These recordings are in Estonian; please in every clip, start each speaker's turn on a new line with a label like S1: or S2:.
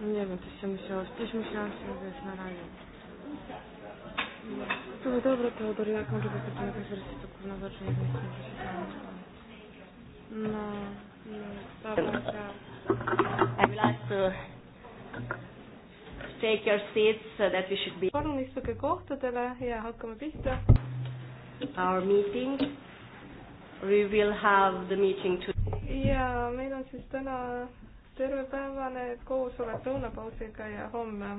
S1: Nie wiem, coś się musiało, coś musiałam się wiesz, na razie.
S2: To by dobra, Teodor, jak może być taka jakaś wersja, to kurna zacznie, jak nie chcę, że się tam... No, no, dobra, I
S3: would like to take your seats so that we should be... Palun istuge
S4: kohtadele ja hakkame pihta.
S3: Our meeting. We will have the meeting to...
S4: ja meil on siis täna tervepäevane koosolek lõunapausiga ja homme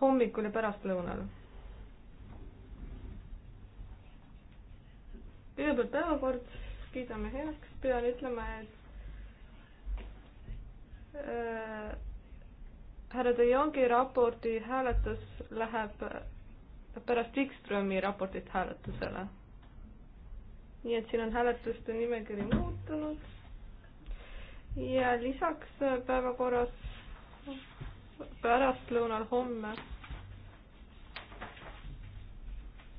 S4: hommikul ja pärastlõunal. kõigepealt päevakord kiidame heaks, pean ütlema, et äh, härra De Jongi raporti hääletus läheb pärast Wikströmi raportit hääletusele. nii et siin on hääletuste nimekiri muutunud ja lisaks äh, päevakorras pärastlõunal homme,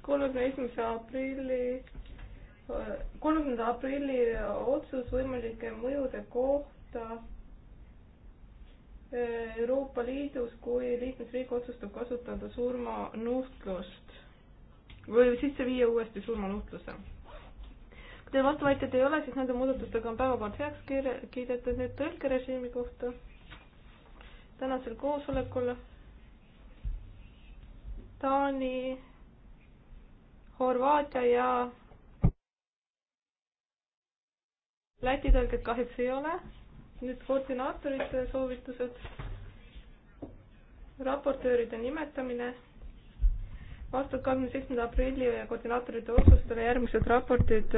S4: kolmekümne esimese aprilli, äh, kolmekümnenda aprilli otsus võimalike mõjude kohta äh, Euroopa Liidus, kui liikmesriik otsustab kasutada surmanuhtlust või sisse viia uuesti surmanuhtluse vastuvõtjaid ei ole, siis nende muudatustega on päevakord heaks kiidetud nüüd tõlkerežiimi kohta tänasel koosolekul. Taani, Horvaatia ja Läti tõlget kahjuks ei ole. nüüd koordinaatorite soovitused. raportööride nimetamine vastavalt kahekümne seitsmenda aprilli koordinaatorite otsustele järgmised raportid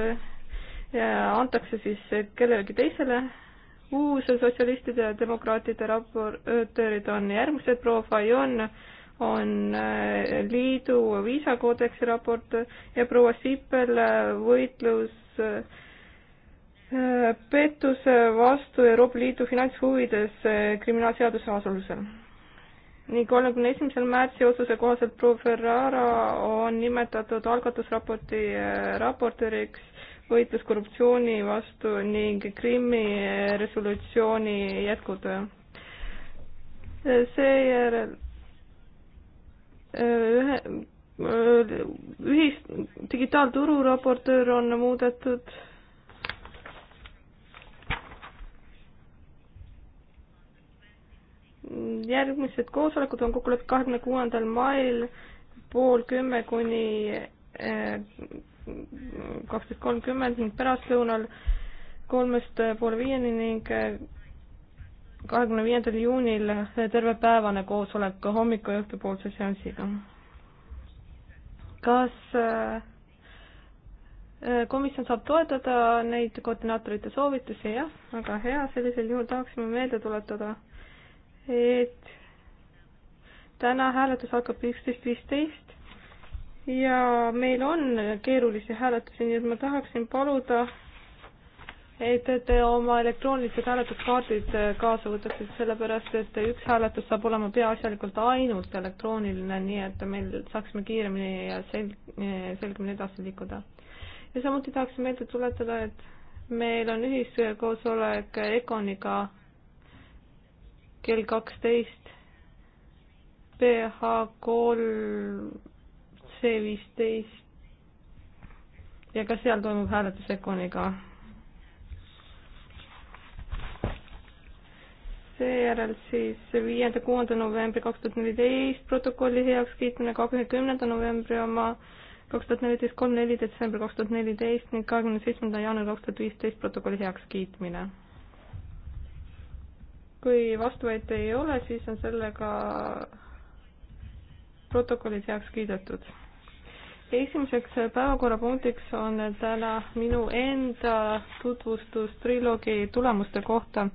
S4: ja antakse siis kellelegi teisele. uus sotsialistide ja demokraatide raportöörid on järgmised, proua Fajon on äh, liidu viisakoodeksi raport ja proua Sippel äh, võitlus äh, pettuse vastu Euroopa Liidu finantshuvides kriminaalseaduse asulusel ning kolmekümne esimesel märtsi otsuse kohaselt proua Ferrara on nimetatud algatusraporti raportööriks võitlus korruptsiooni vastu ning Krimmi resolutsiooni jätkutöö. seejärel äh, ühe, äh, ühis, digitaalturu raportöör on muudetud järgmised koosolekud on kokkulepped kahekümne kuuendal mail pool kümme kuni äh, kaksteist kolmkümmend ning pärastlõunal kolmest poole viieni ning kahekümne viiendal juunil tervepäevane koosolek hommiku ja õhtupoolse seansiga. kas äh, komisjon saab toetada neid koordinaatorite soovitusi, jah, väga hea, sellisel juhul tahaksime meelde tuletada, et täna hääletus hakkab üksteist viisteist ja meil on keerulisi hääletusi, nii et ma tahaksin paluda, et te oma elektroonilised hääletuskaardid kaasa võtaksite, sellepärast et üks hääletus saab olema peaasjalikult ainult elektrooniline, nii et meil saaksime kiiremini ja sel-, selgemini edasi liikuda. ja samuti tahaksin meelde tuletada, et meil on ühiskoosolek Econiga kell kaksteist PH kolm C viisteist ja ka seal toimub hääletus Econiga. seejärel siis viienda, kuuenda novembri kaks tuhat neliteist protokolli heakskiitmine, kahekümnenda novembri oma kaks tuhat neliteist, kolm, neli detsember kaks tuhat neliteist ning kahekümne seitsmenda jaanuari kaks tuhat viisteist protokolli heakskiitmine. kui vastuväite ei ole, siis on sellega protokollid heaks kiidetud esimeseks päevakorrapunktiks on täna minu enda tutvustus triloogi tulemuste kohta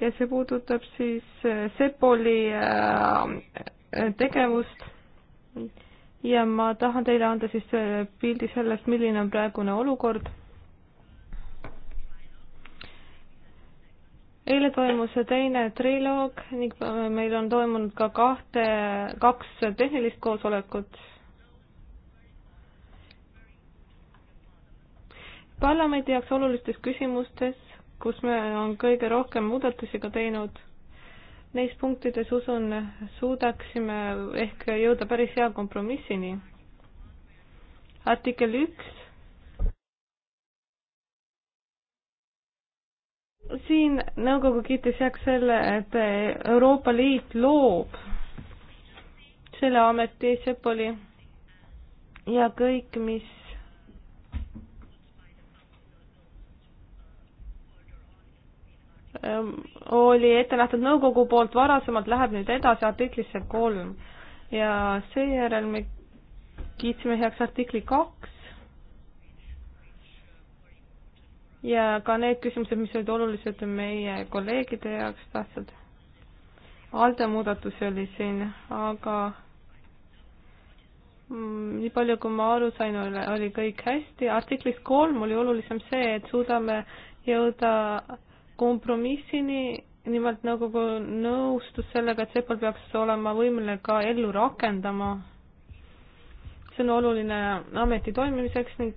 S4: ja see puudutab siis äh, Sepoli äh, tegevust ja ma tahan teile anda siis äh, pildi sellest, milline on praegune olukord. eile toimus teine triloog ning meil on toimunud ka kahte, kaks tehnilist koosolekut parlamendi jaoks olulistes küsimustes, kus me on kõige rohkem muudatusi ka teinud, neis punktides usun, suudaksime ehk jõuda päris hea kompromissini. artikkel üks. siin nõukogu kiitis heaks selle, et Euroopa Liit loob selle ameti, Sepoli ja kõik, mis Ehm, oli ette nähtud nõukogu poolt varasemalt, läheb nüüd edasi artiklisse kolm ja seejärel me kiitsime heaks artikli kaks. ja ka need küsimused, mis olid olulised meie kolleegide jaoks tähtsad. ALDE muudatusi oli siin, aga mm, nii palju, kui ma aru sain, oli kõik hästi. artiklis kolm oli olulisem see, et suudame jõuda kompromissini, nimelt nõukogu nõustus sellega, et Sepol peaks olema võimeline ka ellu rakendama. see on oluline ameti toimimiseks ning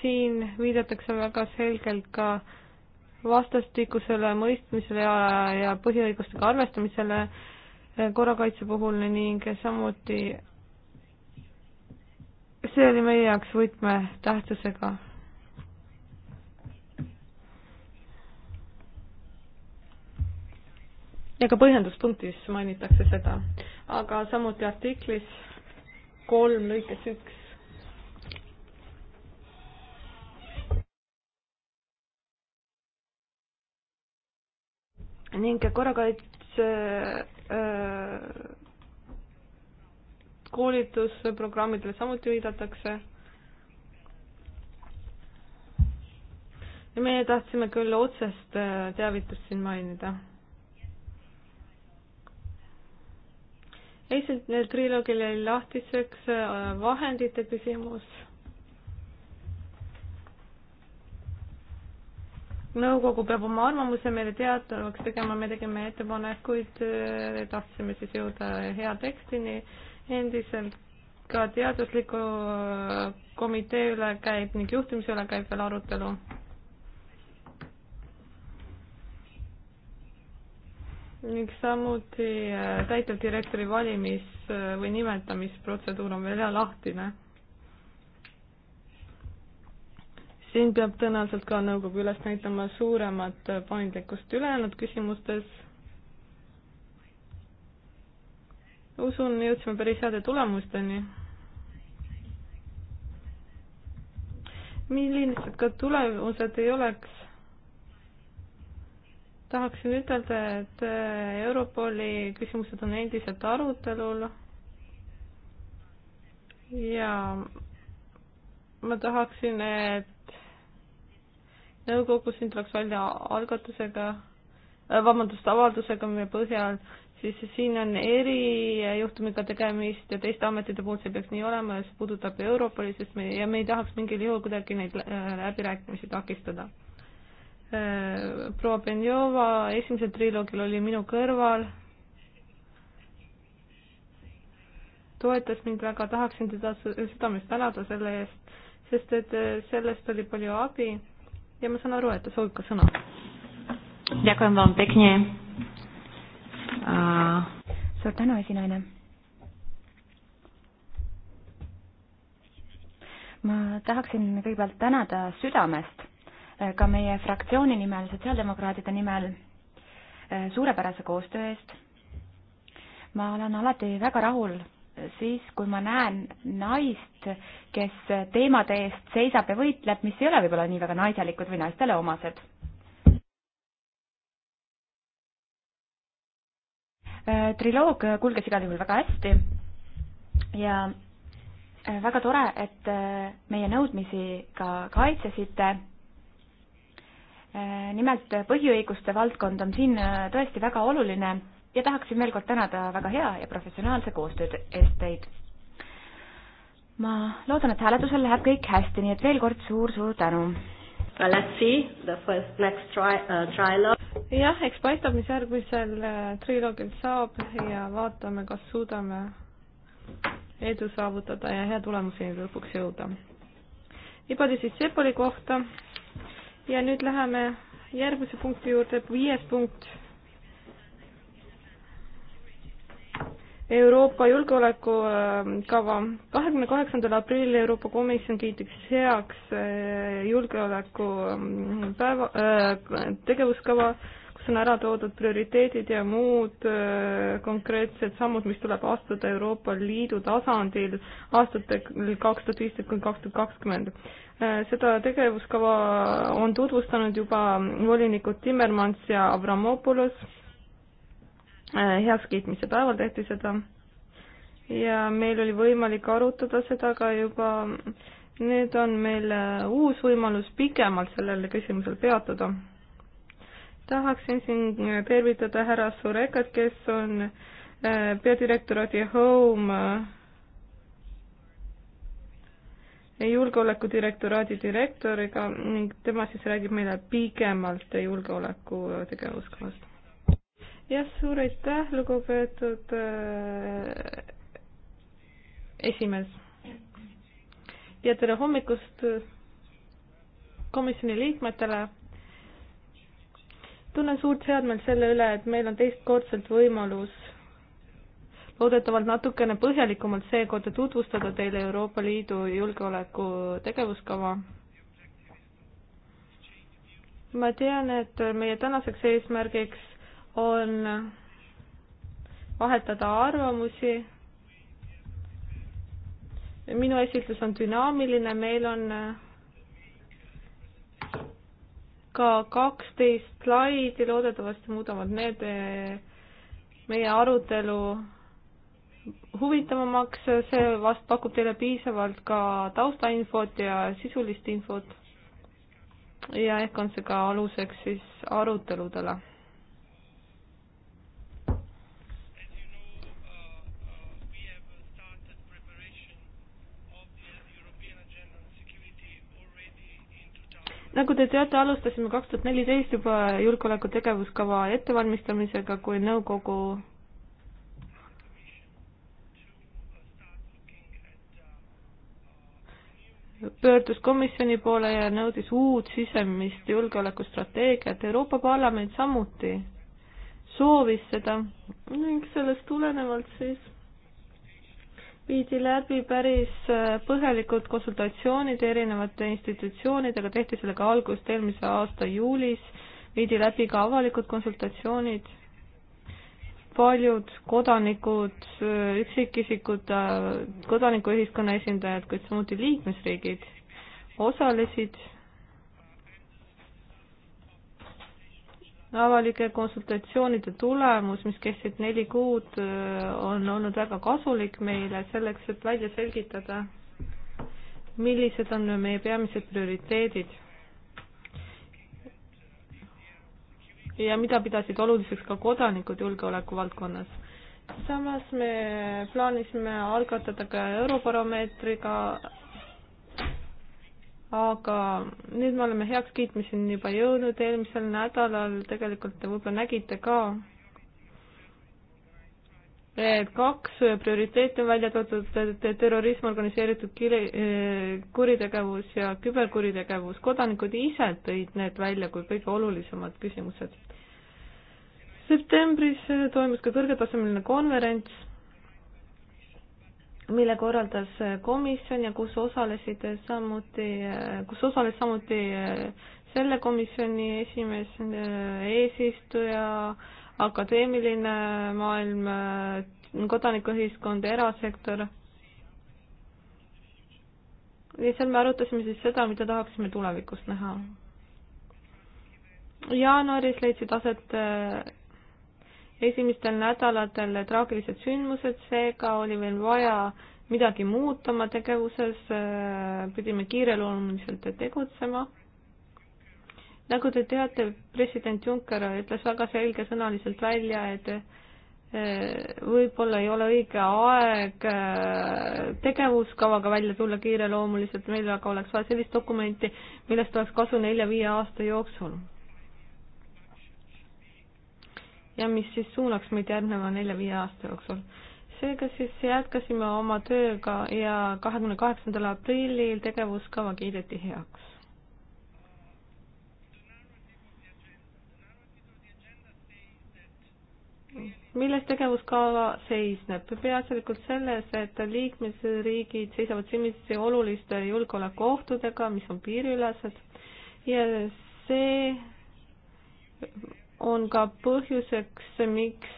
S4: siin viidatakse väga selgelt ka vastastikusele mõistmisele ja, ja põhiõigustega arvestamisele korrakaitse puhul ning samuti see oli meie jaoks võtmetähtsusega ja ka põhjenduspunktis mainitakse seda, aga samuti artiklis kolm lõikes üks. ning korrakaitse äh, koolitusprogrammidele samuti viidatakse ja meie tahtsime küll otsest äh, teavitust siin mainida. esimene triloogil jäi lahtiseks äh, vahendite küsimus. nõukogu peab oma arvamuse meile teatavaks tegema, me tegime ettepanekuid, äh, tahtsime siis jõuda hea tekstini, endiselt ka teadusliku äh, komitee üle käib ning juhtimise üle käib veel arutelu ning samuti äh, täitevdirektori valimis- äh, või nimetamisprotseduur on veel lahtine. siin peab tõenäoliselt ka nõukogu üles näitama suuremat äh, paindlikkust ülejäänud küsimustes. usun, jõudsime päris heade tulemusteni. millised ka tulemused ei oleks tahaksin ütelda, et äh, Europoli küsimused on endiselt arutelul ja ma tahaksin, et nõukogu siin tuleks välja algatusega, äh, vabandust, avaldusega, mille põhjal siis siin on erijuhtumiga tegemist ja teiste ametite poolt see peaks nii olema ja see puudutab Europoli, sest me ja me ei tahaks mingil juhul kuidagi neid äh, läbirääkimisi takistada Äh, proua Benjova esimesel triloogil oli minu kõrval, toetas mind väga, tahaksin teda südamest tänada selle eest, sest et äh, sellest oli palju abi ja ma saan aru, et ta soovib ka sõna.
S5: suur tänu, esinaine. ma tahaksin kõigepealt tänada südamest Äh, ka meie fraktsiooni nimel, sotsiaaldemokraadide nimel äh, suurepärase koostöö eest. ma olen alati väga rahul siis, kui ma näen naist, kes teemade eest seisab ja võitleb, mis ei ole võib-olla nii väga naiselikud või naistele omased. Äh, triloog kulges igal juhul väga hästi ja väga tore, et meie nõudmisi ka kaitsesite Äh, nimelt põhiõiguste valdkond on siin äh, tõesti väga oluline ja tahaksin veel kord tänada väga hea ja professionaalse koostöö eest teid. ma loodan, et hääletusel läheb kõik hästi, nii et veel kord suur-suur tänu.
S3: Uh,
S4: jah, eks paistab, mis järgmisel äh, triloogil saab ja vaatame, kas suudame edu saavutada ja hea tulemuseni lõpuks jõuda. nii palju siis Sepoli kohta ja nüüd läheme järgmise punkti juurde, viies punkt. Euroopa julgeolekukava. Ähm, kahekümne kaheksandal aprillil Euroopa Komisjon kiitiks heaks äh, julgeoleku ähm, päeva äh,, tegevuskava kus on ära toodud prioriteedid ja muud äh, konkreetsed sammud, mis tuleb astuda Euroopa Liidu tasandil aastatel kaks tuhat viisteist kuni kaks tuhat kakskümmend. Äh, seda tegevuskava on tutvustanud juba volinikud Timmermans ja Avramopoulos, äh, heakskiitmise päeval tehti seda ja meil oli võimalik arutada seda ka juba nüüd on meil uus võimalus pikemalt sellele küsimusele peatuda tahaksin siin tervitada härra Surekat, kes on äh, peadirektoraadi Home äh, julgeolekudirektoraadi direktoriga ning tema siis räägib meile pigemalt julgeoleku tegevuskavast. jah, suur aitäh, lugupeetud äh, esimees. ja tere hommikust komisjoni liikmetele tunnen suurt headmeelt selle üle, et meil on teistkordselt võimalus loodetavalt natukene põhjalikumalt seekord tutvustada teile Euroopa Liidu julgeoleku tegevuskava. ma tean, et meie tänaseks eesmärgiks on vahetada arvamusi. minu esitlus on dünaamiline, meil on ka kaksteist slaidi, loodetavasti muudavad need meie arutelu huvitavamaks, see vast pakub teile piisavalt ka taustainfot ja sisulist infot. ja ehk on see ka aluseks siis aruteludele nagu te teate, alustasime kaks tuhat neliteist juba julgeoleku tegevuskava ettevalmistamisega, kui nõukogu pöördus komisjoni poole ja nõudis uut sisemist julgeolekustrateegiat, Euroopa Parlament samuti soovis seda ning sellest tulenevalt siis viidi läbi päris äh, põhjalikud konsultatsioonid erinevate institutsioonidega, tehti sellega algust eelmise aasta juulis, viidi läbi ka avalikud konsultatsioonid, paljud kodanikud, äh, üksikisikud, äh, kodanikuühiskonna esindajad, kuid samuti liikmesriigid osalesid avalike konsultatsioonide tulemus, mis kestsid neli kuud, on olnud väga kasulik meile selleks, et välja selgitada, millised on meie peamised prioriteedid. ja mida pidasid oluliseks ka kodanikud julgeoleku valdkonnas. samas me plaanisime algatada ka Eurobaromeetriga aga nüüd me oleme heakskiitmiseni juba jõudnud, eelmisel nädalal tegelikult te võib-olla nägite ka, et kaks prioriteeti on välja toodud, terrorism, organiseeritud eh, kuritegevus ja küberkuritegevus, kodanikud ise tõid need välja kui kõige olulisemad küsimused. septembris toimus ka kõrgetasemeline konverents mille korraldas äh, komisjon ja kus osalesid äh, samuti, äh, kus osales samuti selle komisjoni esimees, eesistuja, akadeemiline maailm, kodanikuühiskond, erasektor. ja seal me arutasime siis seda, mida tahaksime tulevikus näha. jaanuaris leidsid aset esimestel nädalatel traagilised sündmused, seega oli veel vaja midagi muuta oma tegevuses, äh, pidime kiireloomuliselt tegutsema. nagu te teate, president Juncker ütles väga selgesõnaliselt välja, et äh, võib-olla ei ole õige aeg äh, tegevuskavaga välja tulla kiireloomuliselt, meil aga oleks vaja sellist dokumenti, millest oleks kasu nelja-viie aasta jooksul ja mis siis suunaks meid järgneva nelja-viie aasta jooksul. seega siis jätkasime oma tööga ja kahekümne kaheksandal aprillil tegevuskava kiideti heaks. milles tegevuskava seisneb? peaasjalikult selles, et liikmesriigid seisavad silmitsi oluliste julgeolekuohtudega, mis on piiriülesed ja see on ka põhjuseks, miks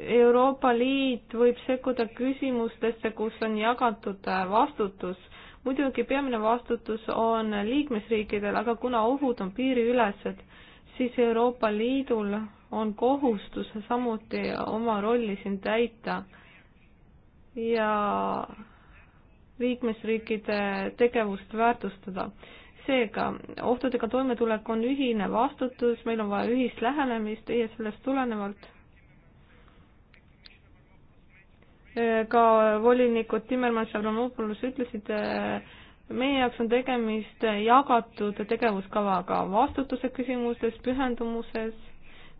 S4: Euroopa Liit võib sekkuda küsimustesse, kus on jagatud äh, vastutus. muidugi peamine vastutus on liikmesriikidel, aga kuna ohud on piiriülesed, siis Euroopa Liidul on kohustus samuti oma rolli siin täita ja liikmesriikide tegevust väärtustada seega ohtudega toimetulek on ühine vastutus, meil on vaja ühist lähenemist ja sellest tulenevalt ka volinikud Timmermans ja Avramopoulos ütlesid, meie jaoks on tegemist jagatud tegevuskavaga vastutuse küsimustes, pühendumuses,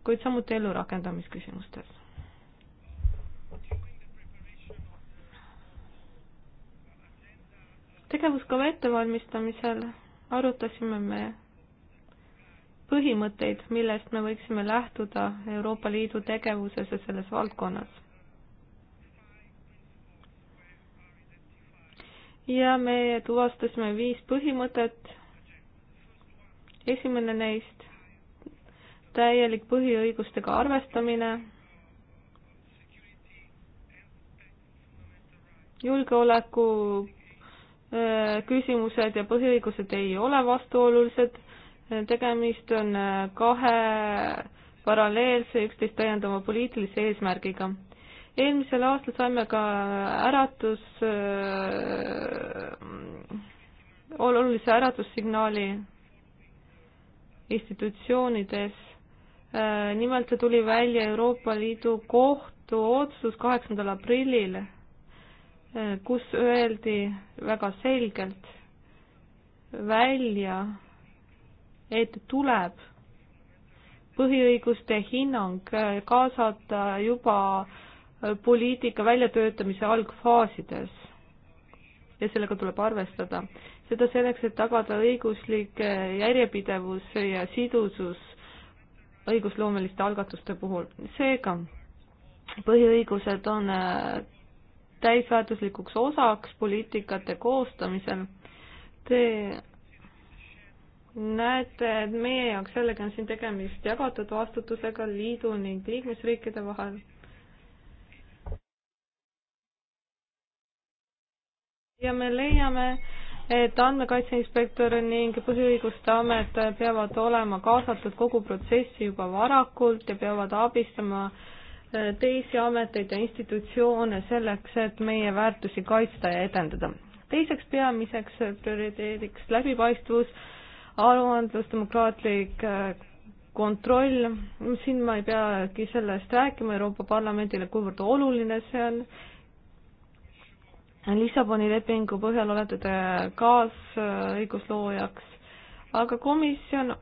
S4: kuid samuti ellurakendamisküsimustes. tegevuskava ettevalmistamisel arutasime me põhimõtteid, millest me võiksime lähtuda Euroopa Liidu tegevuses ja selles valdkonnas. ja me tuvastasime viis põhimõtet. esimene neist, täielik põhiõigustega arvestamine julgeoleku Äh, küsimused ja põhiõigused ei ole vastuolulised, äh, tegemist on äh, kahe paralleelse, üksteist täiendava poliitilise eesmärgiga. eelmisel aastal saime ka äratus, olulise äratussignaali institutsioonides. nimelt see tuli välja Euroopa Liidu kohtu otsus kaheksandal aprillil kus öeldi väga selgelt välja, et tuleb põhiõiguste hinnang kaasata juba poliitika väljatöötamise algfaasides ja sellega tuleb arvestada. seda selleks, et tagada õiguslik järjepidevus ja sidusus õigusloomeliste algatuste puhul. seega põhiõigused on täisväärtuslikuks osaks poliitikate koostamisel. Te näete, et meie jaoks jällegi on siin tegemist jagatud vastutusega liidu ning liikmesriikide vahel. ja me leiame, et andmekaitse inspektor ning põhiõiguste amet peavad olema kaasatud kogu protsessi juba varakult ja peavad abistama äh, teisi ameteid ja institutsioone selleks, et meie väärtusi kaitsta ja edendada. teiseks peamiseks prioriteediks läbipaistvus, aruandlus, demokraatlik äh, kontroll, siin ma ei peagi sellest rääkima Euroopa Parlamendile, kuivõrd oluline see on. Lissaboni lepingu põhjal olete te kaasõigusloojaks, aga komisjon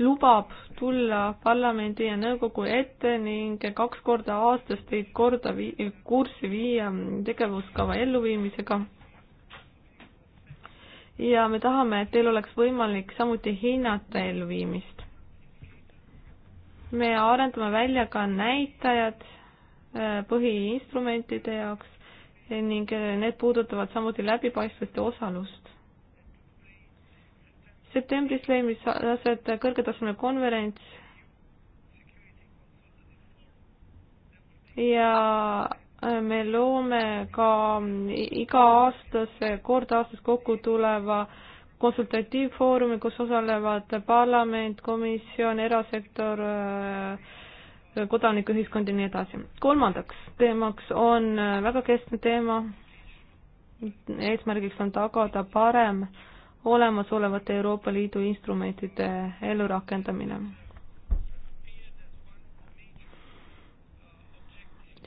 S4: lubab tulla parlamendi ja nõukogu ette ning kaks korda aastas teid korda vii-, kurssi viia tegevuskava elluviimisega. ja me tahame, et teil oleks võimalik samuti hinnata elluviimist. me arendame välja ka näitajad äh, põhiinstrumentide jaoks ning äh, need puudutavad samuti läbipaistvust ja osalust septembris leimis aset kõrgetasemel konverents ja äh, me loome ka iga-aastase, kord aastas kokku tuleva konsultatiivfoorumi, kus osalevad parlament, komisjon, erasektor, äh, kodanikuühiskond ja nii edasi. kolmandaks teemaks on äh, väga keskne teema, eesmärgiks on tagada parem äh, olemasolevate Euroopa Liidu instrumentide ellurakendamine.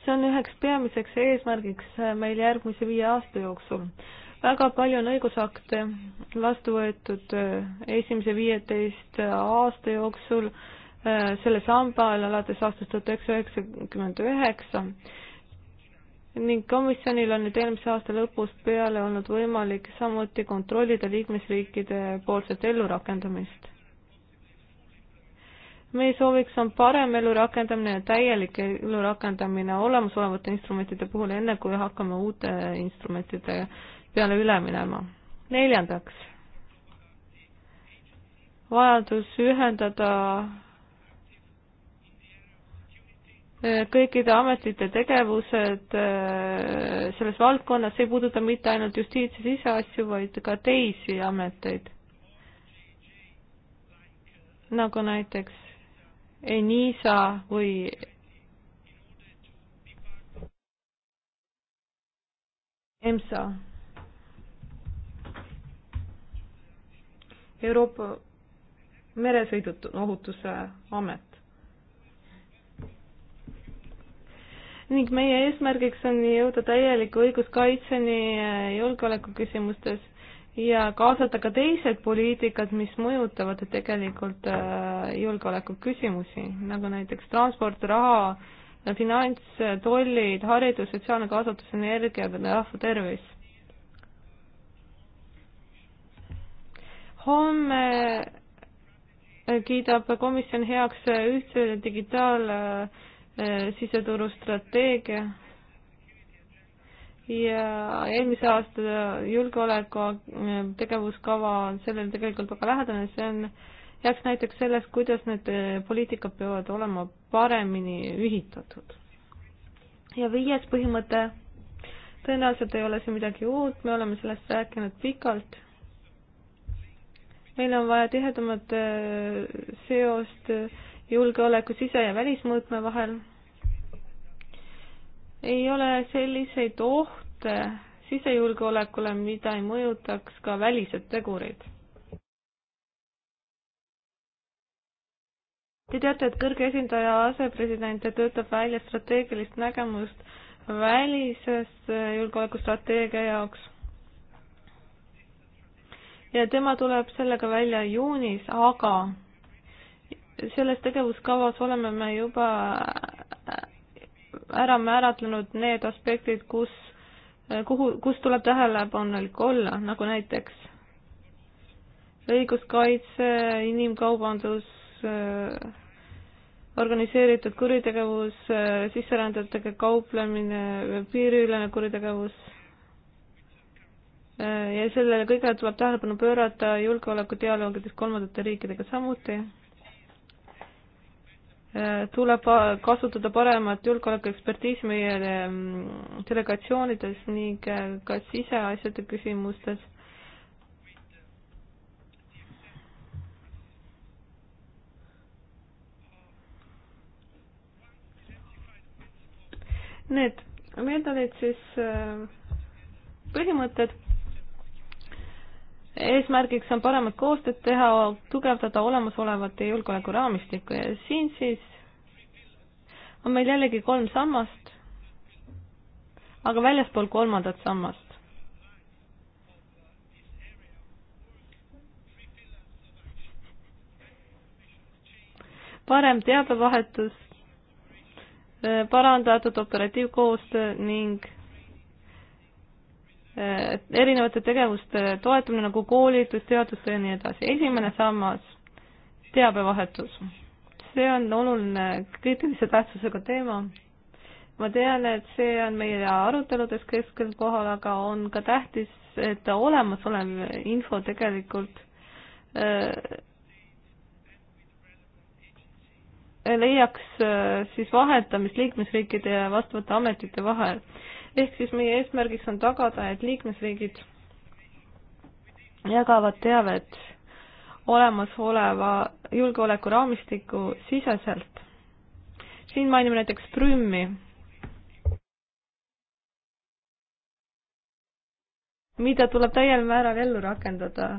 S4: see on üheks peamiseks eesmärgiks meil järgmise viie aasta jooksul. väga palju on õigusakte vastu võetud esimese viieteist aasta jooksul selle samba all alates aastast tuhat üheksasada üheksakümmend üheksa ning komisjonil on nüüd eelmise aasta lõpust peale olnud võimalik samuti kontrollida liikmesriikide poolset ellurakendamist. meie sooviks on parem ellurakendamine ja täielik ellurakendamine olemasolevate instrumentide puhul, enne kui hakkame uute instrumentide peale üle minema. neljandaks, vajadus ühendada kõikide ametite tegevused äh, selles valdkonnas, see ei puuduta mitte ainult justiits- ja siseasju, vaid ka teisi ameteid. nagu näiteks Enisa või EMSA. Euroopa meresõiduohutuse amet. ning meie eesmärgiks on jõuda täieliku õiguskaitseni eh, julgeoleku küsimustes ja kaasata ka teised poliitikad, mis mõjutavad tegelikult eh, julgeoleku küsimusi, nagu näiteks transport, raha, finants, tollid, haridus, sotsiaalne kaasatus, energia, rahvatervis. homme eh, kiidab komisjon heaks ühtse digitaal- Eh, siseturustrateegia ja eelmise aasta julgeoleku eh, tegevuskava on sellele tegelikult väga lähedane, see on heaks näiteks selles, kuidas need eh, poliitikad peavad olema paremini ühitatud. ja viies põhimõte, tõenäoliselt ei ole see midagi uut, me oleme sellest rääkinud pikalt. meil on vaja tihedamat seost julgeoleku sise- ja välismõõtme vahel. ei ole selliseid ohte sisejulgeolekule, mida ei mõjutaks ka välised tegurid. Te teate, et kõrge esindaja asepresident töötab välja strateegilist nägemust välisest julgeolekustrateegia jaoks ja tema tuleb sellega välja juunis, aga selles tegevuskavas oleme me juba ära määratlenud need aspektid, kus, kuhu, kus tuleb tähelepanelik olla, nagu näiteks õiguskaitse, inimkaubandus, organiseeritud kuritegevus, sisserändajatega kauplemine, piiriülene kuritegevus. ja sellele kõigele tuleb tähelepanu pöörata julgeolekudialoogides kolmandate riikidega samuti Äh, tuleb kasutada paremat julgeolekuekspertiisi meie ähm, delegatsioonides ning äh, ka siseasjade küsimustes. Need, need olid siis äh, põhimõtted eesmärgiks on paremat koostööd teha, tugevdada olemasolevat julgeolekuraamistikku ja siin siis on meil jällegi kolm sammast, aga väljaspool kolmandat sammast. parem teabevahetus, parandatud operatiivkoostöö ning erinevate tegevuste toetamine nagu koolitus, teadustöö ja nii edasi. esimene sammas, teabevahetus. see on oluline kriitilise tähtsusega teema. ma tean, et see on meie aruteludes keskel kohal, aga on ka tähtis, et olemasolev info tegelikult öö, äh, leiaks äh, siis vahetamist liikmesriikide ja vastavate ametite vahel ehk siis meie eesmärgiks on tagada, et liikmesriigid jagavad teavet olemasoleva julgeolekuraamistiku siseselt. siin mainime näiteks Prümmi, mida tuleb täiel määral ellu rakendada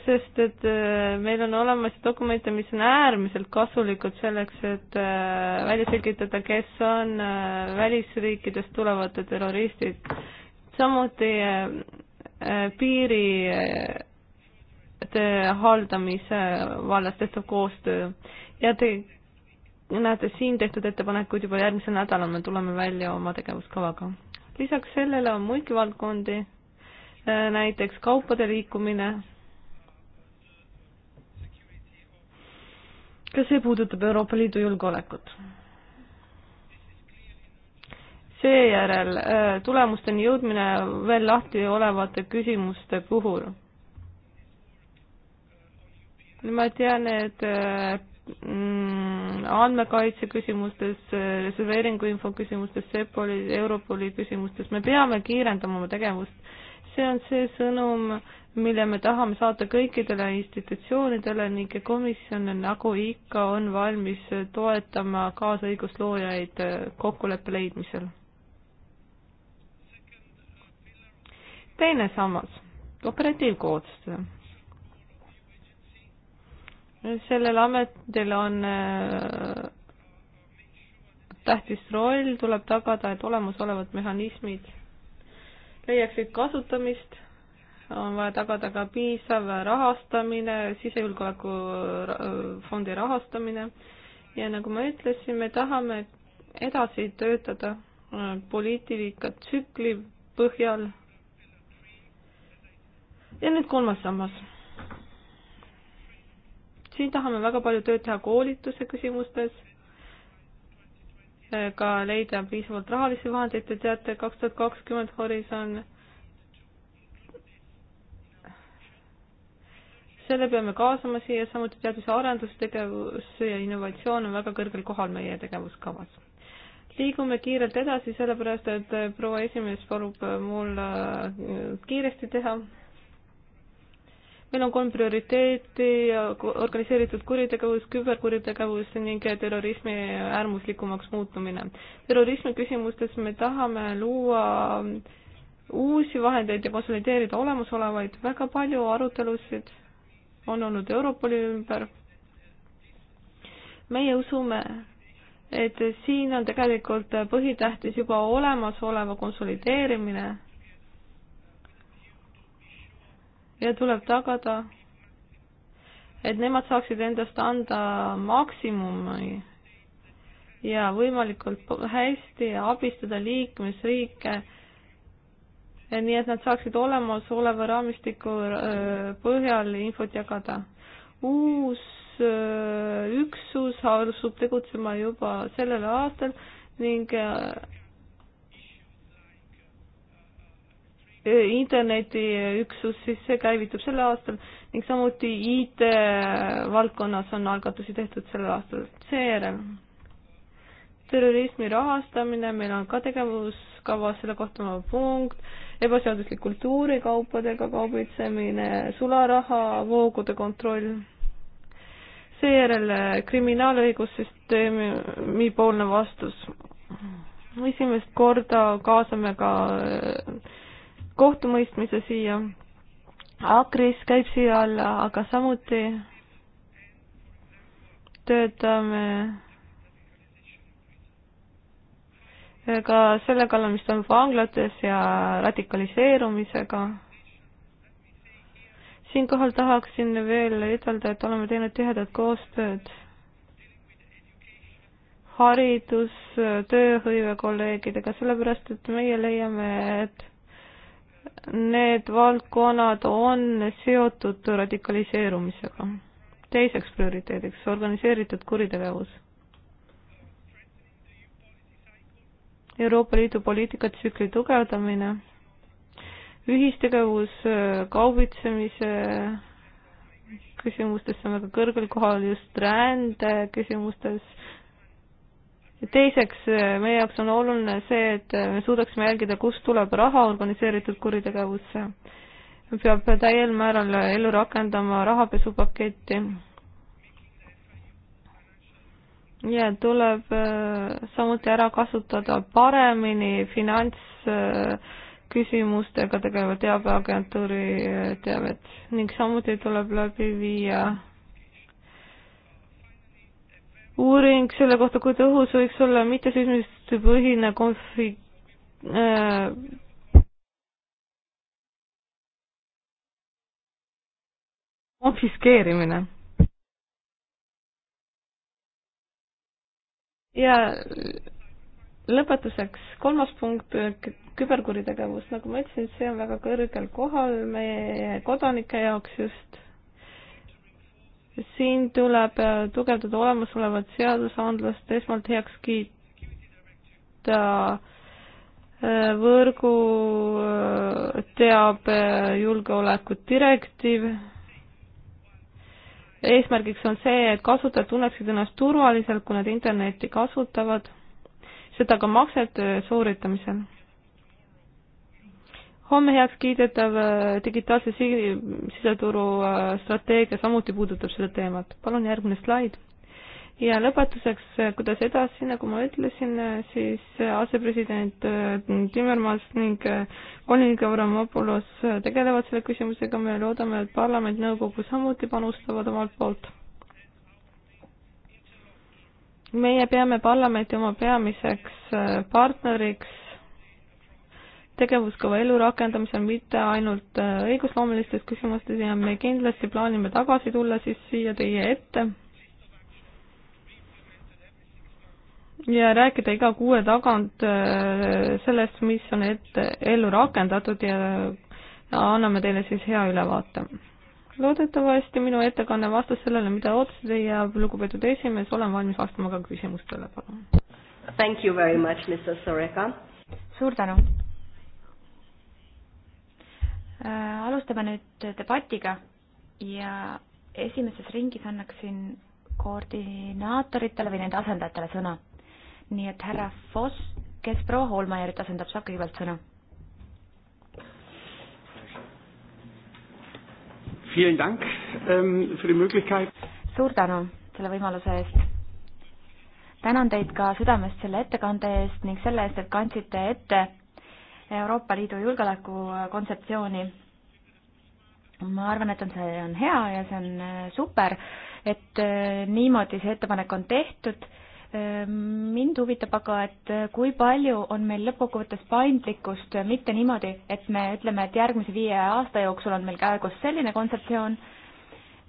S4: sest et äh, meil on olemas dokumente, mis on äärmiselt kasulikud selleks, et äh, välja selgitada, kes on äh, välisriikidest tulevad terroristid. samuti piiride haldamise vallas tehtav koostöö ja te näete siin tehtud ettepanekuid juba järgmisel nädalal, me tuleme välja oma tegevuskavaga. lisaks sellele on muidki valdkondi, näiteks kaupade liikumine ka see puudutab Euroopa Liidu julgeolekut. seejärel äh, tulemusteni jõudmine veel lahti olevate küsimuste puhul. ma tean, et äh, mm, andmekaitse küsimustes, äh, reserveeringuinfo küsimustes, Sepoli, Europoli küsimustes, me peame kiirendama oma tegevust see on see sõnum, mille me tahame saata kõikidele institutsioonidele ning komisjon nagu ikka on valmis toetama kaasõigusloojaid kokkuleppe leidmisel. teine sammas, operatiivkoostöö. sellel ametil on äh, tähtis roll, tuleb tagada, et olemasolevad mehhanismid leiaksid kasutamist, on vaja tagada ka piisav rahastamine, sisejulgeoleku fondi rahastamine ja nagu ma ütlesin, me tahame edasi töötada äh, poliitika tsükli põhjal. ja nüüd kolmas sammas. siin tahame väga palju tööd teha koolituse küsimustes ka leida piisavalt rahalisi vahendeid, te teate, kaks tuhat kakskümmend horisont. selle peame kaasama siia, samuti teadus- ja arendustegevus ja innovatsioon on väga kõrgel kohal meie tegevuskavas. liigume kiirelt edasi, sellepärast et äh, proua esimees palub äh, mul äh, kiiresti teha meil on kolm prioriteeti, organiseeritud kuritegevus, küberkuritegevus ning terrorismi äärmuslikumaks muutumine. terrorismi küsimustes me tahame luua uusi vahendeid ja konsolideerida olemasolevaid, väga palju arutelusid on olnud Europoli ümber. meie usume, et siin on tegelikult põhitähtis juba olemasoleva konsolideerimine ja tuleb tagada, et nemad saaksid endast anda maksimumi ja võimalikult hästi abistada liikmesriike, nii et nad saaksid olemasoleva raamistiku äh, põhjal infot jagada. uus äh, üksus asub tegutsema juba sellel aastal ning äh, internetiüksus, siis see käivitub sel aastal ning samuti IT-valdkonnas on algatusi tehtud sel aastal. seejärel terrorismi rahastamine, meil on ka tegevuskavas selle kohta oma punkt, ebaseaduslik kultuurikaupadega kaubitsemine, sularahavoogude kontroll, seejärel kriminaalõigussüsteemi poolne vastus. esimest korda kaasame ka äh, kohtumõistmise siia. Akris käib siia alla, aga samuti töötame ka selle kallal, mis toimub vanglates ja radikaliseerumisega. siinkohal tahaksin veel ütelda, et oleme teinud tihedat koostööd haridus, tööhõive kolleegidega, sellepärast et meie leiame, et need valdkonnad on seotud radikaliseerumisega. teiseks prioriteediks organiseeritud kuritegevus. Euroopa Liidu poliitikatsükli tugevdamine, ühistegevus äh, kaubitsemise küsimustes on väga kõrgel kohal just rände küsimustes teiseks, äh, meie jaoks on oluline see, et äh, me suudaksime jälgida, kust tuleb raha organiseeritud kuritegevusse. peab täiel määral ellu rakendama rahapesupaketti. ja tuleb äh, samuti ära kasutada paremini finantsküsimustega tegeva teabeagentuuri teavet ning samuti tuleb läbi viia uuring selle kohta, kui tõhus võiks olla mitteseismistepõhine konflik- äh,,
S1: konfiskeerimine.
S4: ja lõpetuseks kolmas punkt, küberkuritegevus, nagu ma ütlesin, see on väga kõrgel kohal meie kodanike jaoks just siin tuleb äh, tugevdada olemasolevat seadusandlust, esmalt heaks kiita äh, võrguteabe äh, julgeoleku direktiiv. eesmärgiks on see, et kasutajad tunneksid ennast turvaliselt, kui nad internetti kasutavad, seda ka maksete sooritamisel homme heaks kiidetav äh, digitaalse siseturu äh, strateegia samuti puudutab seda teemat. palun järgmine slaid. ja lõpetuseks, äh, kuidas edasi, nagu ma ütlesin, siis asepresident Timmermans ning volinik Avramopoulos tegelevad selle küsimusega, me loodame, et parlament, nõukogu samuti panustavad omalt poolt meie peame parlamenti oma peamiseks partneriks tegevuskava ellurakendamisel mitte ainult äh, õigusloomelistes küsimustes ja me kindlasti plaanime tagasi tulla siis siia teie ette ja rääkida iga kuue tagant äh, sellest, mis on ette ellu rakendatud ja anname teile siis hea ülevaate. loodetavasti minu ettekanne vastas sellele, mida ootasite ja lugupeetud esimees, olen valmis vastama ka küsimustele, palun.
S3: Thank you very much, Mr Soreka.
S5: suur tänu. Äh, alustame nüüd debatiga ja esimeses ringis annaksin koordinaatoritele või nende asendajatele sõna. nii et härra Foss, kes proua Hoolmeierit asendab, saab kõigepealt sõna.
S2: Ähm,
S5: suur tänu selle võimaluse eest. tänan teid ka südamest selle ettekande eest ning selle eest, et kandsite ette Euroopa Liidu julgeolekukontseptsiooni. ma arvan, et on, see on hea ja see on äh, super, et äh, niimoodi see ettepanek on tehtud. Äh, mind huvitab aga, et kui palju on meil lõppkokkuvõttes paindlikkust, mitte niimoodi, et me ütleme, et järgmise viie aasta jooksul on meil käegus selline kontseptsioon,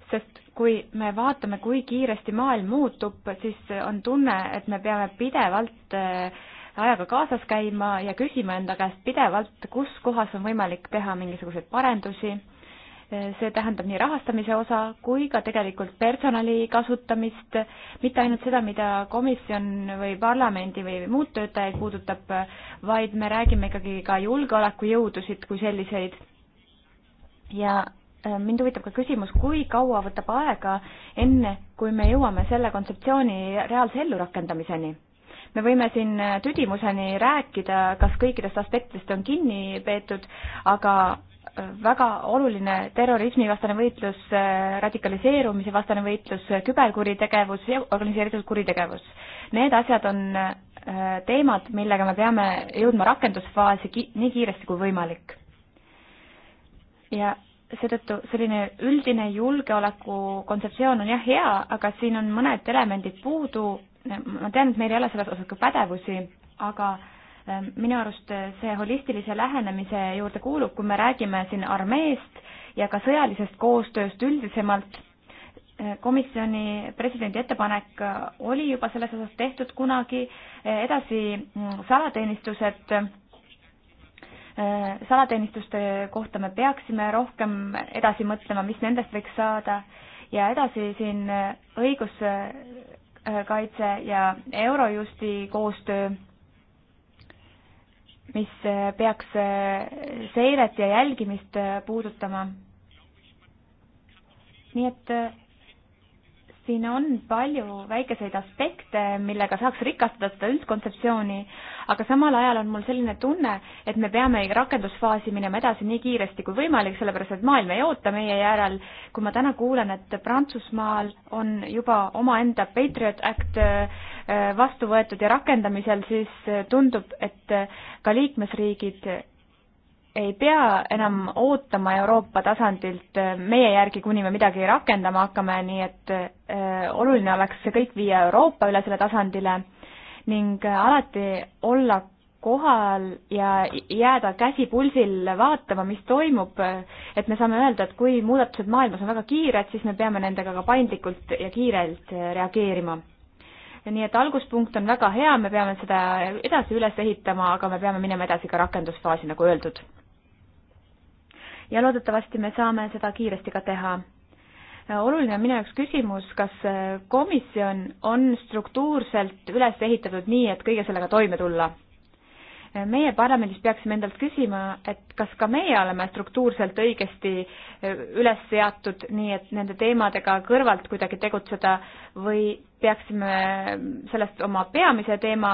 S5: sest kui me vaatame, kui kiiresti maailm muutub, siis on tunne, et me peame pidevalt äh, ajaga kaasas käima ja küsima enda käest pidevalt, kus kohas on võimalik teha mingisuguseid parendusi. see tähendab nii rahastamise osa kui ka tegelikult personali kasutamist, mitte ainult seda, mida komisjon või parlamendi või muud töötajaid puudutab, vaid me räägime ikkagi ka julgeolekujõudusid kui selliseid. ja äh, mind huvitab ka küsimus, kui kaua võtab aega, enne kui me jõuame selle kontseptsiooni reaalse ellurakendamiseni? me võime siin tüdimuseni rääkida, kas kõikidest aspektidest on kinni peetud, aga äh, väga oluline terrorismivastane võitlus, äh, radikaliseerumise vastane võitlus, äh, küberkuritegevus ja organiseeritud kuritegevus. Need asjad on teemad, millega me peame jõudma rakendusfaasi ki nii kiiresti kui võimalik. ja seetõttu selline üldine julgeoleku kontseptsioon on jah hea, aga siin on mõned elemendid puudu ma tean, et meil ei ole selles osas ka pädevusi, aga äh, minu arust see holistilise lähenemise juurde kuulub, kui me räägime siin armeest ja ka sõjalisest koostööst üldisemalt. Äh, komisjoni presidendi ettepanek oli juba selles osas tehtud kunagi, äh, edasi mm, salateenistused salateenistuste kohta me peaksime rohkem edasi mõtlema, mis nendest võiks saada ja edasi siin õigus kaitse ja Eurojusti koostöö, mis peaks seiret ja jälgimist puudutama. nii et siin on palju väikeseid aspekte, millega saaks rikastada seda üldkontseptsiooni, aga samal ajal on mul selline tunne, et me peame rakendusfaasi minema edasi nii kiiresti kui võimalik, sellepärast et maailm ei oota meie järel. kui ma täna kuulen, et Prantsusmaal on juba omaenda Patriot Act äh, vastu võetud ja rakendamisel, siis äh, tundub, et äh, ka liikmesriigid ei pea enam ootama Euroopa tasandilt äh, meie järgi, kuni me midagi rakendama hakkame, nii et äh, oluline oleks see kõik viia Euroopa ülesele tasandile ning äh, alati olla kohal ja jääda käsi pulsil vaatama, mis toimub, et me saame öelda, et kui muudatused maailmas on väga kiired, siis me peame nendega ka paindlikult ja kiirelt reageerima nii et alguspunkt on väga hea, me peame seda edasi üles ehitama, aga me peame minema edasi ka rakendusfaasi, nagu öeldud ja loodetavasti me saame seda kiiresti ka teha. Äh, oluline on minu jaoks küsimus, kas äh, komisjon on struktuurselt üles ehitatud nii, et kõige sellega toime tulla? Äh, meie parlamendis peaksime endalt küsima, et kas ka meie oleme struktuurselt õigesti üles seatud, nii et nende teemadega kõrvalt kuidagi tegutseda või peaksime sellest oma peamise teema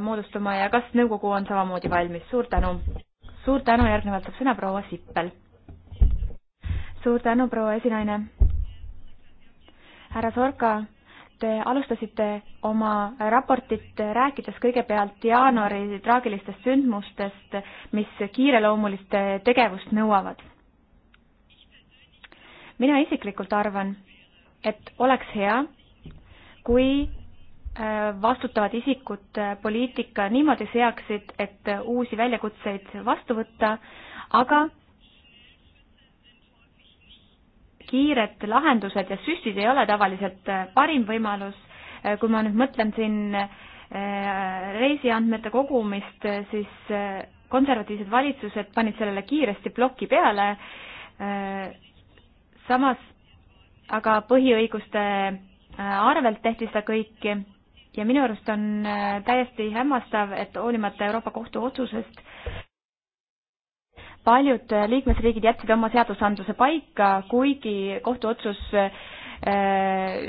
S5: moodustama ja kas nõukogu on samamoodi valmis, suur tänu! suur tänu, järgnevalt saab sõna proua Sippel suur tänu, proua esinaine. härra Sorka, te alustasite oma raportit rääkides kõigepealt jaanuari traagilistest sündmustest, mis kiireloomulist tegevust nõuavad. mina isiklikult arvan, et oleks hea, kui äh, vastutavad isikud poliitika niimoodi seaksid, et uusi väljakutseid vastu võtta, aga kiired lahendused ja süstid ei ole tavaliselt äh, parim võimalus. Äh, kui ma nüüd mõtlen siin äh, reisiandmete kogumist, siis konservatiivsed valitsused panid sellele kiiresti ploki peale. samas aga põhiõiguste arvelt tehti seda kõiki ja minu arust on täiesti hämmastav, et hoolimata Euroopa Kohtu otsusest paljud liikmesriigid jätsid oma seadusandluse paika, kuigi kohtuotsus äh,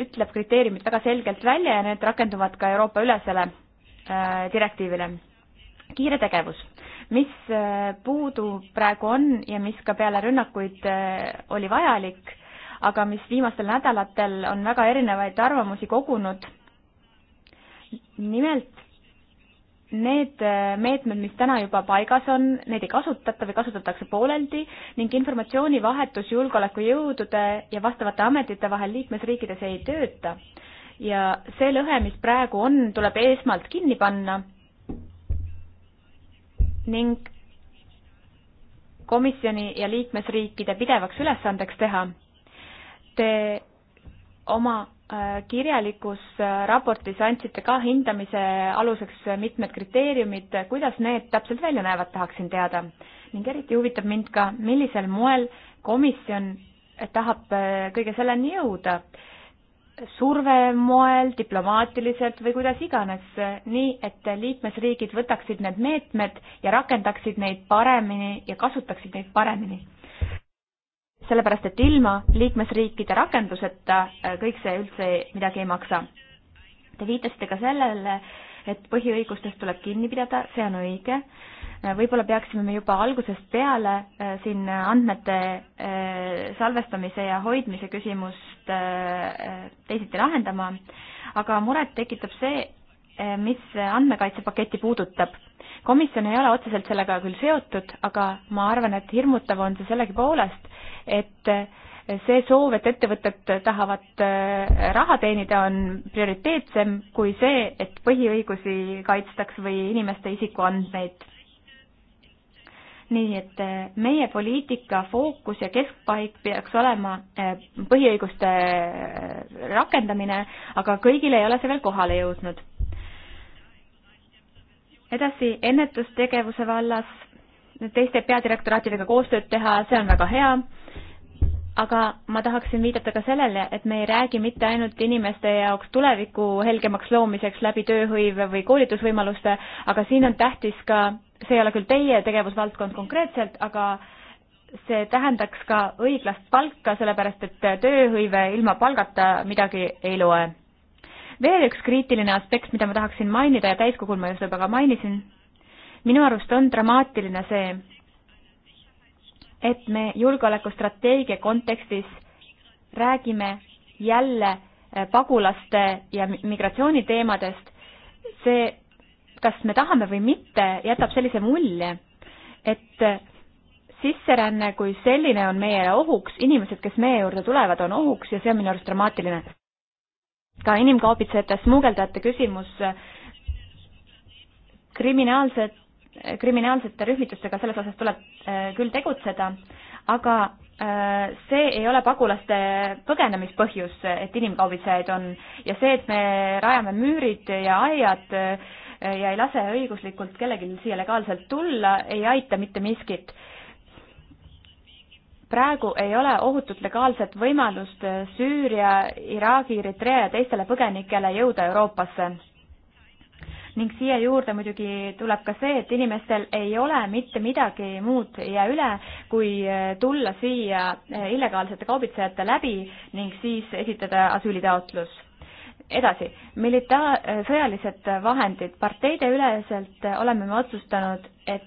S5: ütleb kriteeriumid väga selgelt välja ja need rakenduvad ka Euroopa ülesele äh, direktiivile. kiire tegevus, mis äh, puudu praegu on ja mis ka peale rünnakuid oli vajalik, aga mis viimastel nädalatel on väga erinevaid arvamusi kogunud. nimelt need äh, meetmed, mis täna juba paigas on, neid ei kasutata või kasutatakse pooleldi ning informatsioonivahetus julgeolekujõudude ja vastavate ametite vahel liikmesriikides ei tööta. ja see lõhe, mis praegu on, tuleb esmalt kinni panna ning komisjoni ja liikmesriikide pidevaks ülesandeks teha. Te oma Äh, kirjalikus äh, raportis andsite ka hindamise aluseks äh, mitmed kriteeriumid, kuidas need täpselt välja näevad, tahaksin teada. ning eriti huvitab mind ka, millisel moel komisjon tahab kõige selleni jõuda, surve moel, diplomaatiliselt või kuidas iganes, nii et liikmesriigid võtaksid need meetmed ja rakendaksid neid paremini ja kasutaksid neid paremini sellepärast, et ilma liikmesriikide rakenduseta äh, kõik see üldse midagi ei maksa. Te viitasite ka sellele, et põhiõigustest tuleb kinni pidada, see on õige. Äh, võib-olla peaksime me juba algusest peale äh, siin andmete salvestamise ja hoidmise küsimust teisiti lahendama, aga muret tekitab see, mis andmekaitsepaketti puudutab. komisjon ei ole otseselt sellega küll seotud, aga ma arvan, et hirmutav on see sellegipoolest, et see soov, et ettevõtted tahavad äh, raha teenida, on prioriteetsem kui see, et põhiõigusi kaitstaks või inimeste isikuandmeid. nii et äh, meie poliitika fookus ja keskpaik peaks olema äh, põhiõiguste rakendamine, aga kõigil ei ole see veel kohale jõudnud. edasi ennetustegevuse vallas teiste peadirektoraatidega koostööd teha, see on väga hea, aga ma tahaksin viidata ka sellele, et me ei räägi mitte ainult inimeste jaoks tuleviku helgemaks loomiseks läbi tööhõive või koolitusvõimaluste, aga siin on tähtis ka, see ei ole küll teie tegevusvaldkond konkreetselt, aga see tähendaks ka õiglast palka, sellepärast et tööhõive ilma palgata midagi ei loe. veel üks kriitiline aspekt, mida ma tahaksin mainida ja täiskogul ma just juba ka mainisin minu arust on dramaatiline see, et me julgeolekustrateegia kontekstis räägime jälle eh, pagulaste ja migratsiooniteemadest, see, kas me tahame või mitte, jätab sellise mulje, et eh, sisseränne kui selline on meie ohuks, inimesed, kes meie juurde tulevad, on ohuks ja see on minu arust dramaatiline. ka inimkaubitsejate, smuugeldajate küsimus, eh, kriminaalsed kriminaalsete rühmitustega selles osas tuleb äh, küll tegutseda, aga äh, see ei ole pagulaste põgenemispõhjus, et inimkaubitsejaid on ja see, et me rajame müürid ja aiad äh, ja ei lase õiguslikult kellelgi siia legaalselt tulla, ei aita mitte miskit. praegu ei ole ohutut legaalset võimalust Süüria, Iraagi, Eritrea ja teistele põgenikele jõuda Euroopasse ning siia juurde muidugi tuleb ka see, et inimestel ei ole mitte midagi muud jää üle, kui äh, tulla siia äh, illegaalsete kaubitsejate läbi ning siis esitada asüülitaotlus edasi, milita-, äh, sõjalised vahendid, parteideüleselt oleme me otsustanud, et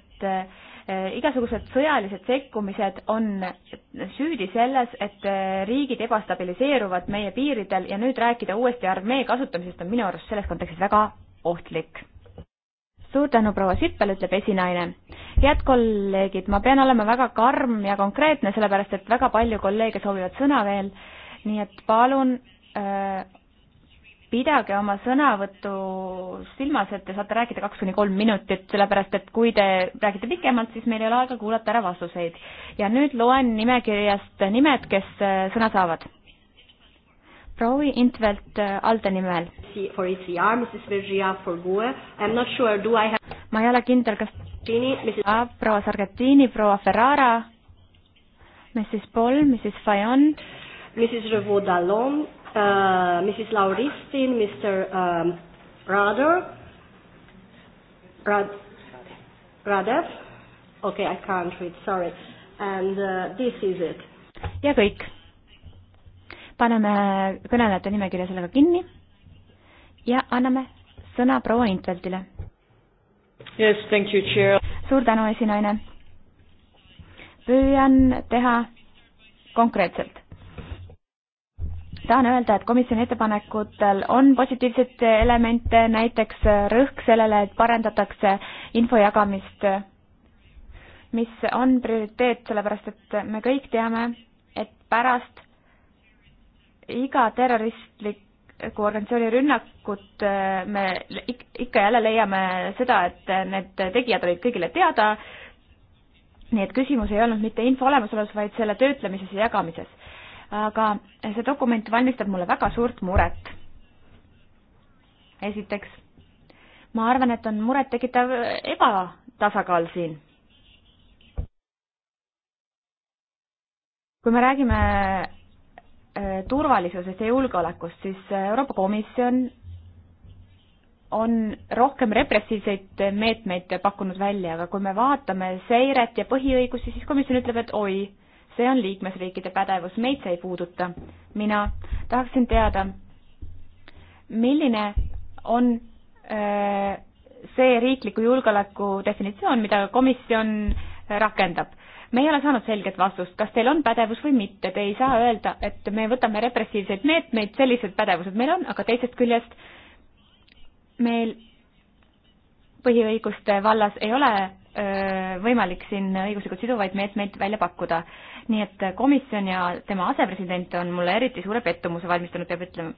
S5: igasugused sõjalised sekkumised on süüdi selles, et riigid ebastabiliseeruvad meie piiridel ja nüüd rääkida uuesti armee kasutamisest on minu arust selles kontekstis väga ohtlik. suur tänu, proua Sippel, ütleb esinaine. head kolleegid, ma pean olema väga karm ja konkreetne, sellepärast et väga palju kolleege soovivad sõna veel, nii et palun äh, pidage oma sõnavõttu silmas, et te saate rääkida kaks kuni kolm minutit, sellepärast et kui te räägite pikemalt, siis meil ei ole aega kuulata ära vastuseid. ja nüüd loen nimekirjast nimed, kes äh, sõna saavad Proui Intvelt äh, Alde nimel. E sure, have... ma ei ole kindel, kas ah, proua Sargentini, proua Ferrara, Mrs Paul, Mrs Fajon.
S3: Mrs Revo Dallon uh,, Mrs Lauristin, Mr um, Rader, Rad-, Radev, okei okay,, I can't read, sorry, and uh, this is it.
S5: ja kõik paneme kõnelejate nimekirja sellega kinni ja anname sõna proua Intveldile.
S1: Yes, thank you, Chair.
S5: suur tänu, esinaine. püüan teha konkreetselt. tahan öelda, et komisjoni ettepanekutel on positiivseid elemente, näiteks rõhk sellele, et parendatakse info jagamist, mis on prioriteet, sellepärast et me kõik teame, et pärast iga terroristliku organisatsiooni rünnakut äh, me ikka jälle leiame seda, et need tegijad olid kõigile teada, nii et küsimus ei olnud mitte info olemasolus, vaid selle töötlemises ja jagamises. aga see dokument valmistab mulle väga suurt muret. esiteks, ma arvan, et on murettekitav ebatasakaal siin kui me räägime Äh, turvalisusest ja julgeolekust, siis äh, Euroopa Komisjon on rohkem repressiivseid meetmeid pakkunud välja, aga kui me vaatame seiret ja põhiõigusi, siis komisjon ütleb, et oi, see on liikmesriikide pädevus, meid see ei puuduta. mina tahaksin teada, milline on äh, see riikliku julgeoleku definitsioon, mida komisjon rakendab me ei ole saanud selget vastust, kas teil on pädevus või mitte, te ei saa öelda, et me võtame repressiivseid meetmeid, sellised pädevused meil on, aga teisest küljest meil põhiõiguste vallas ei ole võimalik siin õiguslikult siduvaid meetmeid välja pakkuda. nii et komisjon ja tema asepresident on mulle eriti suure pettumuse valmistanud, peab ütlema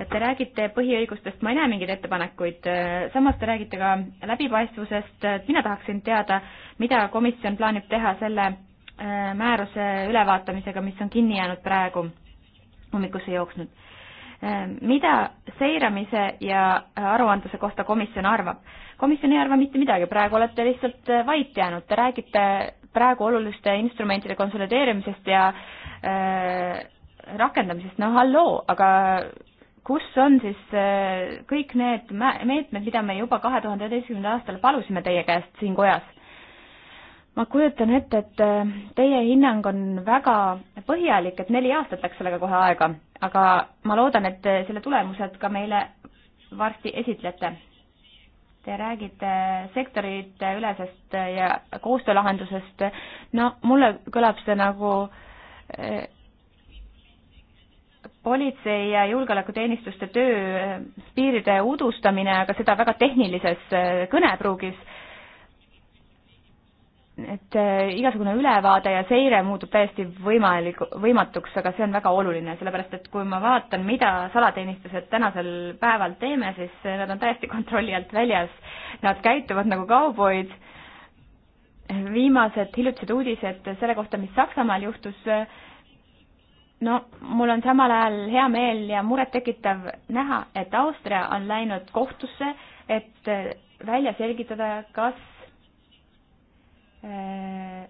S5: et te räägite põhiõigustest, ma ei näe mingeid ettepanekuid, samas te räägite ka läbipaistvusest, mina tahaksin teada, mida komisjon plaanib teha selle äh, määruse ülevaatamisega, mis on kinni jäänud praegu, hommikusse jooksnud. Äh, mida seiramise ja aruandluse kohta komisjon arvab? komisjon ei arva mitte midagi, praegu olete lihtsalt äh, vait jäänud, te räägite praegu oluliste instrumentide konsolideerimisest ja äh, rakendamisest, no halloo, aga kus on siis äh, kõik need meetmed, mida me juba kahe tuhande üheteistkümnendal aastal palusime teie käest siin kojas? ma kujutan ette, et äh, teie hinnang on väga põhjalik, et neli aastat läks sellega kohe aega, aga ma loodan, et selle tulemused ka meile varsti esitlete. Te räägite sektorite ülesest ja koostöölahendusest, no mulle kõlab see nagu äh, politsei ja julgeolekuteenistuste töö eh, piiride udustamine, aga seda väga tehnilises eh, kõnepruugis. et eh, igasugune ülevaade ja seire muutub täiesti võimalik, võimatuks, aga see on väga oluline, sellepärast et kui ma vaatan, mida salateenistused tänasel päeval teeme, siis nad on täiesti kontrolli alt väljas. Nad käituvad nagu kauboid. viimased hiljutised uudised selle kohta, mis Saksamaal juhtus, no mul on samal ajal hea meel ja murettekitav näha, et Austria on läinud kohtusse, et äh, välja selgitada, kas äh,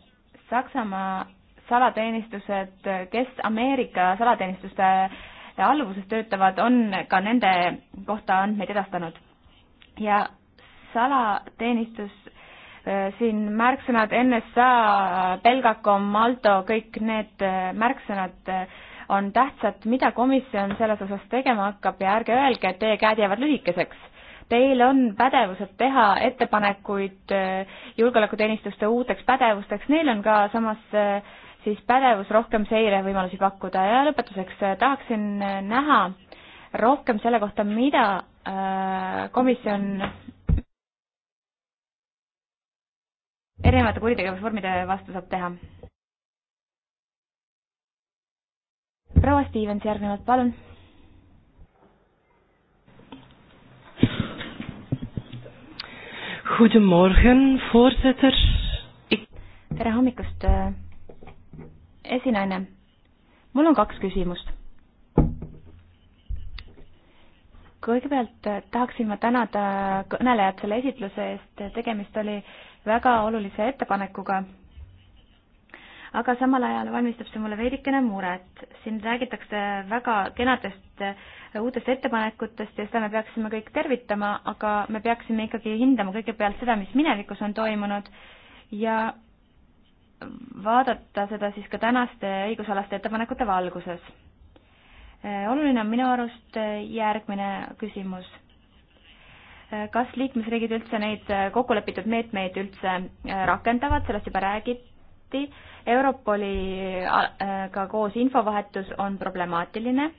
S5: Saksamaa salateenistused, kes Ameerika salateenistuste alluvuses töötavad, on ka nende kohta andmeid edastanud. ja salateenistus Äh, siin märksõnad NSA, Belgacom, Malto, kõik need äh, märksõnad äh, on tähtsad, mida komisjon selles osas tegema hakkab ja ärge öelge, et teie käed jäävad lühikeseks. Teil on pädevused teha ettepanekuid julgeolekuteenistuste uuteks pädevusteks, neil on ka samas siis pädevus rohkem seirevõimalusi pakkuda ja lõpetuseks tahaksin näha rohkem selle kohta, mida komisjon erinevate kuritegevusvormide vastu saab teha. proua Stevens järgnevalt, palun. Goedemorgen, voorzitter. Ik... tere hommikust, äh, esinaine. mul on kaks küsimust. kõigepealt äh, tahaksin ma tänada kõnelejat selle esitluse eest, tegemist oli äh, väga olulise ettepanekuga. aga samal ajal valmistab see mulle veidikene muret. siin räägitakse väga kenadest äh, uutest ettepanekutest ja seda me peaksime kõik tervitama, aga me peaksime ikkagi hindama kõigepealt seda, mis minevikus on toimunud ja vaadata seda siis ka tänaste õigusalaste ettepanekute valguses. Äh, oluline on minu arust äh, järgmine küsimus kas liikmesriigid üldse neid äh, kokkulepitud meetmeid üldse äh, rakendavad, sellest juba räägiti. Europoliga äh, koos infovahetus on problemaatiline.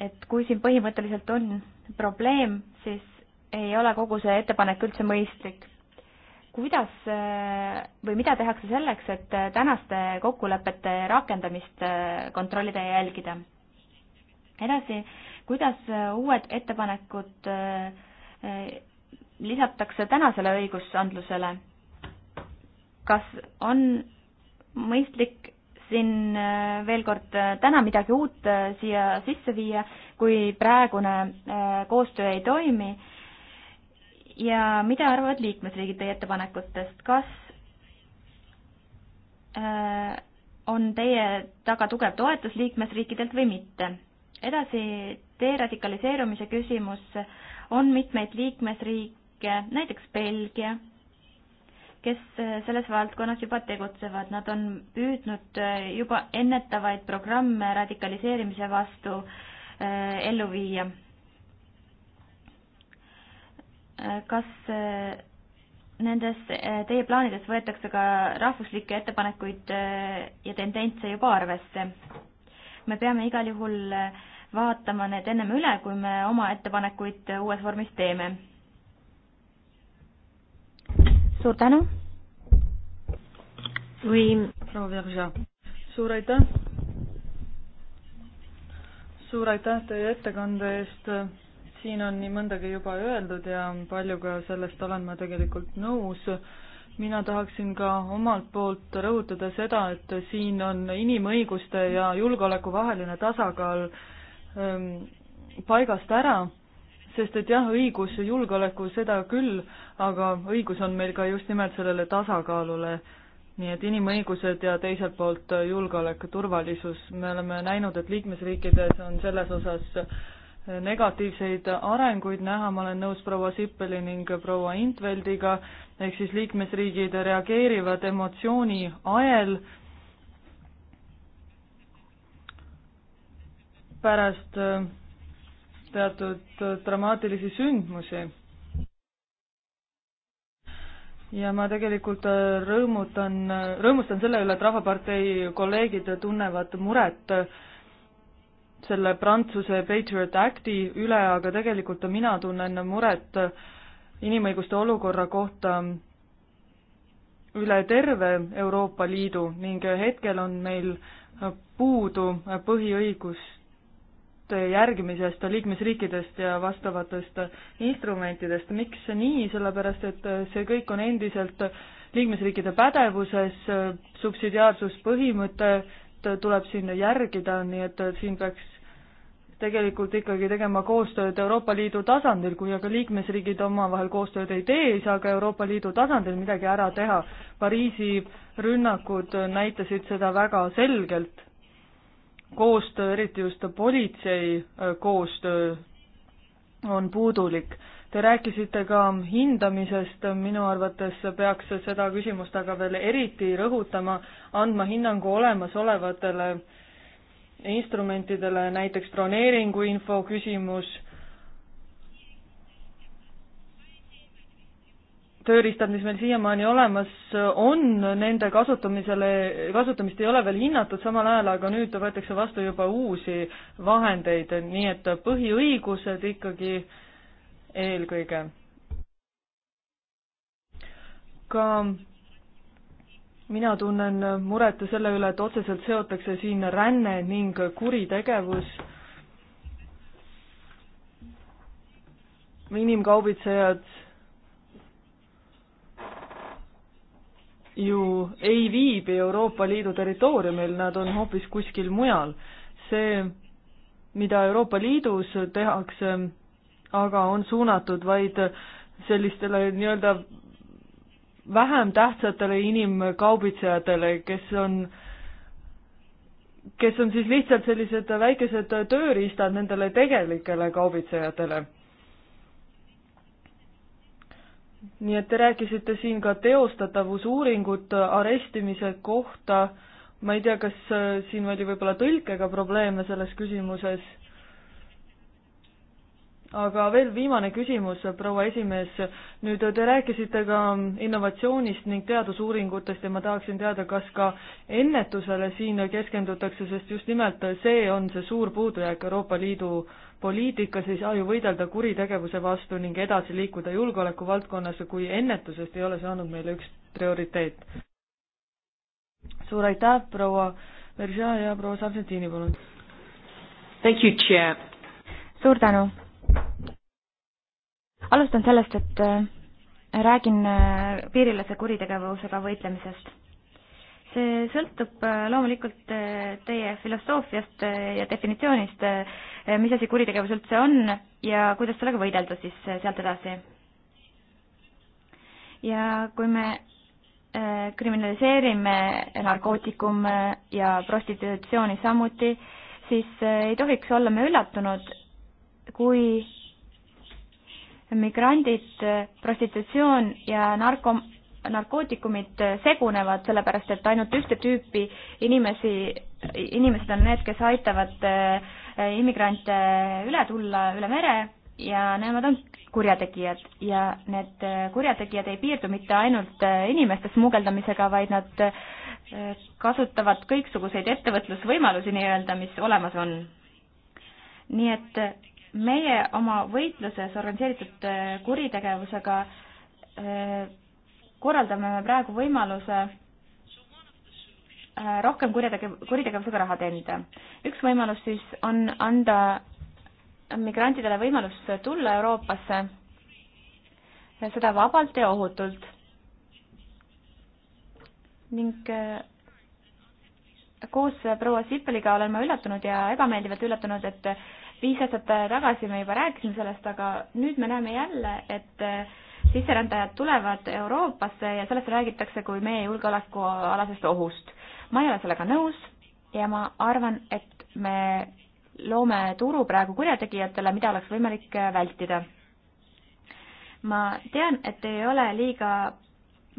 S5: et kui siin põhimõtteliselt on probleem, siis ei ole kogu see ettepanek üldse mõistlik. kuidas või mida tehakse selleks, et tänaste kokkulepete rakendamist kontrollida ja jälgida? edasi, kuidas uued ettepanekud äh, Äh, lisatakse tänasele õigusandlusele? kas on mõistlik siin äh, veel kord äh, täna midagi uut siia sisse viia, kui praegune koostöö ei toimi. ja mida arvavad liikmesriigid teie ettepanekutest, kas on teie taga tugev toetus liikmesriikidelt või mitte? edasi, deradikaliseerumise küsimus on mitmeid liikmesriike, näiteks Belgia, kes äh, selles valdkonnas juba tegutsevad, nad on püüdnud äh, juba ennetavaid programme radikaliseerimise vastu äh, ellu viia. kas nendes teie plaanides võetakse ka rahvuslikke ettepanekuid ja tendentse juba arvesse? me peame igal juhul vaatama need ennem üle, kui me oma ettepanekuid uues vormis teeme. suur tänu. või proua Virsa. suur aitäh.
S1: suur aitäh teie ettekande eest. siin on nii mõndagi juba öeldud ja paljuga sellest olen ma tegelikult nõus mina tahaksin ka omalt poolt rõhutada seda, et siin on inimõiguste ja julgeoleku vaheline tasakaal Ähm, paigast ära, sest et jah, õigus julgeoleku, seda küll, aga õigus on meil ka just nimelt sellele tasakaalule, nii et inimõigused ja teiselt poolt julgeolek, turvalisus, me oleme näinud, et liikmesriikides on selles osas äh, negatiivseid arenguid näha, ma olen nõus proua Sippeli ning proua Intveldiga, ehk siis liikmesriigid reageerivad emotsiooni ajel pärast äh, teatud äh, dramaatilisi sündmusi. ja ma tegelikult äh, rõõmutan, rõõmustan selle üle, et Rahvapartei kolleegid tunnevad muret selle Prantsuse Patriot Acti üle, aga tegelikult mina tunnen muret inimõiguste olukorra kohta üle terve Euroopa Liidu ning hetkel on meil puudu põhiõigust järgimisest liikmesriikidest ja vastavatest instrumentidest. miks nii, sellepärast et see kõik on endiselt liikmesriikide pädevuses, subsidiaarsuspõhimõtet tuleb siin järgida, nii et siin peaks tegelikult ikkagi tegema koostööd Euroopa Liidu tasandil, kui aga liikmesriigid omavahel koostööd ei tee, ei saa ka Euroopa Liidu tasandil midagi ära teha. Pariisi rünnakud näitasid seda väga selgelt koostöö, eriti just politsei äh, koostöö on puudulik. Te rääkisite ka hindamisest, minu arvates peaks seda küsimust aga veel eriti rõhutama, andma hinnangu olemasolevatele instrumentidele, näiteks broneeringu info küsimus tööriistad, mis meil siiamaani olemas on, nende kasutamisele, kasutamist ei ole veel hinnatud, samal ajal aga nüüd võetakse vastu juba uusi vahendeid, nii et põhiõigused ikkagi eelkõige. ka mina tunnen muret selle üle, et otseselt seotakse siin ränne ning kuritegevus inimkaubitsejad ju ei viibi Euroopa Liidu territooriumil, nad on hoopis kuskil mujal. see, mida Euroopa Liidus tehakse, aga on suunatud vaid sellistele nii-öelda vähem tähtsatele inimkaubitsejatele, kes on, kes on siis lihtsalt sellised väikesed tööriistad nendele tegelikele kaubitsejatele nii et te rääkisite siin ka teostatavusuuringut arestimise kohta. ma ei tea, kas äh, siin oli võib-olla tõlkega probleeme selles küsimuses aga veel viimane küsimus, proua esimees. nüüd te rääkisite ka innovatsioonist ning teadusuuringutest ja ma tahaksin teada, kas ka ennetusele siin keskendutakse, sest just nimelt see on see suur puudujääk Euroopa Liidu poliitikas, ei saa ju võidelda kuritegevuse vastu ning edasi liikuda julgeoleku valdkonnas, kui ennetusest ei ole saanud meile üks prioriteet. suur aitäh, proua Veržea ja proua
S5: Sargentini, palun.
S3: Thank you, chair.
S5: suur tänu alustan sellest, et äh, räägin äh, piirilase kuritegevusega võitlemisest. see sõltub äh, loomulikult teie filosoofiast ja definitsioonist, mis asi kuritegevus üldse on ja kuidas sellega võidelda siis sealt edasi. ja kui me kriminaliseerime narkootikume ja prostitutsiooni samuti, siis ei tohiks olla me üllatunud, kui migrandid, prostitutsioon ja narko, narkootikumid segunevad, sellepärast et ainult ühte tüüpi inimesi, inimesed on need, kes aitavad eh, immigrante üle tulla üle mere ja nemad on kurjategijad ja need eh, kurjategijad ei piirdu mitte ainult eh, inimeste smugeldamisega, vaid nad kasutavad kõiksuguseid ettevõtlusvõimalusi nii-öelda, mis olemas on. nii et meie oma võitluses organiseeritud äh, kuritegevusega äh, korraldame me praegu võimaluse äh, rohkem kurjatege-, kuritegevusega raha teenida. üks võimalus siis on anda migrantidele võimalus tulla Euroopasse, seda vabalt ja ohutult. ning koos proua Sippeliga olen ma üllatunud ja ebameeldivalt üllatunud, et viis aastat tagasi me juba rääkisime sellest, aga nüüd me näeme jälle, et äh, sisserändajad tulevad Euroopasse ja sellest räägitakse kui meie julgeolekualasest ohust. ma ei ole sellega nõus ja ma arvan, et me loome turu praegu kurjategijatele, mida oleks võimalik äh, vältida. ma tean, et ei ole liiga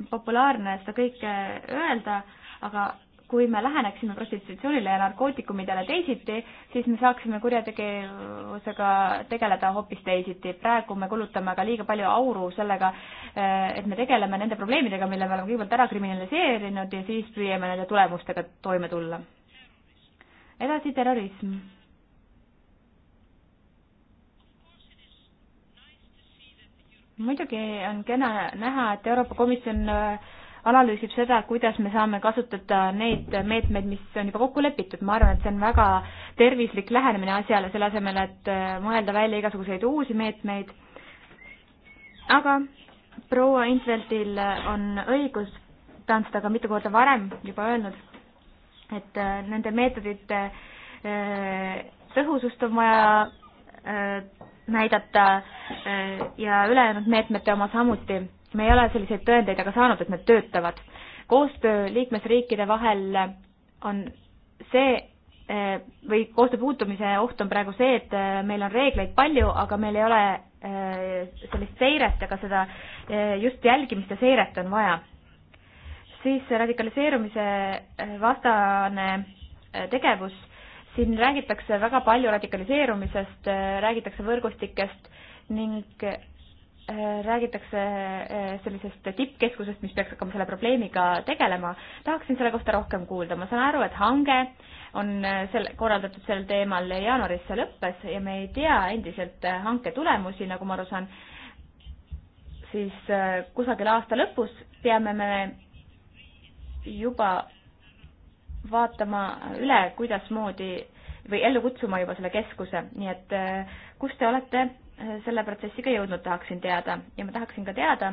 S5: populaarne seda kõike äh, öelda, aga kui me läheneksime prostitutsioonile ja narkootikumidele teisiti, siis me saaksime kurjategevusega tegeleda hoopis teisiti. praegu me kulutame aga liiga palju auru sellega, eh, et me tegeleme nende probleemidega, mille me oleme kõigepealt ära kriminaliseerinud ja siis püüame nende tulemustega toime tulla. edasi terrorism. muidugi on kena näha, et Euroopa Komisjon eh, analüüsib seda, kuidas me saame kasutada neid meetmeid, mis on juba kokku lepitud. ma arvan, et see on väga tervislik lähenemine asjale, selle asemel, et äh, mõelda välja igasuguseid uusi meetmeid. aga proua Intveldil on õigus, ta on seda ka mitu korda varem juba öelnud, et äh, nende meetodite äh, tõhusust on vaja näidata ja ülejäänud meetmete oma samuti me ei ole selliseid tõendeid aga saanud, et need töötavad. koostöö liikmesriikide vahel on see, eh, või koostöö puutumise oht on praegu see, et eh, meil on reegleid palju, aga meil ei ole eh, sellist seiret, aga seda just jälgimist ja seiret on vaja. siis radikaliseerumise vastane tegevus, siin räägitakse väga palju radikaliseerumisest, räägitakse võrgustikest ning Äh, räägitakse äh, sellisest tippkeskusest, mis peaks hakkama selle probleemiga tegelema. tahaksin selle kohta rohkem kuulda, ma saan aru, et hange on äh, selle, korraldatud sel teemal jaanuaris, see lõppes ja me ei tea endiselt hanke tulemusi, nagu ma aru saan, siis kusagil aasta lõpus peame me juba vaatama üle, kuidasmoodi või ellu kutsuma juba selle keskuse, nii et kus te olete Äh, selle protsessiga jõudnud, tahaksin teada ja ma tahaksin ka teada,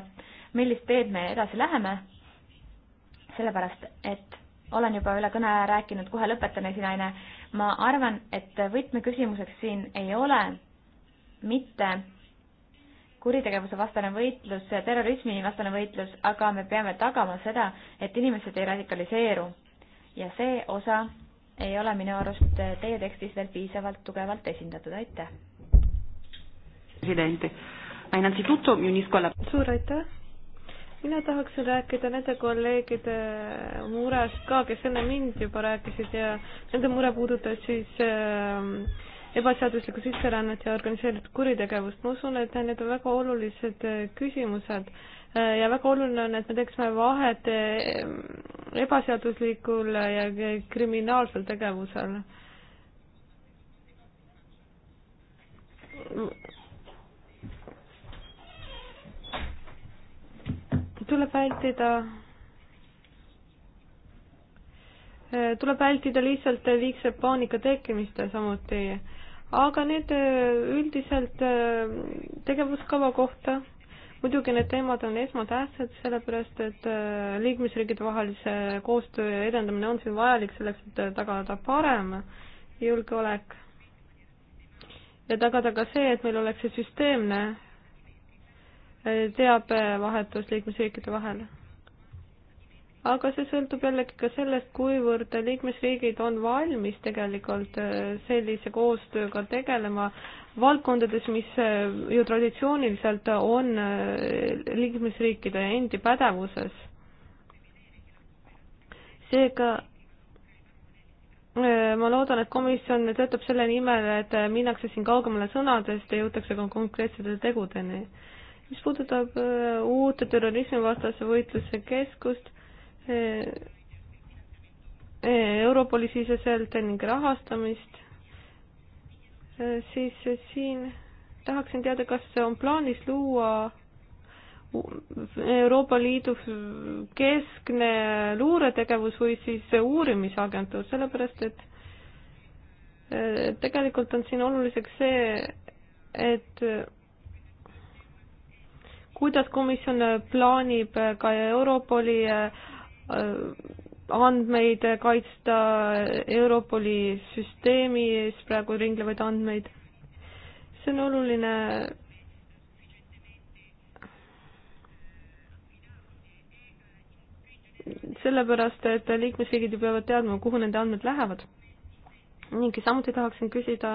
S5: millist teed me edasi läheme. sellepärast, et olen juba üle kõne rääkinud, kohe lõpetan, esinaine. ma arvan, et võtmeküsimuseks siin ei ole mitte kuritegevuse vastane võitlus, terrorismi vastane võitlus, aga me peame tagama seda, et inimesed ei radikaliseeru. ja see osa ei ole minu arust teie tekstis veel piisavalt tugevalt esindatud, aitäh
S1: presidente. ma innanzitutto mi unisco alla. suur aitäh.
S5: mina tahaksin rääkida
S4: nende kolleegide murest ka, kes enne mind juba rääkisid ja nende mure puudutas siis äh, ebaseaduslikku sisserännet ja organiseeritud kuritegevust. ma usun, et need on väga olulised äh, küsimused äh, ja väga oluline on, et me teeksime vahet äh, ebaseaduslikul ja kriminaalsel tegevusel tuleb vältida äh, tuleb vältida lihtsalt liigset paanika tekkimist samuti. aga need äh, üldiselt äh, tegevuskava kohta, muidugi need teemad on esmatähtsad, sellepärast et liikmesriikide vahelise koostöö edendamine on siin vajalik selleks, et tagada parem julgeolek ja tagada ka see, et meil oleks see süsteemne teabevahetus liikmesriikide vahel. aga see sõltub jällegi ka sellest, kuivõrd liikmesriigid on valmis tegelikult äh, sellise koostööga tegelema valdkondades, mis äh, ju traditsiooniliselt on äh, liikmesriikide endi pädevuses. seega ma loodan, et komisjon töötab selle nimel, et minnakse siin kaugemale sõnadest ja jõutakse ka konkreetsete tegudeni mis puudutab äh, uut terrorismivastase võitluse keskust äh, äh, Europoli siseselt ning rahastamist, siis siin tahaksin teada, kas on plaanis luua Euroopa Liidu keskne luuretegevus või siis uurimisagentuur, sellepärast et tegelikult on siin oluliseks see, et kuidas komisjon äh, plaanib äh, ka Europoli äh, andmeid kaitsta, Europoli süsteemis praegu ringlevaid andmeid? see on oluline sellepärast, et liikmesriigid ju peavad teadma, kuhu nende andmed lähevad. ning samuti tahaksin küsida,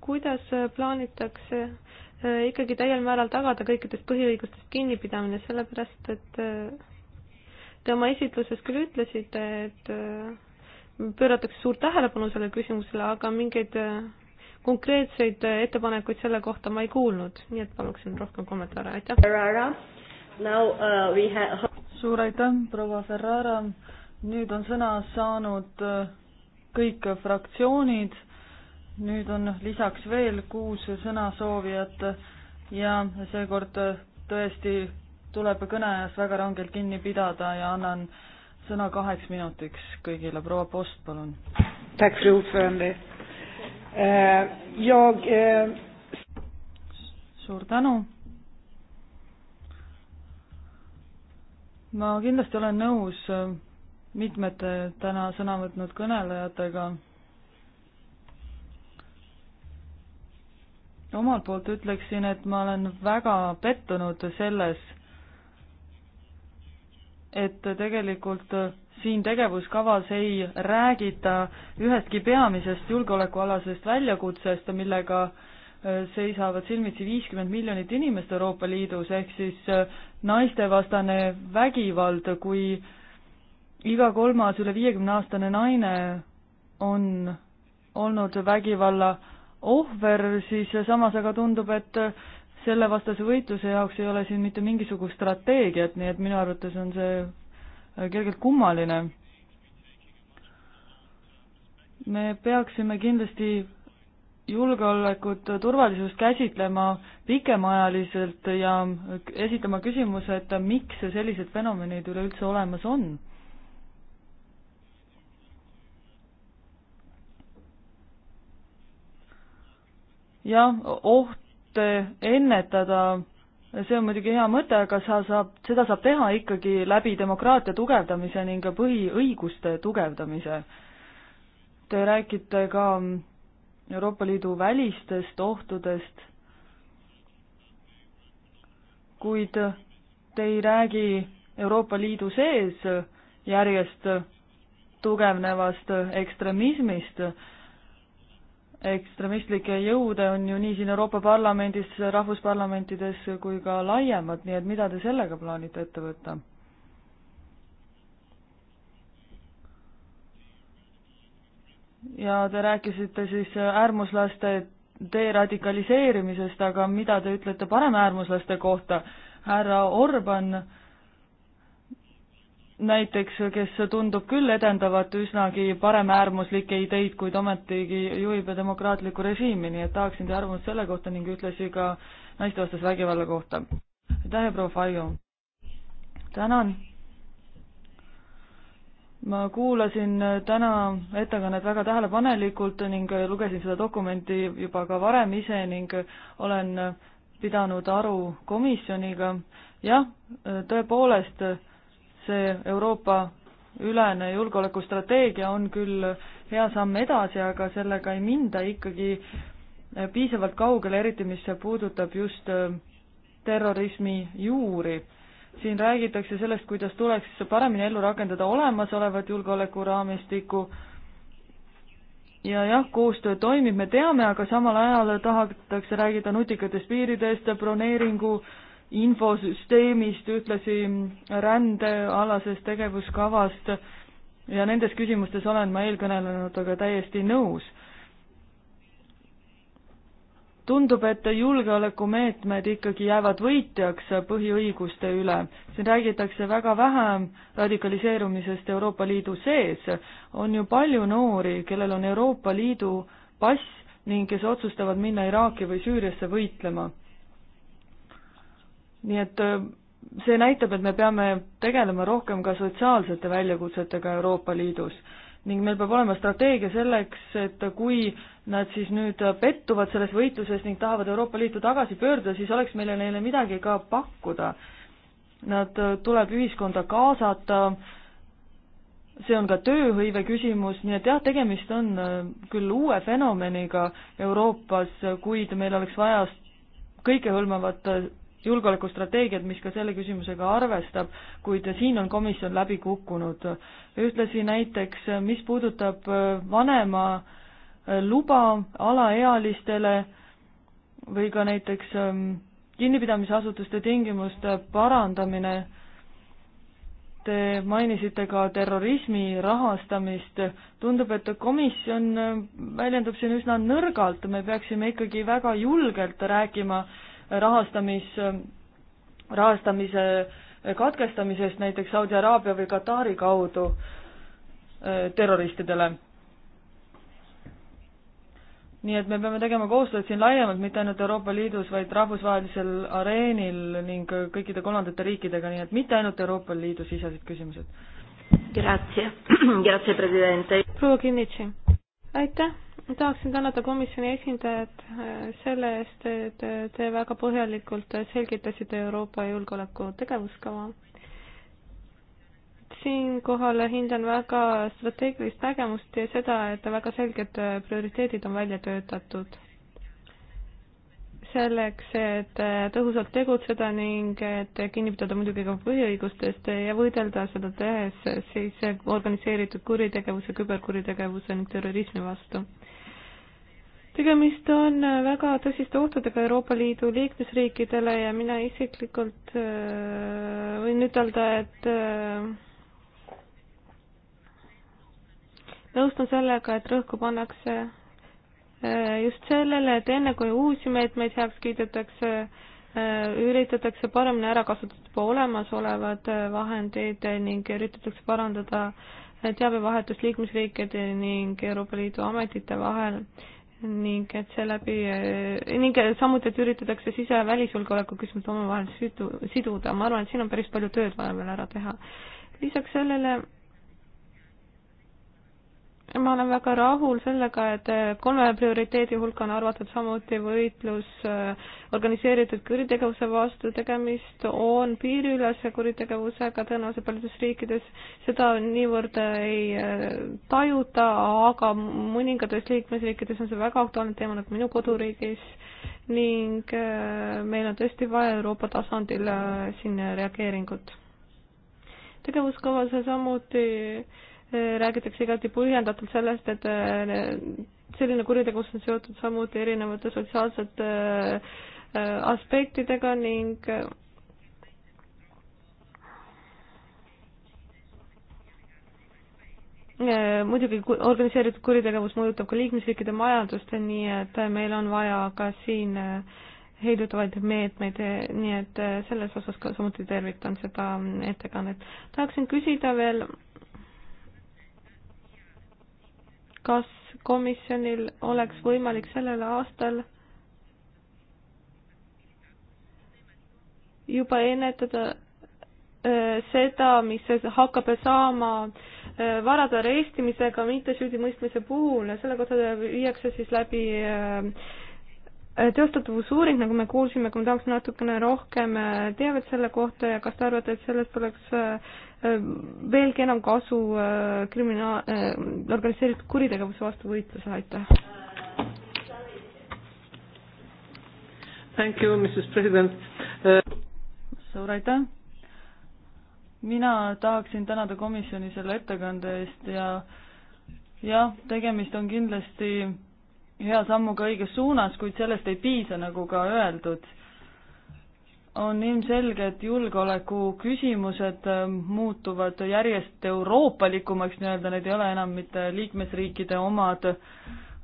S4: kuidas plaanitakse Äh, ikkagi täiel määral tagada kõikidest põhiõigustest kinnipidamine, sellepärast et äh, te oma esitluses küll ütlesite, et äh, pööratakse suurt tähelepanu sellele küsimusele, aga mingeid konkreetseid ettepanekuid selle kohta ma ei kuulnud, nii et paluksin rohkem kommentaare,
S3: aitäh.
S1: Uh, suur aitäh, proua Ferrara. nüüd on sõna saanud kõik fraktsioonid nüüd on lisaks veel kuus sõnasoovijat ja seekord tõesti tuleb kõneajast väga rangelt kinni pidada ja annan sõna kaheks minutiks kõigile. proua Post, palun. Eh, eh, suur tänu. ma kindlasti olen nõus mitmete täna sõna võtnud kõnelejatega omalt poolt ütleksin, et ma olen väga pettunud selles, et tegelikult siin tegevuskavas ei räägita ühestki peamisest julgeolekualasest väljakutsest, millega äh, seisavad silmitsi viiskümmend miljonit inimest Euroopa Liidus, ehk siis äh, naistevastane vägivald, kui iga kolmas üle viiekümne aastane naine on olnud vägivalla ohver, siis samas aga tundub, et sellevastase võitluse jaoks ei ole siin mitte mingisugust strateegiat, nii et minu arvates on see kergelt kummaline. me peaksime kindlasti julgeolekut, turvalisust käsitlema pikemaajaliselt ja esitama küsimuse, et miks sellised fenomenid üleüldse olemas on jah, ohte ennetada, see on muidugi hea mõte, aga sa saab, seda saab teha ikkagi läbi demokraatia tugevdamise ning põhiõiguste tugevdamise. Te räägite ka Euroopa Liidu välistest ohtudest, kuid te ei räägi Euroopa Liidu sees järjest tugevnevast ekstremismist, ekstremistlikke jõude on ju nii siin Euroopa Parlamendis, rahvusparlamentides kui ka laiemalt, nii et mida te sellega plaanite ette võtta? ja te rääkisite siis äärmuslaste deradikaliseerimisest, aga mida te ütlete paremäärmuslaste kohta? härra Orban näiteks, kes tundub küll edendavat üsnagi paremäärmuslikke ideid, kuid ometigi juhib demokraatlikku režiimi, nii et tahaksin teie arvamust selle kohta ning ühtlasi ka naistevastase vägivalla kohta. aitäh ja proua Fajo! tänan! ma kuulasin täna ettekannet väga tähelepanelikult ning lugesin seda dokumenti juba ka varem ise ning olen pidanud aru komisjoniga. jah, tõepoolest see Euroopa ülene julgeolekustrateegia on küll hea samm edasi, aga sellega ei minda ikkagi piisavalt kaugele, eriti mis puudutab just äh, terrorismi juuri. siin räägitakse sellest, kuidas tuleks paremini ellu rakendada olemasolevat julgeolekuraamistikku ja jah, koostöö toimib, me teame, aga samal ajal tahetakse räägida nutikatest piiridest, broneeringu äh, infosüsteemist, ühtlasi rändealasest tegevuskavast ja nendes küsimustes olen ma eelkõnelenuga täiesti nõus. tundub, et julgeolekumeetmed ikkagi jäävad võitjaks põhiõiguste üle. siin räägitakse väga vähe radikaliseerumisest Euroopa Liidu sees. on ju palju noori, kellel on Euroopa Liidu pass ning kes otsustavad minna Iraaki või Süüriasse võitlema nii et äh, see näitab, et me peame tegelema rohkem ka sotsiaalsete väljakutsetega Euroopa Liidus ning meil peab olema strateegia selleks, et kui nad siis nüüd pettuvad selles võitluses ning tahavad Euroopa Liitu tagasi pöörduda, siis oleks meile neile midagi ka pakkuda. Nad äh, tuleb ühiskonda kaasata, see on ka tööhõive küsimus, nii et jah, tegemist on äh, küll uue fenomeniga Euroopas, kuid meil oleks vaja kõikehõlmavat julgeolekustrateegiat, mis ka selle küsimusega arvestab, kuid siin on komisjon läbi kukkunud. ühtlasi näiteks, mis puudutab äh, vanema äh, luba alaealistele või ka näiteks ähm, kinnipidamisasutuste tingimuste parandamine, te mainisite ka terrorismi rahastamist, tundub, et komisjon äh, väljendub siin üsna nõrgalt, me peaksime ikkagi väga julgelt rääkima äh, rahastamis, rahastamise katkestamisest näiteks Saudi Araabia või Katari kaudu äh, terroristidele. nii et me peame tegema koostööd siin laiemalt, mitte ainult Euroopa Liidus, vaid rahvusvahelisel areenil ning kõikide kolmandate riikidega, nii et mitte ainult Euroopa Liidu sisesed küsimused.
S4: proua Kinnitši, aitäh tahaksin tänada komisjoni esindajat äh, selle eest, et äh, te väga põhjalikult äh, selgitasite Euroopa julgeoleku tegevuskava. siinkohal hindan väga strateegilist nägemust ja seda, et väga selged prioriteedid on välja töötatud selleks, et tõhusalt tegutseda ning et kinni pidada muidugi ka põhiõigustest ja võidelda seda tehes siis organiseeritud kuritegevuse, küberkuritegevuse ning terrorismi vastu tegemist on äh, väga tõsiste ohtudega Euroopa Liidu liikmesriikidele ja mina isiklikult äh, võin ütelda, et äh, nõustun sellega, et rõhku pannakse just sellele, et enne kui uusi meetmeid heaks kiidetakse, üritatakse paremini ära kasutada juba olemasolevad vahendid ning üritatakse parandada teabevahetust liikmesriikide ning Euroopa Liidu ametite vahel ning et seeläbi, ning samuti, et üritatakse sise- ja välisjulgeoleku küsimused omavahel sidu-, siduda, ma arvan, et siin on päris palju tööd vaja veel ära teha. lisaks sellele ma olen väga rahul sellega, et kolme prioriteedi hulka on arvatud samuti võitlus äh, organiseeritud kuritegevuse vastu, tegemist on piiriülese kuritegevusega tõenäoliselt paljudes riikides, seda niivõrd ei äh, tajuta, aga mõningates liikmesriikides on see väga aktuaalne teema, nagu minu koduriigis, ning äh, meil on tõesti vaja Euroopa tasandil siin reageeringut. tegevuskavas samuti äh, räägitakse igati põhjendatult sellest, et äh, selline kuritegus on seotud samuti erinevate sotsiaalsete äh, aspektidega ning äh, muidugi organiseeritud kuritegevus mõjutab ka liikmesriikide majandust, nii et meil on vaja ka siin heidutavaid meetmeid, nii et selles osas ka samuti tervitan seda ettekannet. tahaksin küsida veel kas komisjonil oleks võimalik sellel aastal juba ennetada äh, seda, mis hakkab saama äh, varade arestimisega mitte süüdimõistmise puhul ja selle kohta viiakse siis läbi äh, teostatavusuuring, nagu me kuulsime, kui me tahaksime natukene rohkem teavet selle kohta ja kas te arvate, et sellest oleks Ehm, veelgi enam kasu äh, kriminaal- äh,, organiseeritud kuritegevuse vastu võitlusele, aitäh.
S1: Thank you, Mrs President uh.... suur aitäh. mina tahaksin tänada komisjoni selle ettekande eest ja jah, tegemist on kindlasti hea sammuga õiges suunas, kuid sellest ei piisa, nagu ka öeldud on ilmselge, et julgeoleku küsimused äh, muutuvad järjest euroopalikumaks nii-öelda, need ei ole enam mitte liikmesriikide omad,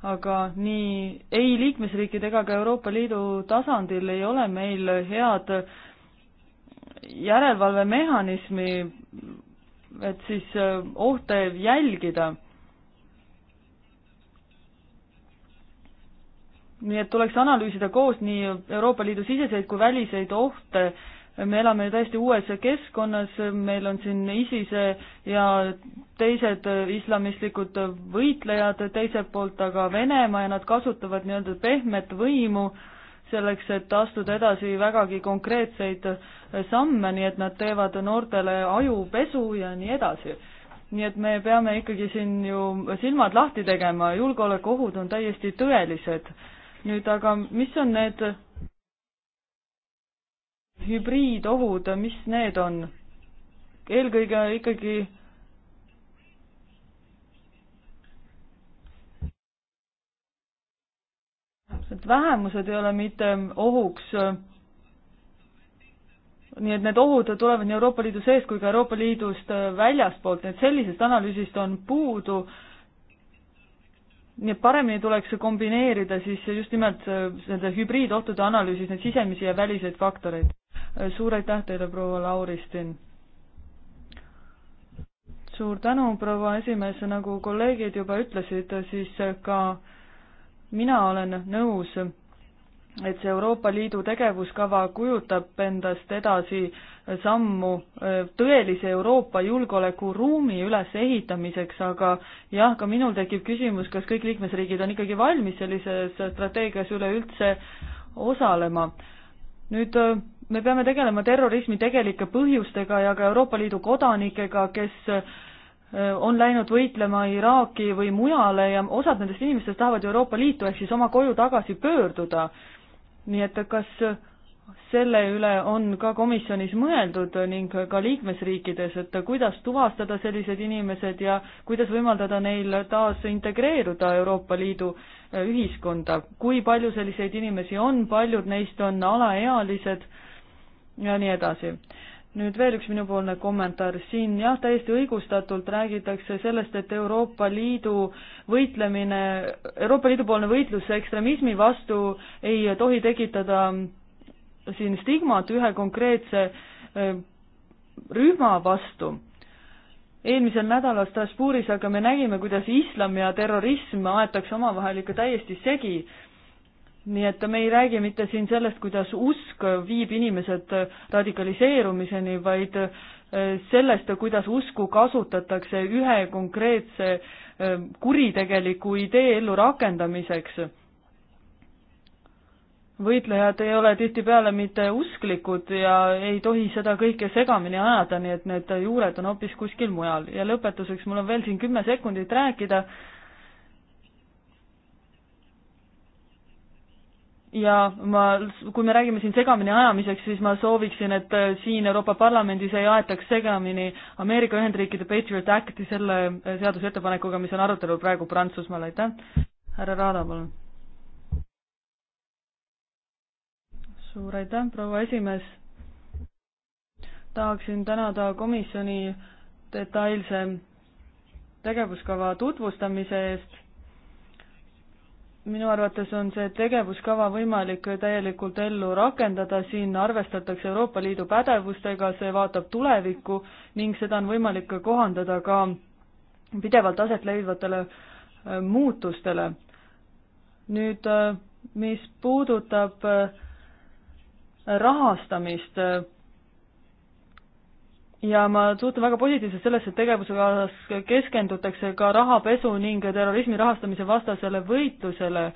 S1: aga nii ei liikmesriikide ega ka Euroopa Liidu tasandil ei ole meil head järelevalvemehhanismi, et siis äh, ohte jälgida nii et tuleks analüüsida koos nii Euroopa Liidu siseseid kui väliseid ohte. me elame ju täiesti uues keskkonnas, meil on siin ISISe ja teised islamistlikud võitlejad teiselt poolt, aga Venemaa ja nad kasutavad nii-öelda pehmet võimu selleks, et astuda edasi vägagi konkreetseid samme, nii et nad teevad noortele ajupesu ja nii edasi nii et me peame ikkagi siin ju silmad lahti tegema, julgeolekuohud on täiesti tõelised nüüd aga, mis on need hübriidohud, mis need on? eelkõige ikkagi et vähemused ei ole mitte ohuks, nii et need ohud tulevad nii Euroopa Liidu seest kui ka Euroopa Liidust väljaspoolt, nii et sellisest analüüsist on puudu äh, nii et paremini tuleks kombineerida siis just nimelt äh, nende hübriidohtude analüüsis neid sisemisi ja väliseid faktoreid. Äh, suur aitäh teile, proua Lauristin! suur tänu, proua esimees, nagu kolleegid juba ütlesid, siis ka mina olen nõus et see Euroopa Liidu tegevuskava kujutab endast edasi sammu e, tõelise Euroopa julgeolekuruumi ülesehitamiseks, aga jah, ka minul tekib küsimus, kas kõik liikmesriigid on ikkagi valmis sellises strateegias üleüldse osalema. nüüd e, me peame tegelema terrorismi tegelike põhjustega ja ka Euroopa Liidu kodanikega, kes e, on läinud võitlema Iraaki või mujale ja osad nendest inimestest tahavad Euroopa Liitu ehk siis oma koju tagasi pöörduda nii et kas selle üle on ka komisjonis mõeldud ning ka liikmesriikides, et kuidas tuvastada sellised inimesed ja kuidas võimaldada neil taas integreeruda Euroopa Liidu äh, ühiskonda, kui palju selliseid inimesi on, paljud neist on alaealised ja nii edasi nüüd veel üks minupoolne kommentaar siin, jah, täiesti õigustatult räägitakse sellest, et Euroopa Liidu võitlemine, Euroopa Liidu poolne võitlus ekstremismi vastu ei tohi tekitada siin stigmat ühe konkreetse e, rühma vastu. eelmisel nädalal Strasbourgis aga me nägime, kuidas islam ja terrorism aetakse omavahel ikka täiesti segi nii et me ei räägi mitte siin sellest, kuidas usk viib inimesed radikaliseerumiseni, vaid äh, sellest, kuidas usku kasutatakse ühe konkreetse äh, kuritegeliku idee ellurakendamiseks. võitlejad ei ole tihtipeale mitte usklikud ja ei tohi seda kõike segamini ajada, nii et need juured on hoopis kuskil mujal ja lõpetuseks, mul on veel siin kümme sekundit rääkida ja ma, kui me räägime siin segamini ajamiseks, siis ma sooviksin, et äh, siin Euroopa Parlamendis ei aetaks segamini Ameerika Ühendriikide Patriot Acti selle äh, seadusettepanekuga, mis on arutelul praegu Prantsusmaal, aitäh. härra Raada, palun. suur aitäh, proua esimees. tahaksin tänada komisjoni detailse tegevuskava tutvustamise eest minu arvates on see tegevuskava võimalik täielikult ellu rakendada, siin arvestatakse Euroopa Liidu pädevustega, see vaatab tulevikku ning seda on võimalik kohandada ka pidevalt aset leidvatele äh, muutustele. nüüd, äh, mis puudutab äh, rahastamist, ja ma suhtun väga positiivselt sellesse, et tegevusega keskendutakse ka rahapesu ning terrorismi rahastamise vastasele võitlusele.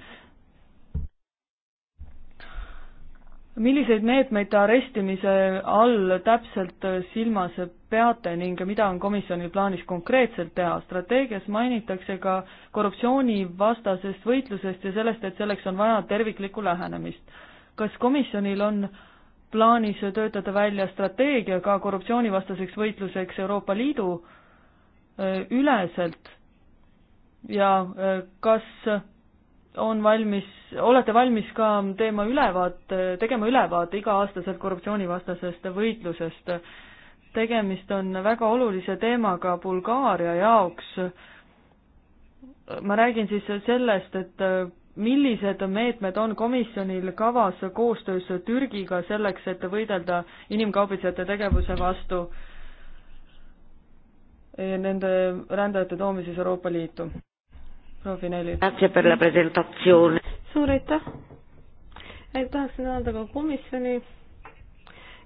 S1: milliseid meetmeid te arestimise all täpselt silmas peate ning mida on komisjonil plaanis konkreetselt teha? strateegias mainitakse ka korruptsioonivastasest võitlusest ja sellest, et selleks on vaja terviklikku lähenemist. kas komisjonil on äh, plaanis töötada välja strateegia ka korruptsioonivastaseks võitluseks Euroopa Liidu äh, üleselt ja äh, kas on valmis, olete valmis ka teema ülevaate, tegema ülevaate iga-aastaselt korruptsioonivastasest võitlusest. tegemist on väga olulise teemaga Bulgaaria jaoks. ma räägin siis sellest, et äh, millised meetmed on komisjonil kavas koostöös Türgiga selleks, et võidelda inimkaubitsejate tegevuse vastu nende rändajate toomises Euroopa Liitu? proua Fineli.
S4: suur aitäh! tahaksin öelda ka komisjoni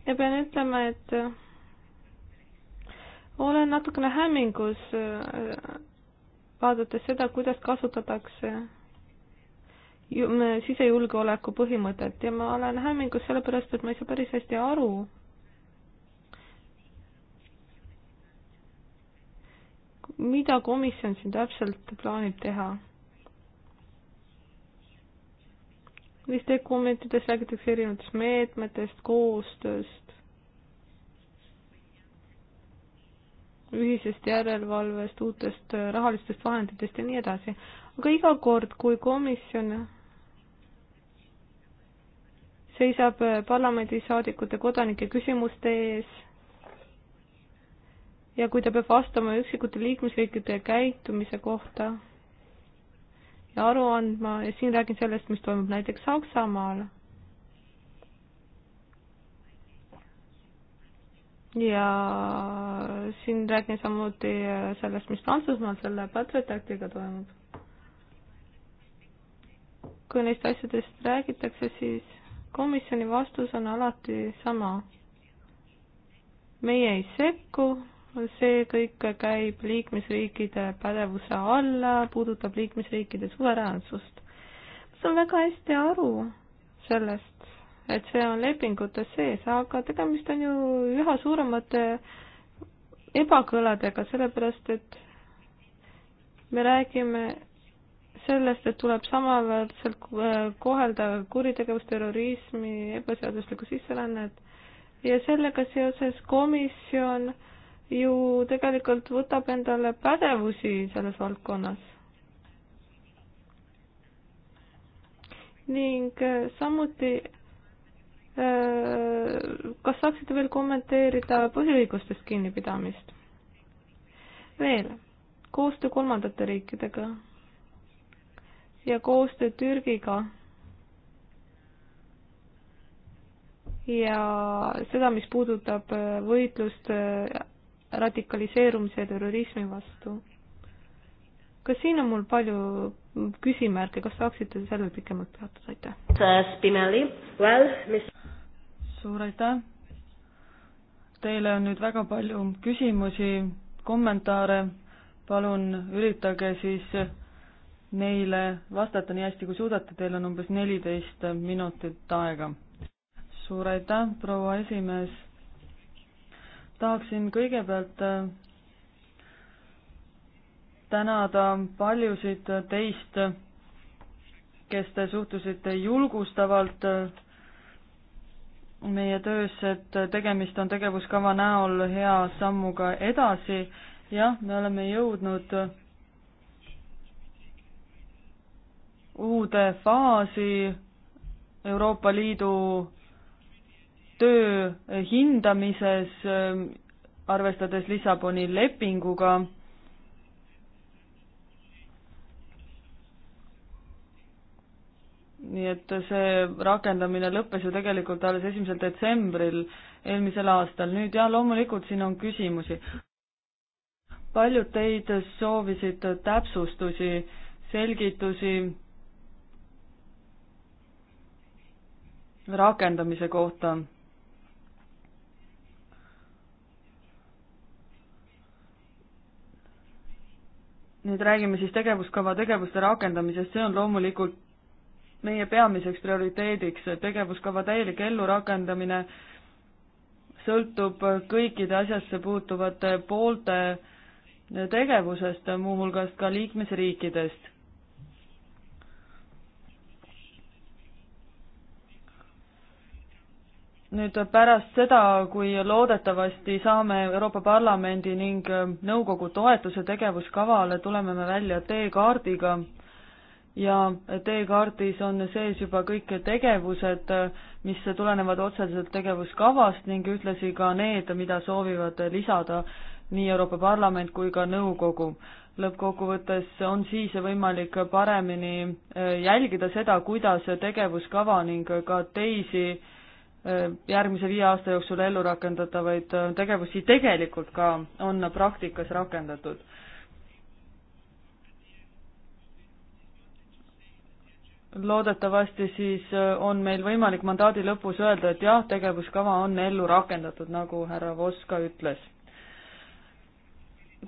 S4: ja pean ütlema, et olen natukene hämmingus, vaadates seda, kuidas kasutatakse sisejulgeoleku põhimõtet ja ma olen hämmingus sellepärast, et ma ei saa päris hästi aru. mida komisjon siin täpselt plaanib teha? vist dokumentides räägitakse erinevatest meetmetest, koostööst, ühisest järelevalvest, uutest rahalistest vahenditest ja nii edasi. aga iga kord, kui komisjon seisab äh, parlamendisaadikute kodanike küsimuste ees ja kui ta peab vastama üksikute liikmesriikide käitumise kohta ja aru andma ja siin räägin sellest, mis toimub näiteks Saksamaal. ja siin räägin samuti äh, sellest, mis Prantsusmaal selle patriotaktiga toimub. kui neist asjadest räägitakse, siis komisjoni vastus on alati sama. meie ei sekku, see kõik käib liikmesriikide pädevuse alla, puudutab liikmesriikide suveräänsust. ma saan väga hästi aru sellest, et see on lepingutes sees, aga tegemist on ju üha suuremate ebakõladega, sellepärast et me räägime sellest, et tuleb samaväärselt äh, kohelda kuritegevust, terrorismi, ebaseaduslikku sisserännet ja sellega seoses komisjon ju tegelikult võtab endale pädevusi selles valdkonnas. ning äh, samuti äh, kas saaksite veel kommenteerida põhiõigustest kinnipidamist? veel, koostöö kolmandate riikidega ja koostöö Türgiga. ja seda, mis puudutab äh, võitlust äh, radikaliseerumise ja terrorismi vastu. kas siin on mul palju küsimärke, kas saaksite sellel pikemalt peatuda, aitäh? Äh,
S3: Spinelli, well, mis
S1: suur aitäh! Teile on nüüd väga palju küsimusi, kommentaare, palun üritage siis neile vastata nii hästi, kui suudate, teil on umbes neliteist minutit aega. suur aitäh, proua esimees. tahaksin kõigepealt äh, tänada paljusid teist, kes te suhtusite julgustavalt äh, meie töös, et tegemist on tegevuskava näol hea sammuga edasi. jah, me oleme jõudnud uude faasi Euroopa Liidu töö hindamises, arvestades Lissaboni lepinguga nii et see rakendamine lõppes ju tegelikult alles esimesel detsembril eelmisel aastal, nüüd jah, loomulikult siin on küsimusi. paljud teid soovisid täpsustusi, selgitusi rakendamise kohta. nüüd räägime siis tegevuskava tegevuste rakendamisest, see on loomulikult meie peamiseks prioriteediks, tegevuskava täielik ellurakendamine sõltub kõikide asjasse puutuvate poolte tegevusest, muuhulgas ka liikmesriikidest nüüd pärast seda, kui loodetavasti saame Euroopa Parlamendi ning äh, nõukogu toetuse tegevuskavale, tuleme me välja teekaardiga ja teekaardis on sees juba kõik tegevused, äh, mis tulenevad otseselt tegevuskavast ning ühtlasi ka need, mida soovivad lisada nii Euroopa Parlament kui ka nõukogu. lõppkokkuvõttes on siis võimalik paremini äh, jälgida seda, kuidas tegevuskava ning ka teisi järgmise viie aasta jooksul ellu rakendatavaid tegevusi tegelikult ka on praktikas rakendatud. loodetavasti siis on meil võimalik mandaadi lõpus öelda, et jah, tegevuskava on ellu rakendatud, nagu härra Voss ka ütles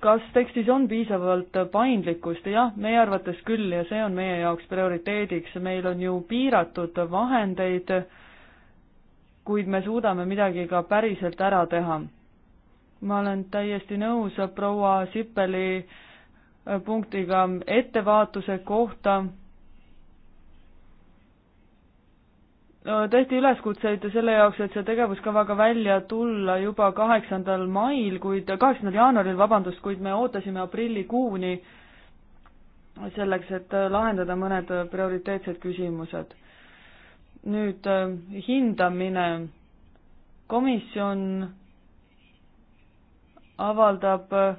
S1: kas tekstis on piisavalt paindlikkust, jah, meie arvates küll ja see on meie jaoks prioriteediks, meil on ju piiratud vahendeid äh, kuid me suudame midagi ka päriselt ära teha. ma olen täiesti nõus proua Sippeli äh, punktiga ettevaatuse kohta tehti üleskutseid selle jaoks, et see tegevuskavaga välja tulla juba kaheksandal mail, kuid, kaheksandal jaanuaril, vabandust, kuid me ootasime aprillikuuni selleks, et lahendada mõned prioriteetsed küsimused nüüd äh, hindamine. komisjon avaldab, äh,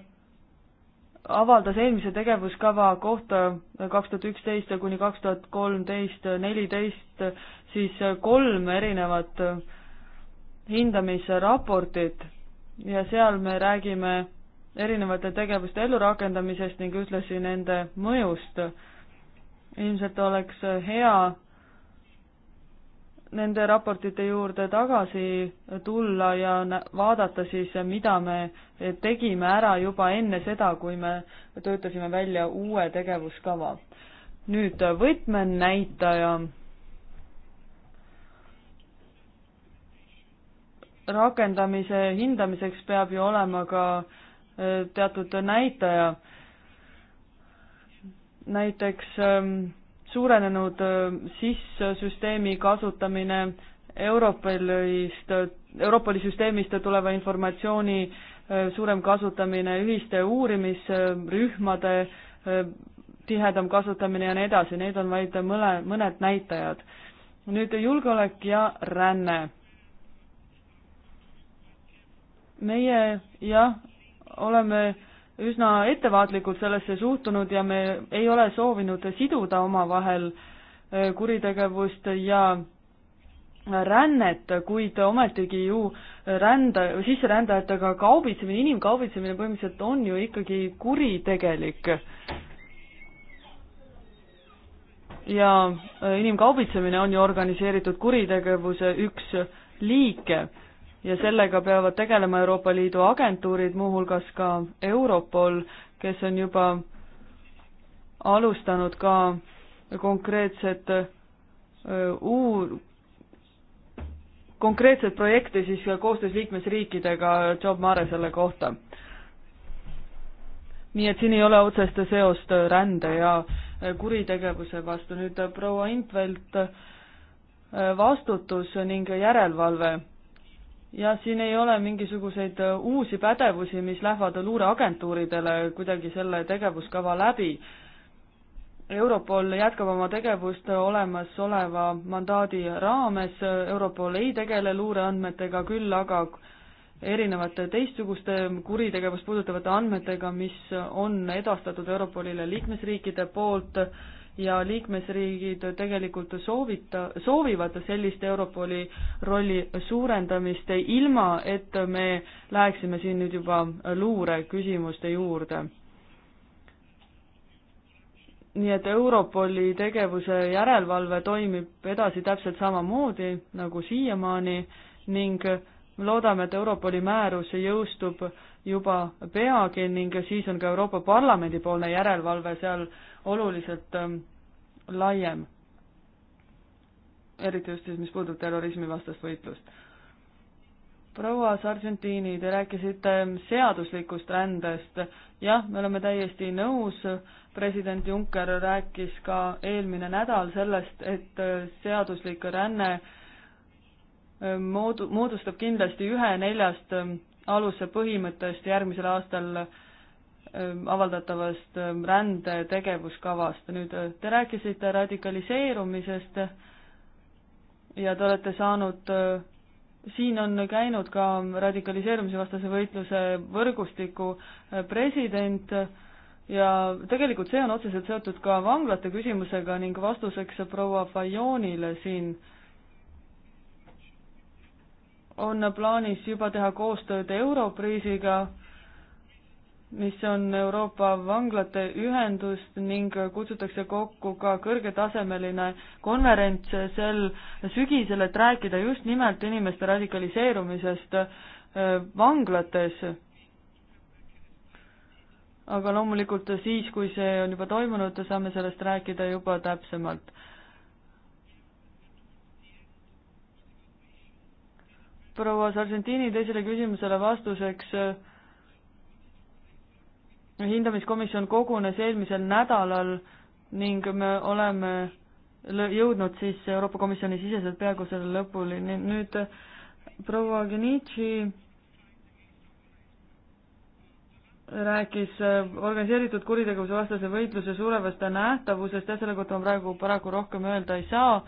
S1: avaldas eelmise tegevuskava kohta kaks tuhat üksteist kuni kaks tuhat kolmteist, äh, neliteist siis kolm erinevat hindamisraportit ja seal me räägime erinevate tegevuste ellurakendamisest ning ühtlasi nende mõjust. ilmselt oleks hea nende raportite juurde tagasi tulla ja vaadata siis, mida me tegime ära juba enne seda, kui me töötasime välja uue tegevuskava. nüüd võtmenäitaja. rakendamise hindamiseks peab ju olema ka e, teatud näitaja. näiteks ähm, suurenenud äh, SIS-süsteemi kasutamine, Europolist, Europoli süsteemist tuleva informatsiooni äh, suurem kasutamine, ühiste uurimisrühmade äh, tihedam kasutamine ja nii edasi, need on vaid mõne, mõned näitajad. nüüd julgeolek ja ränne. meie jah, oleme üsna ettevaatlikult sellesse suhtunud ja me ei ole soovinud siduda omavahel äh, kuritegevust ja rännet, kuid ometigi ju rända, sisserändajatega kaubitsemine, inimkaubitsemine põhimõtteliselt on ju ikkagi kuritegelik. ja äh, inimkaubitsemine on ju organiseeritud kuritegevuse üks liike ja sellega peavad tegelema Euroopa Liidu agentuurid, muuhulgas ka Europol, kes on juba alustanud ka konkreetset uu-, konkreetset projekti siis koostöös liikmesriikidega Job Mare selle kohta. nii et siin ei ole otsest seost rände ja kuritegevuse vastu. nüüd proua Intvelt, vastutus ning järelevalve ja siin ei ole mingisuguseid äh, uusi pädevusi, mis lähevad luureagentuuridele kuidagi selle tegevuskava läbi. Europol jätkab oma tegevust olemasoleva mandaadi raames, Europol ei tegele luureandmetega, küll aga erinevate teistsuguste kuritegevust puudutavate andmetega, mis on edastatud Europolile liikmesriikide poolt äh, ja liikmesriigid tegelikult soovita, soovivad sellist Europoli rolli suurendamist, ilma et me läheksime siin nüüd juba luureküsimuste juurde. nii et Europoli tegevuse järelevalve toimib edasi täpselt samamoodi nagu siiamaani ning loodame, et Europoli määrus jõustub juba peagi ning siis on ka Euroopa Parlamendi poolne järelevalve seal oluliselt ähm, laiem, eriti just siis, mis puudutab terrorismivastast võitlust. proua Sargentini, te rääkisite ähm, seaduslikust rändest, jah, me oleme täiesti nõus, president Juncker rääkis ka eelmine nädal sellest, et äh, seaduslik ränne äh, moodu-, moodustab kindlasti ühe neljast ähm, aluse põhimõttest järgmisel aastal Ähm, avaldatavast ähm, rände tegevuskavast. nüüd äh, te rääkisite radikaliseerumisest ja te olete saanud, äh, siin on käinud ka radikaliseerumise vastase võitluse võrgustiku äh, president ja tegelikult see on otseselt seotud ka vanglate küsimusega ning vastuseks proua Fajonile siin on plaanis juba teha koostööd Europriisiga mis on Euroopa vanglate ühendust ning kutsutakse kokku ka kõrgetasemeline konverents sel sügisel, et rääkida just nimelt inimeste radikaliseerumisest äh, vanglates. aga loomulikult siis, kui see on juba toimunud, saame sellest rääkida juba täpsemalt proua Sargentini teisele küsimusele vastuseks äh, hindamiskomisjon kogunes eelmisel nädalal ning me oleme jõudnud siis Euroopa Komisjoni siseselt peaaegu selle lõpuni. nüüd äh, proua Genici rääkis äh, organiseeritud kuritegevuse vastase võitluse suuremast nähtavusest ja selle kohta ma praegu paraku rohkem öelda ei saa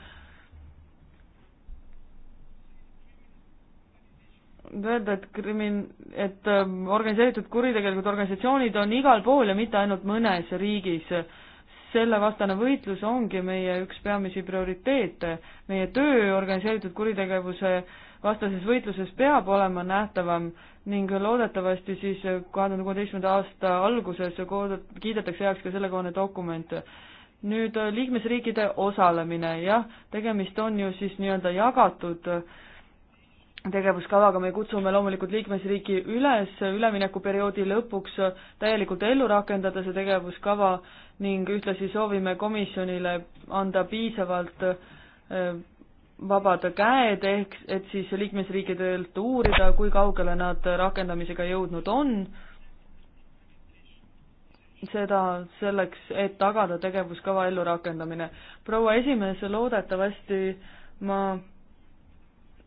S1: öelda, et krimin-, et ähm, organiseeritud kuritegelikud organisatsioonid on igal pool ja mitte ainult mõnes riigis. sellevastane võitlus ongi meie üks peamisi prioriteete. meie töö organiseeritud kuritegevuse vastases võitluses peab olema nähtavam ning loodetavasti siis kahe tuhande kuueteistkümnenda aasta alguses kiidetakse heaks ka sellekohane dokument nüüd äh, liikmesriikide osalemine, jah, tegemist on ju siis nii-öelda jagatud äh, tegevuskavaga me kutsume loomulikult liikmesriiki üles üleminekuperioodi lõpuks täielikult ellu rakendada see tegevuskava ning ühtlasi soovime komisjonile anda piisavalt eh, vabad käed, ehk et siis liikmesriikidelt uurida, kui kaugele nad rakendamisega jõudnud on, seda selleks, et tagada tegevuskava ellurakendamine. proua esimees, loodetavasti ma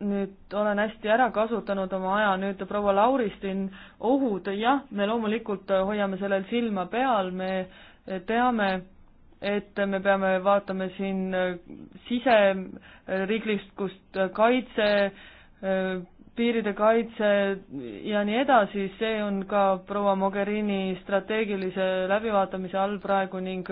S1: nüüd olen hästi ära kasutanud oma aja, nüüd proua Lauristin, ohud, jah, me loomulikult hoiame sellel silma peal, me teame, et me peame vaatama siin siseriiklikust kaitse piiride kaitse ja nii edasi, see on ka proua Mogherini strateegilise läbivaatamise all praegu ning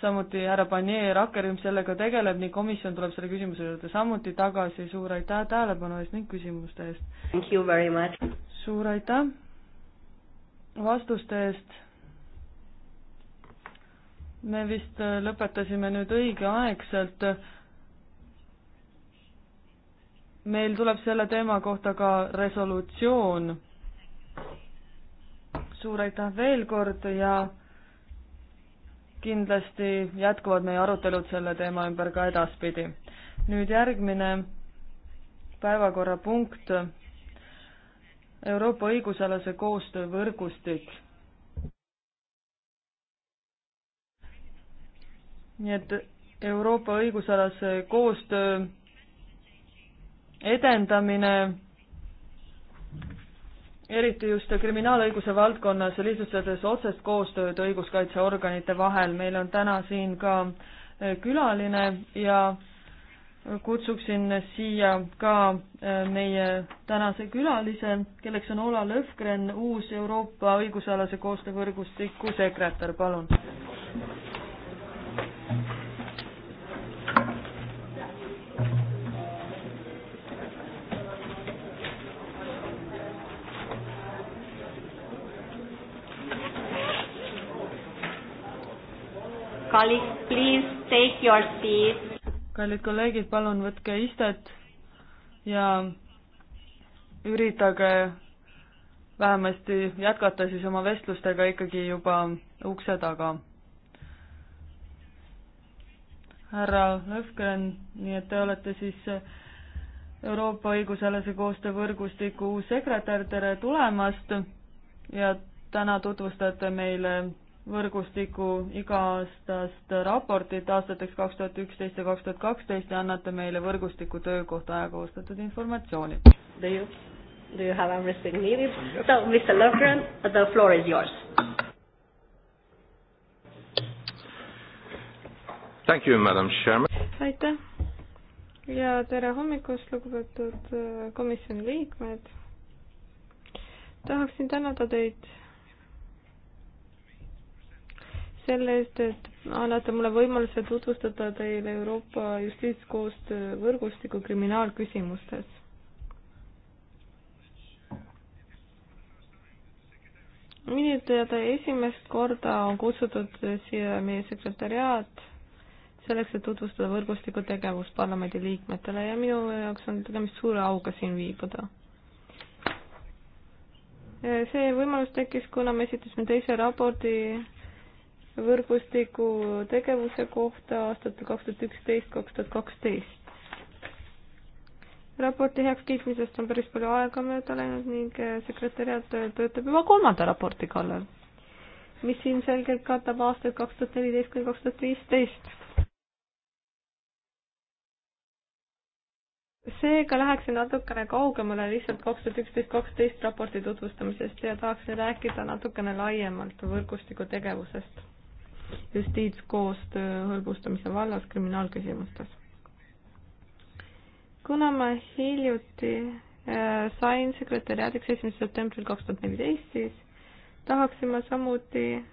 S1: samuti härra Panier rakkerühm sellega tegeleb ning komisjon tuleb selle küsimuse juurde samuti tagasi, suur aitäh tähelepanu eest ning küsimuste eest! suur aitäh vastuste eest! me vist lõpetasime nüüd õigeaegselt meil tuleb selle teema kohta ka resolutsioon. suur aitäh veel kord ja kindlasti jätkuvad meie arutelud selle teema ümber ka edaspidi. nüüd järgmine päevakorrapunkt, Euroopa õigusalase koostöö võrgustik. nii et Euroopa õigusalase koostöö edendamine, eriti just kriminaalõiguse valdkonnas, lihtsustades otsest koostööd õiguskaitseorganite vahel. meil on täna siin ka eh, külaline ja kutsuksin siia ka eh, meie tänase külalise, kelleks on Ola Lõhkren, uus Euroopa õigusalase koostöövõrgustiku sekretär, palun. Colleagues, please take your seats. kallid kolleegid, palun võtke istet ja üritage vähemasti jätkata siis oma vestlustega ikkagi juba ukse taga. härra Lõhkren, nii et te olete siis Euroopa õigusalase koostöövõrgustiku uus sekretär, tere tulemast ja täna tutvustate meile võrgustiku iga-aastast raportit aastateks kaks tuhat üksteist ja kaks tuhat kaksteist ja annate meile võrgustiku töö kohta ajakohustatud
S3: informatsiooni. Do you, do you have everything needed? So Mr Lõhgren, the floor is yours.
S4: Thank you, madam chairman. aitäh ja tere hommikust, lugupeetud äh, komisjoni liikmed. tahaksin tänada teid selle eest, et annate mulle võimaluse tutvustada teile Euroopa justiitskoostöö võrgustiku kriminaalküsimustes. minu teada esimest korda on kutsutud siia meie sekretäriaat selleks, et tutvustada võrgustiku tegevust parlamendi liikmetele ja minu jaoks on tegemist suure auga siin viibuda. see võimalus tekkis, kuna me esitasime teise raporti võrgustiku tegevuse kohta aastatel kaks tuhat üksteist, kaks tuhat kaksteist. raporti heakskiitmisest on päris palju aega mööda läinud ning eh, sekretäriat eh, töötab juba kolmanda raporti kallal, mis ilmselgelt katab aastaid kaks tuhat neliteist kuni kaks tuhat viisteist. seega läheksin natukene kaugemale lihtsalt kaks tuhat üksteist, kaksteist raporti tutvustamisest ja tahaksin rääkida natukene laiemalt võrgustiku tegevusest justiitskoostöö hõlbustamise vallas kriminaalküsimustes. kuna ma hiljuti äh, sain sekretäriaadiks esimesel septembril kaks tuhat neliteist, siis tahaksin ma samuti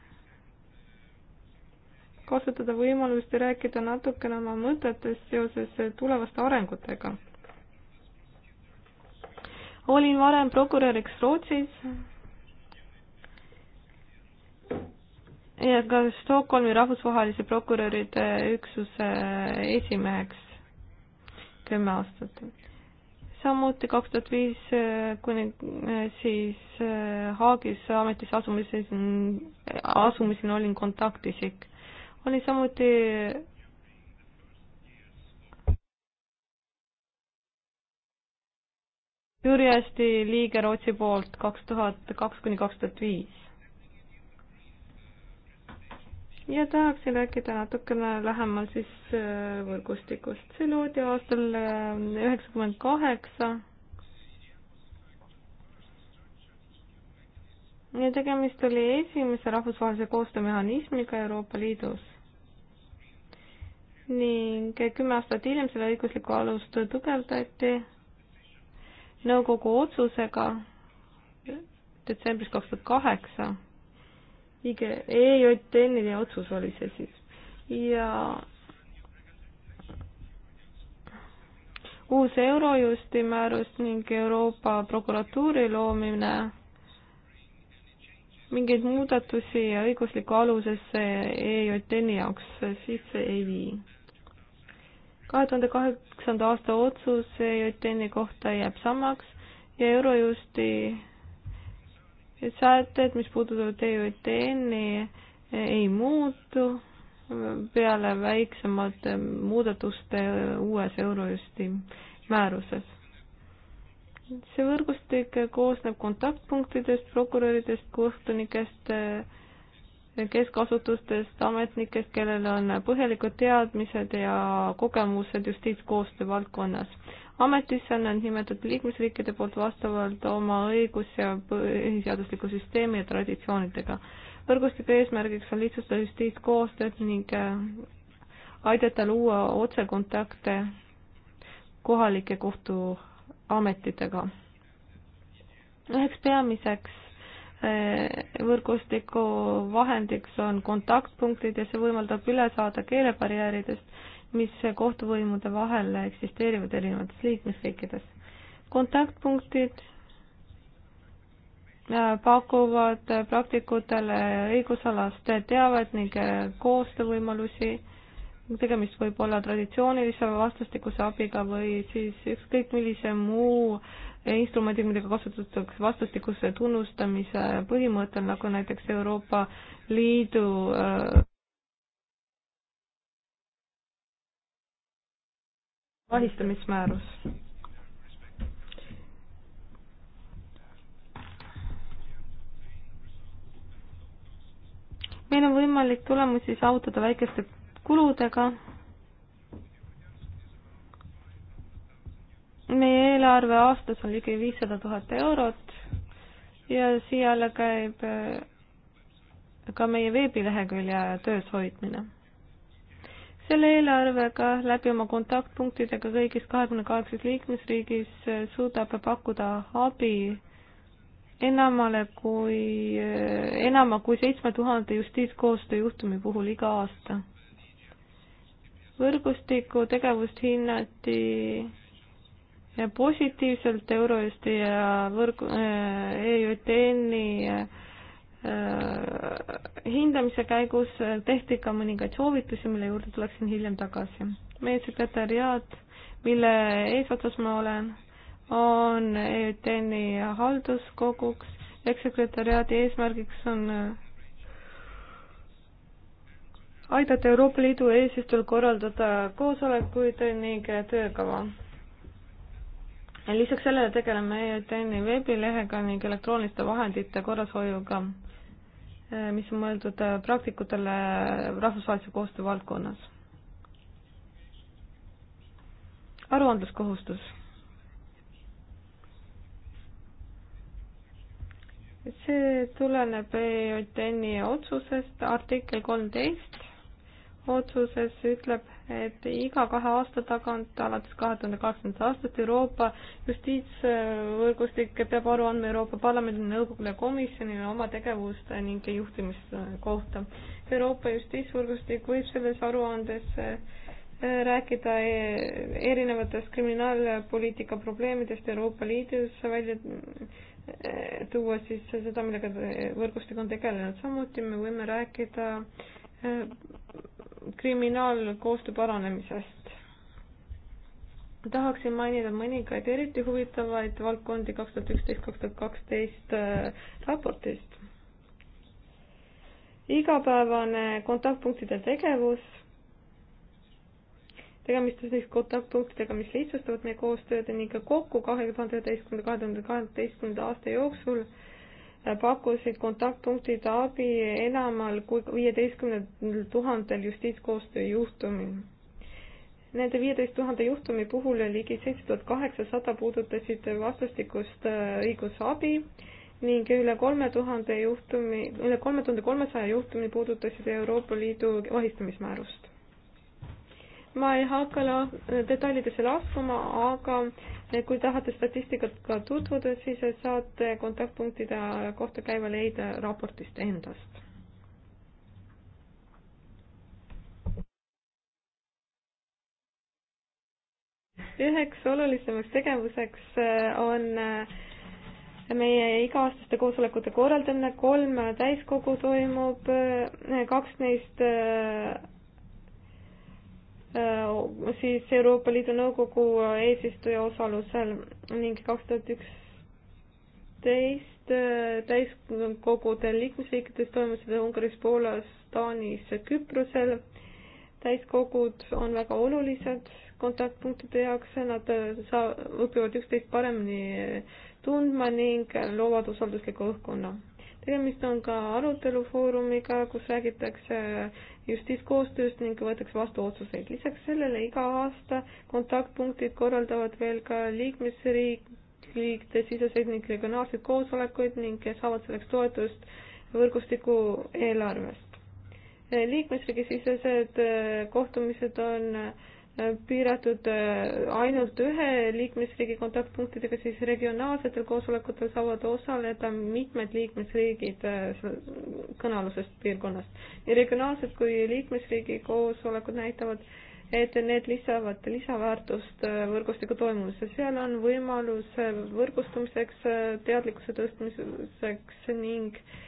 S4: kasutada võimalust ja rääkida natukene oma mõtetest seoses tulevaste arengutega. olin varem prokuröriks Rootsis ja ka Stockholmi rahvusvahelise prokuröride üksuse esimeheks kümme aastat. samuti kaks tuhat viis äh, kuni äh, siis äh, Haagis ametisse asumiseni, asumiseni olin kontaktisik. olin samuti Jüri Hästi liige Rootsi poolt kaks tuhat kaks kuni kaks tuhat viis ja tahaksin rääkida natukene lähemal siis äh, võrgustikust. see loodi aastal äh, üheksakümmend kaheksa. ja tegemist oli esimese rahvusvahelise koostöömehhanismiga Euroopa Liidus. ning kümme aastat hiljem selle õiguslikku alust tugevdati nõukogu otsusega detsembris kaks tuhat kaheksa EJTN-i e otsus oli see siis ja uus Eurojusti määrus ning Euroopa prokuratuuri loomine mingeid muudatusi õiguslikku alusesse EJTN-i jaoks sisse ei vii. kahe tuhande kaheksanda aasta otsus EJTN-i kohta jääb samaks ja Eurojusti sätted, mis puudutavad EÜTN-i, eh, ei muutu peale väiksemate eh, muudatuste uues Eurojusti määruses. see võrgustik eh, koosneb kontaktpunktidest, prokuröridest, kohtunikest, keskasutustest, ametnikest, kellel on põhjalikud teadmised ja kogemused justiitskoostöö valdkonnas ametisse on nad nimetatud liikmesriikide poolt vastavalt oma õigus- ja põhiseadusliku süsteemi ja traditsioonidega. võrgustiku eesmärgiks on lihtsustada justiitskoostööd ning äh, aidata luua otsekontakte kohalike kohtuametitega. üheks peamiseks äh, võrgustiku vahendiks on kontaktpunktid ja see võimaldab üle saada keelebarjääridest mis kohtuvõimude vahel eksisteerivad erinevates liikmesriikides. kontaktpunktid äh, pakuvad praktikutele õigusalast teavet ning äh, koostöövõimalusi, tegemist võib olla traditsioonilise vastastikuse abiga või siis ükskõik millise muu instrumendi, millega kasutatakse vastastikuse tunnustamise põhimõttel, nagu näiteks Euroopa Liidu äh, vahistamismäärus. meil on võimalik tulemusi saavutada väikeste kuludega. meie eelarve aastas on ligi viissada tuhat eurot ja siia alla käib ka meie veebilehekülje töös hoidmine selle eelarvega läbi oma kontaktpunktidega kõigis kahekümne kaheksas liikmesriigis eh, suudab pakkuda abi enamale kui, eh, enama kui seitsme tuhande justiitskoostöö juhtumi puhul iga aasta. võrgustiku tegevust hinnati positiivselt Eurojusti ja võrgu äh,, eh, EJTN-i äh, Äh, hindamise käigus äh, tehti ka mõningaid soovitusi, mille juurde tuleksin hiljem tagasi. meie sekretäriaat, mille eesotsas ma olen, on EÜTN-i halduskoguks, eks sekretäriaadi eesmärgiks on äh, aidata Euroopa Liidu eesistujal korraldada koosolekuid ning töökava lisaks sellele tegeleme EÜTN-i veebilehega ning elektrooniliste vahendite korrashoiuga. Eh, mis on mõeldud eh, praktikutele rahvusvahelise koostöö valdkonnas. aruandluskohustus. see tuleneb EOTN-i otsusest artikkel kolmteist otsuses ütleb, et iga kahe aasta tagant, alates kahe tuhande kaheksandast aastast, Euroopa justiitsvõrgustik peab aru andma Euroopa Parlamendi Nõukogule komisjonile oma tegevuste ning juhtimiskohta. Euroopa justiitsvõrgustik võib selles aruandes äh, rääkida äh, erinevatest kriminaalpoliitika probleemidest Euroopa Liidus, välja äh, tuua siis seda, millega võrgustik on tegelenud. samuti me võime rääkida äh, kriminaalkoostöö paranemisest. tahaksin mainida mõningaid eriti huvitavaid valdkondi kaks tuhat üksteist, kaks tuhat kaksteist äh, raportist. igapäevane kontaktpunktide tegevus, tegemist on siis kontaktpunktidega, mis lihtsustavad meie koostööd ning kokku kahe tuhande üheteistkümnenda, kahe tuhande kaheteistkümnenda aasta jooksul äh, pakkusid kontaktpunktid abi enamal kui viieteistkümnel tuhandel justiitskoostöö juhtumil. Nende viieteist tuhande juhtumi puhul ligi seitse tuhat kaheksasada puudutasid vastastikust äh, õigusabi ning üle kolme tuhande juhtumi, üle kolme tuhande kolmesaja juhtumi puudutasid Euroopa Liidu vahistamismäärust ma ei hakka detailidesse laskuma, aga kui tahate statistikaga tutvuda, siis saate kontaktpunktide kohta käiva leida raportist endast. üheks olulisemaks tegevuseks äh, on äh, meie iga-aastaste koosolekute korraldamine, kolm täiskogu toimub, äh, kaks neist Äh, siis Euroopa Liidu Nõukogu äh, eesistuja osalusel ning kaks tuhat üksteist äh, täiskogudel liikmesriikides toimusid Ungaris, Poolas, Taanis, Küprosel. täiskogud on väga olulised kontaktpunktide jaoks, nad saa-, õpivad üksteist paremini tundma ning loovad usaldusliku õhkkonna tegemist on ka arutelufoorumiga, kus räägitakse justiitskoostööst ning võetakse vastu otsuseid. lisaks sellele iga aasta kontaktpunktid korraldavad veel ka liikmesriikide siseseid ning regionaalseid koosolekuid ning saavad selleks toetust võrgustiku eelarvest. liikmesriigi sisesed kohtumised on äh, piiratud äh, ainult ühe liikmesriigi kontaktpunktidega, siis regionaalsetel koosolekutel saavad osaleda mitmed liikmesriigid äh, kõnealusest piirkonnast. nii regionaalsed kui liikmesriigi koosolekud näitavad, et need lisavad lisaväärtust äh, võrgustiku toimumisel. seal on võimalus võrgustumiseks, teadlikkuse tõstmiseks ning äh,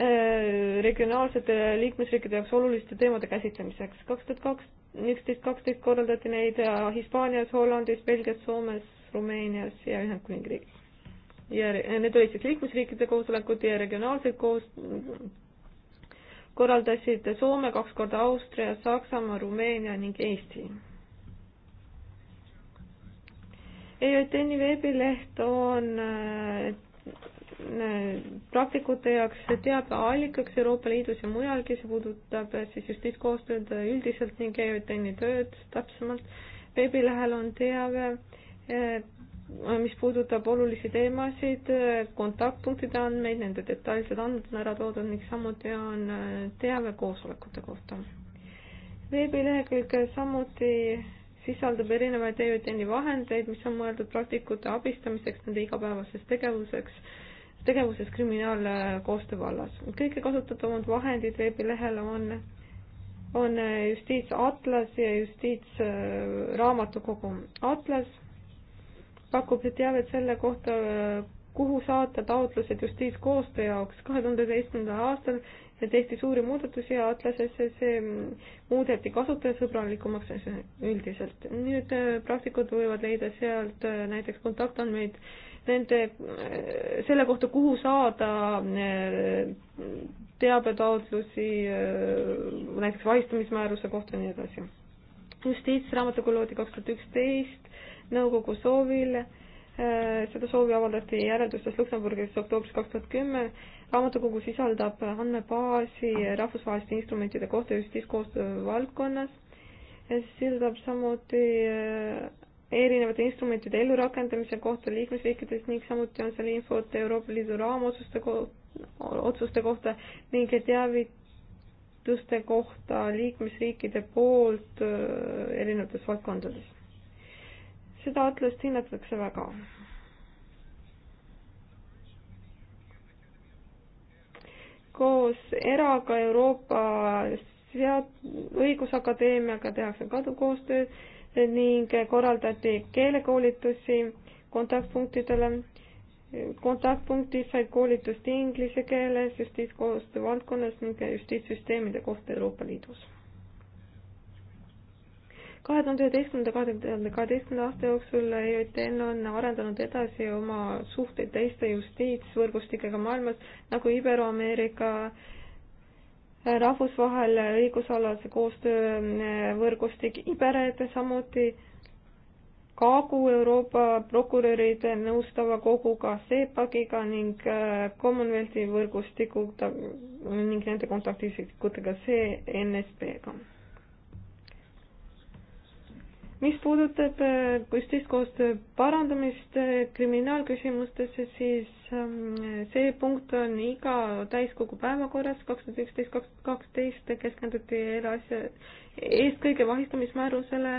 S4: Äh, regionaalsete liikmesriikide jaoks oluliste teemade käsitlemiseks. kaks tuhat kaks, üksteist, kaksteist korraldati neid Hispaanias, Hollandis, Belgias, Soomes, Rumeenias ja Ühendkuningriigis. ja need olid siis liikmesriikide koosolekud ja regionaalsed koos-, korraldasid Soome, kaks korda Austria, Saksamaa, Rumeenia ning Eesti. EJTN-i veebileht on äh, praktikute jaoks teabeallikaks Euroopa Liidus ja mujalgi, see puudutab siis justiitskoostööd üldiselt ning EÜTN-i tööd täpsemalt. veebilehel on teave, eh, mis puudutab olulisi teemasid, kontaktpunktide andmeid, nende detailsed andmed on ära toodud ning samuti on eh, teave koosolekute kohta. veebilehekülg samuti sisaldab erinevaid EÜTN-i vahendeid, mis on mõeldud praktikute abistamiseks nende igapäevases tegevuseks tegevuses kriminaalkoostöö vallas. kõige kasutatavamad vahendid veebilehel on, on justiitsatlas ja justiitsraamatukogu. Äh, atlas pakub teavet selle kohta, kuhu saata taotlused justiitskoostöö jaoks. kahe tuhande üheteistkümnendal aastal tehti suuri muudatusi Atlasesse, see mm, muudeti kasutajasõbralikumaks üldiselt. nüüd äh, praktikud võivad leida sealt äh, näiteks kontaktandmeid nende, selle kohta, kuhu saada äh, teabetaotlusi äh, näiteks vahistamismääruse kohta ja nii edasi. justiitsraamatukogu loodi kaks tuhat üksteist nõukogu soovil, äh, seda soovi avaldati järeldustes Luksemburgis oktoobris kaks tuhat kümme, raamatukogu sisaldab andmebaasi rahvusvaheliste instrumentide kohta justiitskoostöö valdkonnas, sisaldab samuti erinevate instrumentide ellurakendamise kohta liikmesriikides ning samuti on seal infot Euroopa Liidu raamotsuste ko-, otsuste kohta ning teavituste kohta liikmesriikide poolt äh, erinevates valdkondades. seda atlast hinnatakse väga. koos ERA-ga Euroopa sead-, õigusakadeemiaga tehakse ka koostööd ning korraldati keelekoolitusi kontaktpunktidele. kontaktpunktis said koolitust inglise keeles, justiitskoostöö valdkonnas ning justiitssüsteemide kohta Euroopa Liidus. kahe tuhande üheteistkümnenda, kahe tuhande kaheteistkümnenda aasta jooksul EÜTN on arendanud edasi oma suhteid teiste justiitsvõrgustikega maailmas nagu Ibero-Ameerika äh, rahvusvaheline õigusalase koostöövõrgustik äh, IBERED, samuti Kagu-Euroopa prokuröride nõustava koguga CEPAC-iga ning äh, Commonwealthi võrgustiku ning nende kontaktisikutega CNSP-ga. mis puudutab justiitskoostöö äh, parandamist kriminaalküsimustes, siis Ähm, see punkt on iga täiskogu päevakorras, kaks tuhat üksteist, kaks tuhat kaksteist keskenduti eraasja, eeskõige vahistamismäärusele,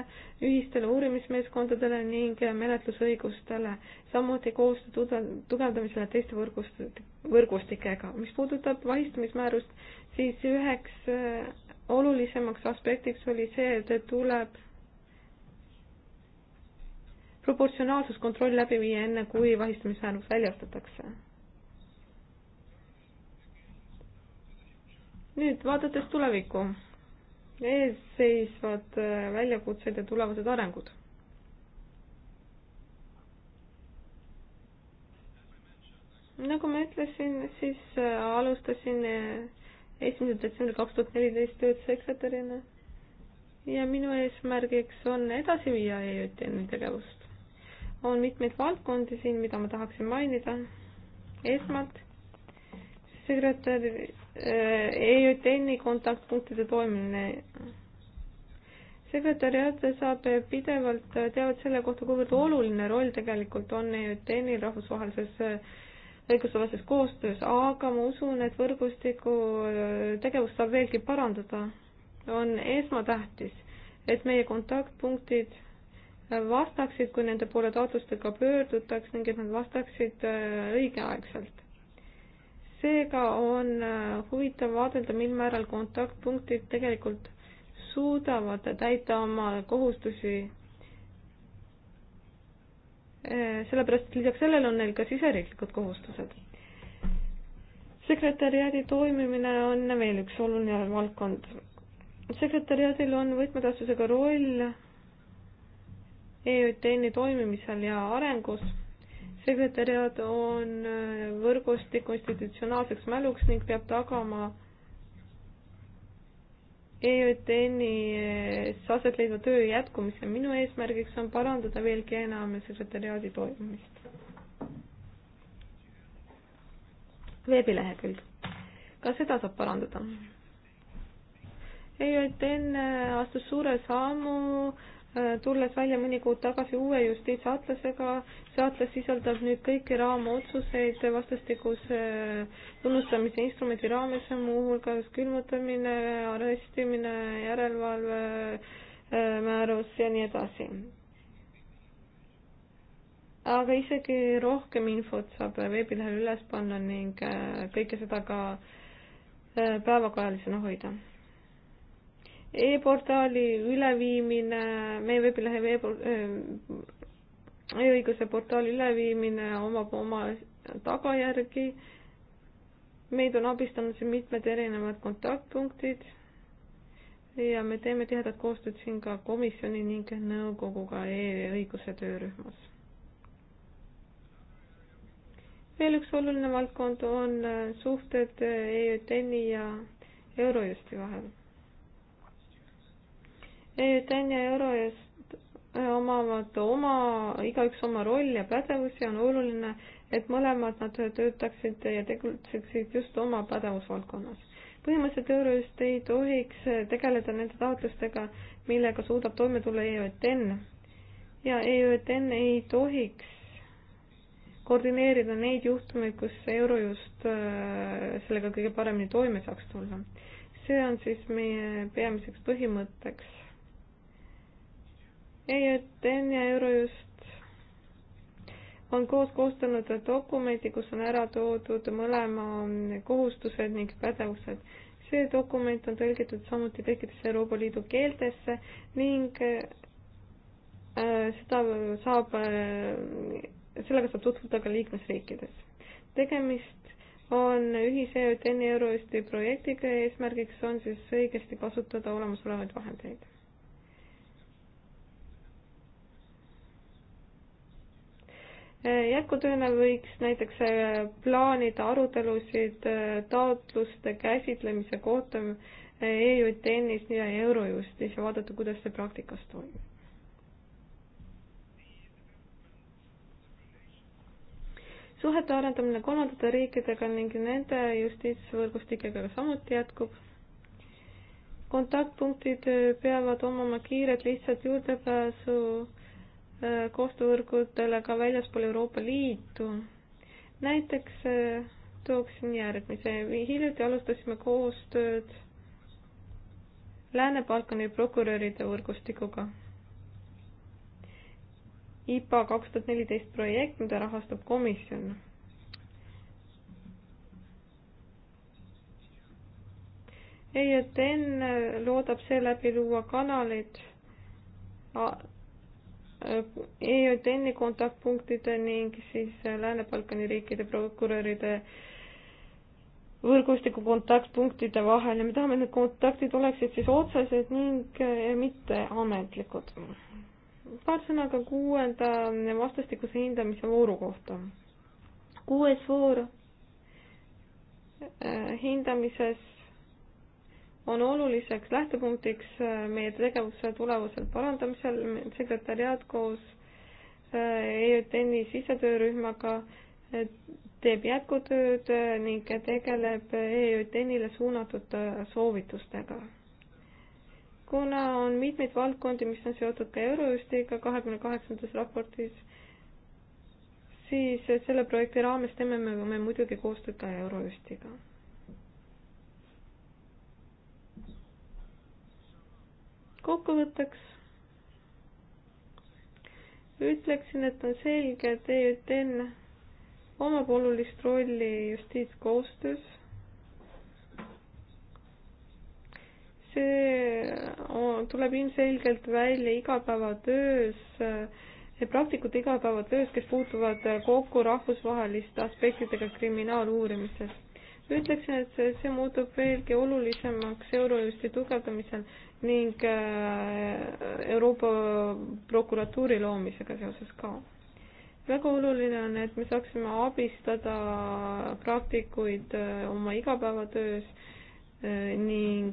S4: ühistele uurimismeeskondadele ning menetlusõigustele, samuti koostöö tugevdamisele teiste võrgust-, võrgustikega. mis puudutab vahistamismäärust, siis üheks äh, olulisemaks aspektiks oli see, et tuleb proportsionaalsuskontroll läbi viia enne, kui vahistamisväärus väljastatakse. nüüd vaadates tulevikku, ees seisvad äh, väljakutsed ja tulevased arengud. nagu ma ütlesin, siis äh, alustasin äh, esimesel detsembril kaks tuhat neliteist tööd sekretärina ja minu eesmärgiks on edasi viia EÜTN-i tegevust on mitmeid valdkondi siin, mida ma tahaksin mainida. esmalt sekretäri äh, EÜTN-i kontaktpunktide toimimine. sekretäriaat saab pidevalt teavet selle kohta, kuivõrd oluline roll tegelikult on EÜTN-il rahvusvahelises õigusalases koostöös, aga ma usun, et võrgustiku äh, tegevust saab veelgi parandada. on esmatähtis, et meie kontaktpunktid vastaksid, kui nende poole taotlustega pöördutaks ning et nad vastaksid äh, õigeaegselt. seega on äh, huvitav vaadelda, mil määral kontaktpunktid tegelikult suudavad täita oma kohustusi. Äh, sellepärast, et lisaks sellele on neil ka siseriiklikud kohustused. sekretäriaadi toimimine on veel üks oluline valdkond. sekretäriaadil on võtmetähtsusega roll EÜTN-i toimimisel ja arengus. sekretäriaat on äh, võrgustik institutsionaalseks mäluks ning peab tagama EÜTN-is äh, aset leidva töö jätkumise. minu eesmärgiks on parandada veelgi enam sekretäriaadi toimimist. veebilehekülg, ka seda saab parandada. EÜTN äh, astus suure sammu tulles välja mõni kuud tagasi uue justiitsatlasega. see atlas sisaldab nüüd kõiki raamotsuseid vastastikuse äh, tunnustamise instrumendi raames, muuhulgas külmutamine, arestimine, järelevalve äh, määrus ja nii edasi. aga isegi rohkem infot saab veebilehel üles panna ning äh, kõike seda ka päevakajalisena hoida e-portaali üleviimine, meie veebilehe e-õiguse portaali üleviimine omab oma tagajärgi. meid on abistanud siin mitmed erinevad kontaktpunktid ja me teeme tihedat koostööd siin ka komisjoni ning nõukoguga e-õiguse töörühmas. veel üks oluline valdkond on äh, suhted äh, EÜTN-i ja Eurojusti vahel ETN ja Euro eest äh, omavad oma, igaüks oma roll ja pädevusi, on oluline, et mõlemad nad töötaksid ja tegutseksid just oma pädevusvaldkonnas. põhimõtteliselt Euro eest ei tohiks tegeleda nende taotlustega, millega suudab toime tulla EÜTN ja EÜTN ei tohiks koordineerida neid juhtumeid, kus Euro just äh, sellega kõige paremini toime saaks tulla. see on siis meie peamiseks põhimõtteks EJTN ja Eurojust on koos koostanud dokumendi, kus on ära toodud mõlema kohustused ning pädevused. see dokument on tõlgitud samuti kõikidesse Euroopa Liidu keeltesse ning äh, seda saab, äh, sellega saab tutvuda ka liikmesriikides. tegemist on ühise EÜTN Eurosti projektiga ja eesmärgiks on siis õigesti kasutada olemasolevaid vahendeid jätkutööna võiks näiteks äh, plaanida arutelusid äh, taotluste käsitlemise kohta äh, EÜTN-is ja Eurojustis ja vaadata, kuidas see praktikas toimub. suhete arendamine kolmandate riikidega ning nende justiitsvõrgustikega samuti jätkub kontaktpunktid peavad omama kiiret lihtsat juurdepääsu kohtuvõrgudele ka väljaspool Euroopa Liitu. näiteks äh, tooksin järgmise, hiljuti alustasime koostööd Lääne-Balkani prokuröride võrgustikuga. IPA kaks tuhat neliteist projekt, mida rahastab komisjon. EITN loodab seeläbi luua kanaleid EJN-i kontaktpunktide ning siis äh, Lääne-Balkani riikide prokuröride võrgustiku kontaktpunktide vahel ja me tahame, et need kontaktid oleksid siis otsesed ning äh, mitteametlikud. paar sõna ka kuuenda vastastikuse hindamise vooru kohta. kuues voor äh, hindamises on oluliseks lähtepunktiks äh, meie tegevuse tulevasel parandamisel. sekretäriaat koos äh, EÜTN-i sisetöörühmaga äh, teeb jätkutööd ning tegeleb EÜTN-ile suunatud soovitustega. kuna on mitmeid valdkondi, mis on seotud ka Eurojustiga kahekümne kaheksandas raportis, siis selle projekti raames teeme me, me muidugi koostööd ka Eurojustiga kokkuvõtteks ütleksin, et on selge, et EÜTN omab olulist rolli justiitskoostöös. see on, tuleb ilmselgelt välja igapäevatöös, praktikute igapäevatöös, kes puutuvad kokku rahvusvaheliste aspektidega kriminaaluurimises ütleksin, et see, see muutub veelgi olulisemaks Eurojusti tugevdamisel ning äh, Euroopa prokuratuuri loomisega seoses ka. väga oluline on, et me saaksime abistada praktikuid äh, oma igapäevatöös äh, ning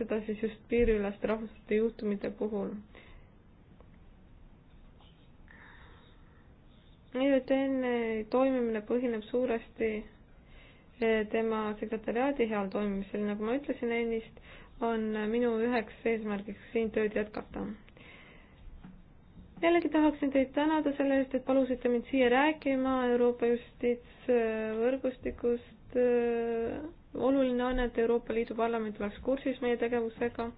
S4: seda siis just piiriüleste rahvuslike juhtumite puhul. EÜTN-i toimimine põhineb suuresti tema sekretäriaadi heal toimimisel, nagu ma ütlesin ennist, on minu üheks eesmärgiks siin tööd jätkata. jällegi tahaksin teid tänada selle eest, et palusite mind siia rääkima Euroopa justiitsvõrgustikust. oluline on, et Euroopa Liidu Parlament oleks kursis meie tegevusega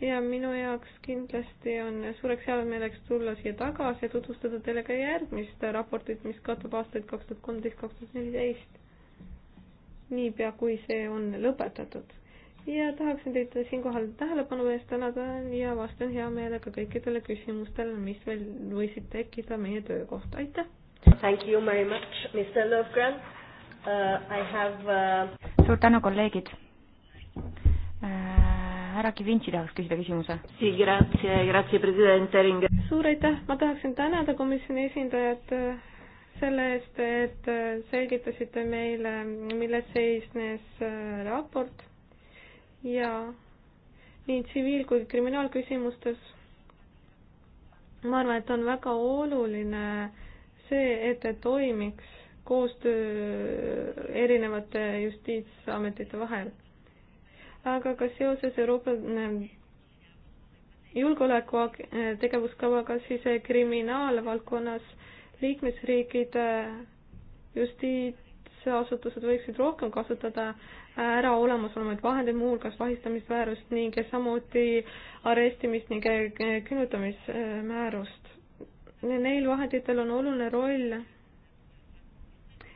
S4: ja minu jaoks kindlasti on suureks heameeleks tulla siia tagasi ja tutvustada teile ka järgmist raportit, mis katab aastaid kaks tuhat kolmteist, kaks tuhat neliteist. niipea, kui see on lõpetatud ja tahaksin teid siinkohal tähelepanu eest tänada ja vastan hea meelega kõikidele küsimustele, mis veel võisid tekkida meie töö kohta, aitäh! Thank you very much, Mr Lõvgren uh,.
S3: I have uh...
S5: suur tänu, kolleegid uh,! härra Kivintsi tahaks küsida küsimuse.
S4: suur aitäh, ma tahaksin tänada komisjoni esindajat uh, selle eest, et uh, selgitasite meile, milles seisnes uh, raport ja nii tsiviil- kui kriminaalküsimustes. ma arvan, et on väga oluline see, et toimiks koostöö erinevate justiitsametite vahel. aga ka seoses Euroopa äh, julgeoleku äh, tegevuskavaga siis äh, kriminaalvaldkonnas liikmesriikide justiitsasutused võiksid rohkem kasutada ära olemasolevaid vahendeid, muuhulgas vahistamismäärust ning samuti arestimist ning külmutamismäärust. Neil vahenditel on oluline roll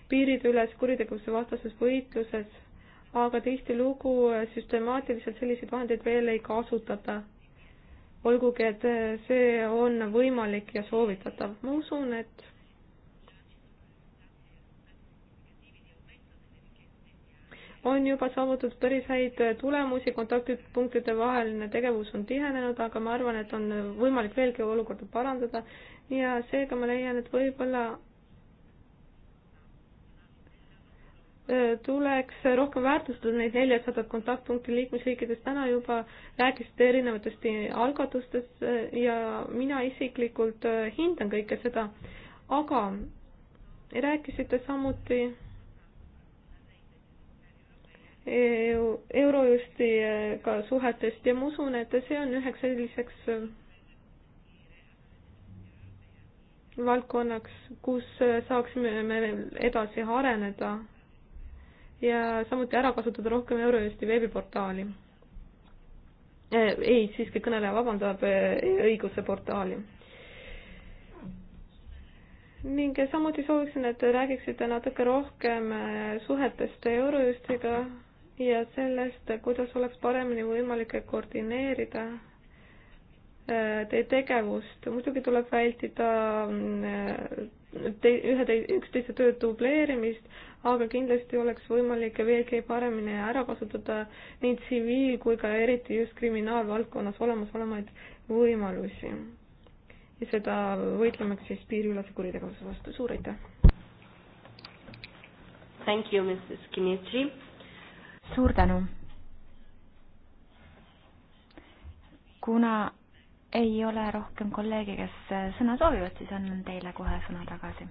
S4: piirides kuritegevuse vastases võitluses, aga tihtilugu süstemaatiliselt selliseid vahendeid veel ei kasutata. olgugi, et see on võimalik ja soovitatav. ma usun, et on juba saavutatud päris häid tulemusi, kontaktpunktide vaheline tegevus on tihenenud, aga ma arvan, et on võimalik veelgi olukorda parandada ja seega ma leian, et võib-olla äh, tuleks rohkem väärtustada neid neljasadat kontaktpunkti liikmesriikides, täna juba rääkisite erinevatest algatustest äh, ja mina isiklikult äh, hindan kõike seda, aga rääkisite samuti Eurojustiga eh, suhetest ja ma usun, et see on üheks selliseks eh, valdkonnaks, kus eh, saaksime me edasi areneda ja samuti ära kasutada rohkem Eurojusti veebiportaali. ei, siiski kõneleja vabandab, õiguse portaali. ning samuti sooviksin, et räägiksite natuke rohkem suhetest Eurojustiga ja sellest, kuidas oleks paremini võimalik koordineerida äh, teie tegevust. muidugi tuleb vältida äh, te, ühe, üksteise töö dubleerimist, aga kindlasti oleks võimalik veelgi paremini ära kasutada nii tsiviil kui ka eriti just kriminaalvaldkonnas olemasolevaid võimalusi. ja seda võitlemaks siis
S5: piiriülese kuritegevuse vastu. suur aitäh!
S3: Thank you, Mrs
S5: Kinitši suur tänu. kuna ei ole rohkem kolleege, kes sõna soovivad, siis annan teile kohe sõna tagasi.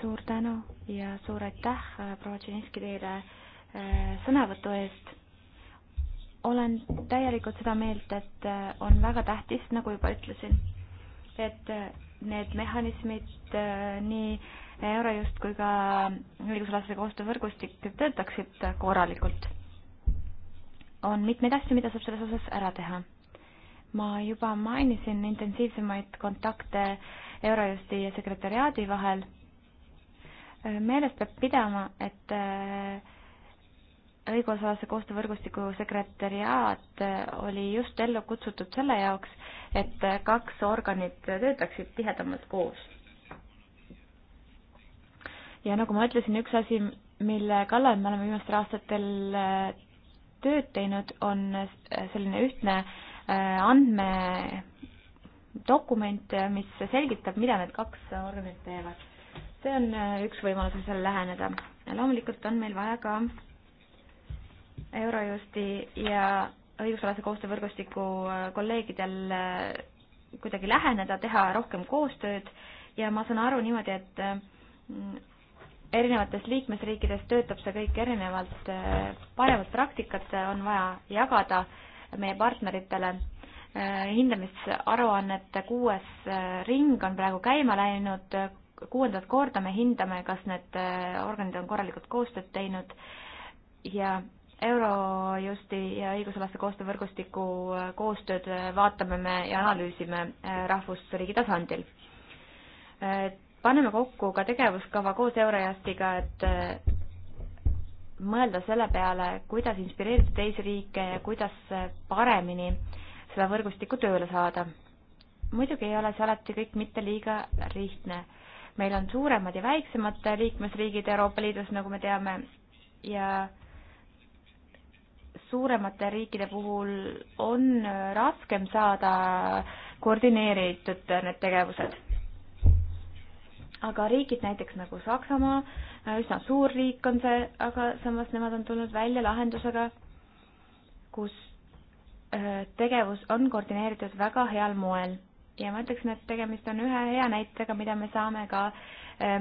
S5: suur tänu ja suur aitäh, proua Tšeniski, teile eh, sõnavõtu eest. olen täielikult seda meelt, et eh, on väga tähtis, nagu juba ütlesin, et eh, need mehhanismid äh, nii Eurojust kui ka õigusalase koostöövõrgustik töötaksid korralikult. on mitmeid asju, mida saab selles osas ära teha. ma juba mainisin intensiivsemaid kontakte Eurojusti ja sekretäriaadi vahel. Äh, meeles peab pidama, et äh, õigusalase koostöövõrgustiku sekretäriaat äh, oli just ellu kutsutud selle jaoks, et äh, kaks organit töötaksid tihedamalt koos. ja nagu ma ütlesin, üks asi, mille kallal me oleme viimastel aastatel äh, tööd teinud, on selline ühtne andmedokument, mis selgitab, mida need kaks organit teevad. see on üks võimalus, mis sellele läheneda. loomulikult on meil vaja ka Eurojusti ja õigusalase koostöövõrgustiku äh, kolleegidel äh, kuidagi läheneda, teha rohkem koostööd ja ma saan aru niimoodi, et äh, erinevates liikmesriikides töötab see kõik erinevalt, paremat praktikat on vaja jagada meie partneritele. hindamisaruannete kuues ring on praegu käima läinud, kuuendat korda me hindame, kas need organid on korralikult koostööd teinud ja Eurojusti ja õigusalase koostöövõrgustiku koostööd vaatame me ja analüüsime äh, rahvusriigi tasandil. Äh, paneme kokku ka tegevuskava koos Eurojustiga, et äh, mõelda selle peale, kuidas inspireerida teisi riike ja kuidas paremini seda võrgustikku tööle saada. muidugi ei ole see alati kõik mitte liiga lihtne. meil on suuremad ja väiksemad liikmesriigid Euroopa Liidus, nagu me teame, ja suuremate riikide puhul on raskem saada koordineeritud need tegevused. aga riigid näiteks nagu Saksamaa, üsna suur riik on see, aga samas nemad on tulnud välja lahendusega, kus tegevus on koordineeritud väga heal moel ja ma ütleksin, et tegemist on ühe hea näitega, mida me saame ka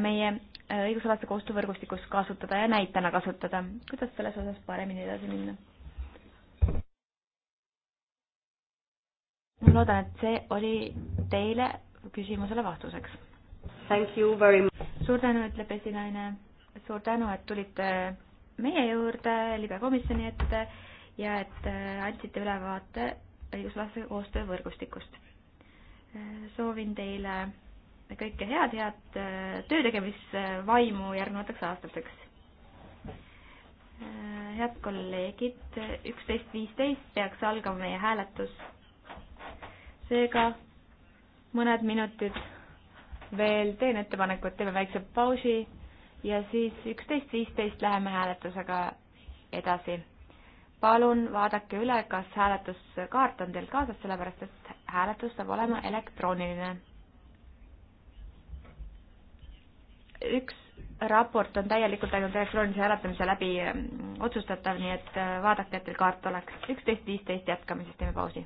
S5: meie õigusalase koostöövõrgustikus kasutada ja näitena kasutada, kuidas selles osas paremini edasi minna ma loodan, et see oli teile küsimusele vastuseks. suur tänu, ütleb esinaine. suur tänu, et tulite meie juurde, libekomisjoni ette ja et äh, andsite ülevaate õiguslase koostöö võrgustikust. Äh, soovin teile kõike head, head äh, töötegemisvaimu järgnevateks aastateks. head kolleegid, üksteist viisteist peaks algama meie hääletus seega mõned minutid veel teen ettepaneku, et teeme väikse pausi ja siis üksteist viisteist läheme hääletusega edasi. palun vaadake üle, kas hääletuskaart on teil kaasas, sellepärast et hääletus saab olema elektrooniline. üks raport on täielikult ainult elektroonilise hääletamise läbi mm, otsustatav, nii et äh, vaadake, et teil kaart oleks. üksteist viisteist jätkame, siis teeme pausi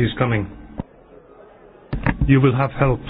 S2: He's coming. You will have help.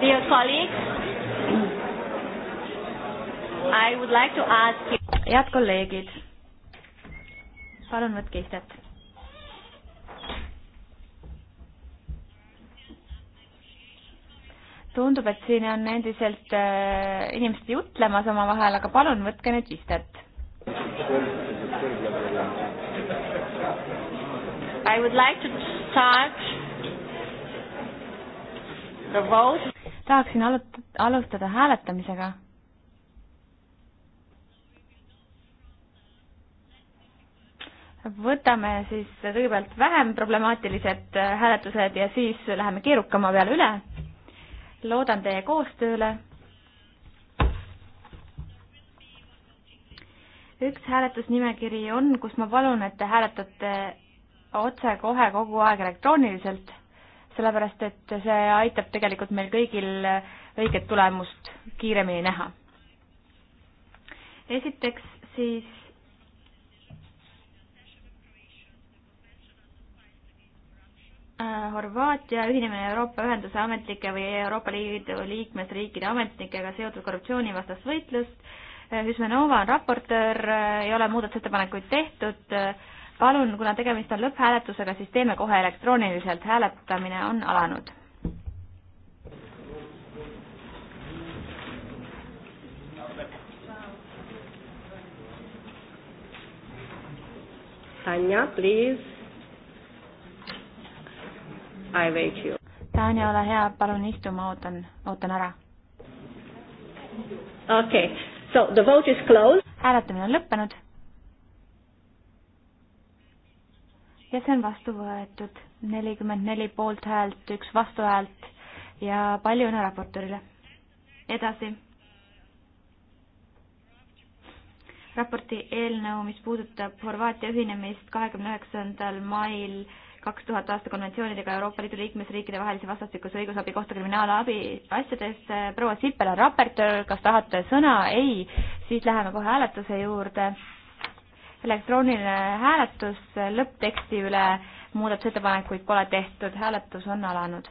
S2: Dear colleagues,
S3: I would like to ask you...
S5: head kolleegid, palun võtke istet. tundub, et siin on endiselt äh, inimesed jutlemas omavahel, aga palun võtke nüüd istet. I would like to start
S2: the vote tahaksin
S5: alut-, alustada hääletamisega. võtame siis kõigepealt vähem problemaatilised hääletused ja siis läheme keerukama peale üle. loodan teie koostööle. üks hääletusnimekiri on, kus ma palun, et te hääletate otsekohe kogu aeg elektrooniliselt sellepärast et see aitab tegelikult meil kõigil õiget tulemust kiiremini näha. esiteks siis Horvaatia ühinemine Euroopa Ühenduse ametlike või Euroopa Liidu liikmesriikide ametnikega seotud korruptsioonivastast võitlust. Hüsmenova on raportöör, ei ole muudatusettepanekuid tehtud palun, kuna tegemist on lõpphääletusega, siis teeme kohe elektrooniliselt, hääletamine on alanud. Tanja, please. I wait you. Tanja, ole hea, palun istu, ma ootan, ootan ära. okei okay., so the vote is closed. hääletamine on lõppenud ja see on vastu võetud. nelikümmend neli poolthäält, üks vastuhäält ja palju õnne raportöörile. edasi. raporti eelnõu, mis puudutab Horvaatia ühinemist kahekümne üheksandal mail kaks tuhat aasta konventsioonidega Euroopa Liidu liikmesriikide vahelise vastastikuse õigusabi kohta kriminaalabi asjades. proua Sippel on raportöör, kas tahate sõna? ei, siis läheme kohe hääletuse juurde elektrooniline hääletus lõppteksti üle, muudatusettepanekuid pole tehtud, hääletus on alanud.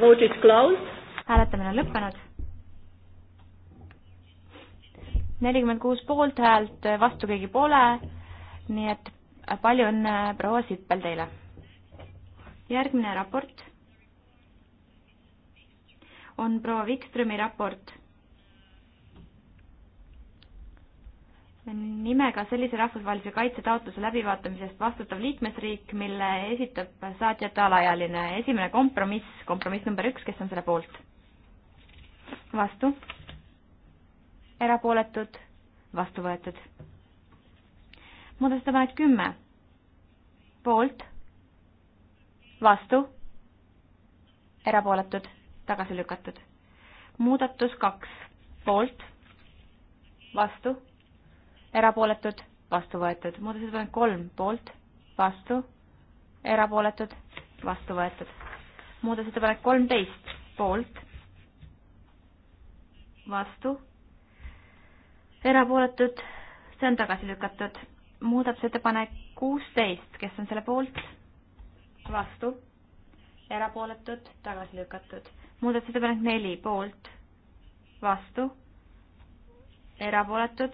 S5: Vote is closed. hääletamine on lõppenud. nelikümmend kuus poolthäält, vastu keegi pole, nii et palju õnne, proua Sippel teile. järgmine raport on proua Wikströmi raport nimega sellise rahvusvahelise kaitse taotluse läbivaatamisest vastutav liikmesriik, mille esitab saatjate alaealine. esimene kompromiss, kompromiss number üks, kes on selle poolt? vastu? erapooletud? vastu võetud? muudatusettepanek kümme. poolt? vastu? erapooletud? tagasi lükatud? muudatus kaks. poolt? vastu? erapooletud, vastu võetud. muudatusettepanek kolm poolt, vastu, erapooletud, vastu võetud. muudatusettepanek kolmteist poolt, vastu, erapooletud, see on tagasi lükatud. muudatusettepanek kuusteist, kes on selle poolt, vastu, erapooletud, tagasi lükatud. muudatusettepanek neli poolt, vastu, erapooletud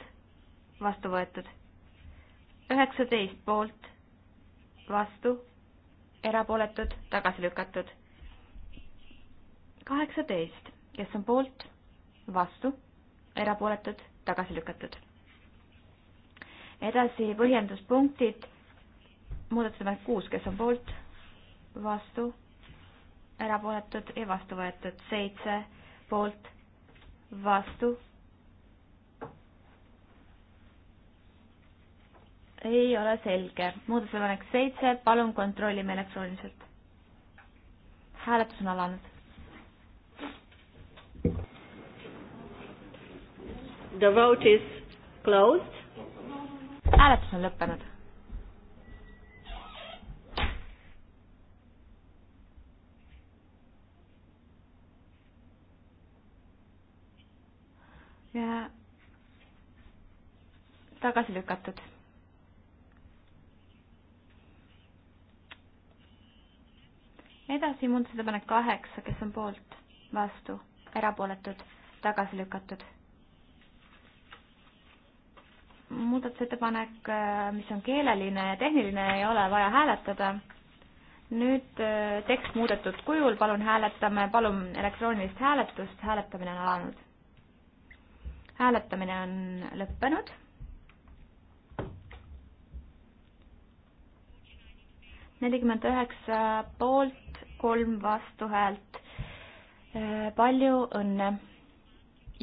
S5: vastu võetud. üheksateist poolt, vastu, erapooletud, tagasi lükatud. kaheksateist, kes on poolt, vastu, erapooletud, tagasi lükatud. edasi põhjenduspunktid, muudatusettepanek kuus, kes on poolt, vastu, erapooletud ja vastu võetud, seitse poolt, vastu ei ole selge. muudatusettepanek seitse, palun kontrollime elektrooniliselt. hääletus on alanud.
S3: The vote is closed. hääletus on lõppenud.
S5: ja tagasi lükatud edasi muudatusettepanek kaheksa, kes on poolt, vastu, erapooletud, tagasi lükatud. muudatusettepanek, äh, mis on keeleline ja tehniline, ei ole vaja hääletada. nüüd äh, tekst muudetud kujul, palun hääletame, palun elektroonilist hääletust, hääletamine on alanud. hääletamine on lõppenud nelikümmend üheksa poolt, kolm vastuhäält. Äh, palju õnne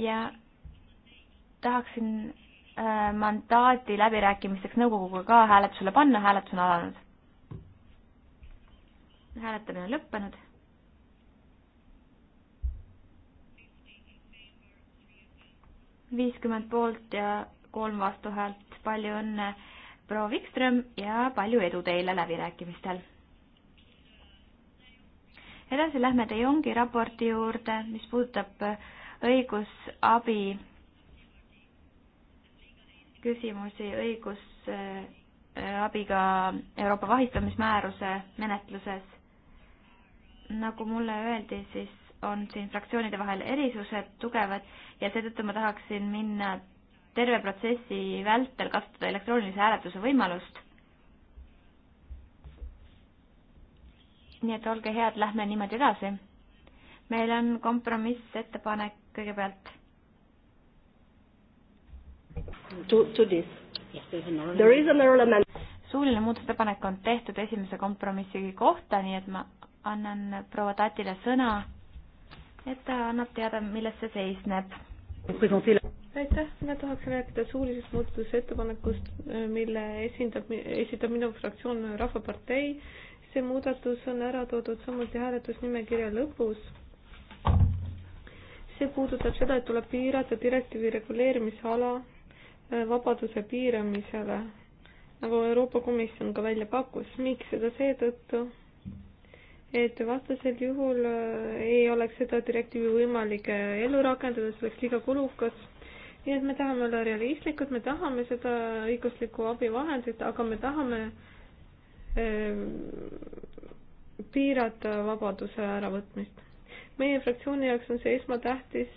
S5: ja tahaksin äh, mandaati läbirääkimisteks nõukoguga ka hääletusele panna, hääletus on alanud. hääletamine on lõppenud viiskümmend poolt ja kolm vastuhäält. palju õnne, proua Vikström ja palju edu teile läbirääkimistel! edasi lähme De Jongi raporti juurde, mis puudutab äh, õigusabi küsimusi õigusabiga äh, Euroopa vahistamismääruse menetluses. nagu mulle öeldi, siis on siin fraktsioonide vahel erisused tugevad ja seetõttu ma tahaksin minna terve protsessi vältel kasutada elektroonilise hääletuse võimalust nii et olge head, lähme niimoodi edasi. meil on kompromissettepanek kõigepealt. To, to this. There is an element. suuline muudatusettepanek on tehtud esimese kompromissi kohta, nii et ma annan proua Tatile sõna, et ta annab teada, milles see seisneb aitäh, mina tahaksin rääkida suulisest muudatusettepanekust, mille
S4: esindab, esitab minu fraktsioon Rahvapartei see muudatus on ära toodud samuti hääletusnimekirja lõpus. see puudutab seda, et tuleb piirata direktiivi reguleerimisala äh, vabaduse piiramisele, nagu Euroopa Komisjon ka välja pakkus. miks seda seetõttu? et vastasel juhul äh, ei oleks seda direktiivi võimalik äh, ellu rakendada, see oleks liiga kulukas. nii et me tahame olla realistlikud, me tahame seda õiguslikku abivahendit, aga me tahame Ehm, piirata vabaduse äravõtmist. meie fraktsiooni jaoks on see esmatähtis.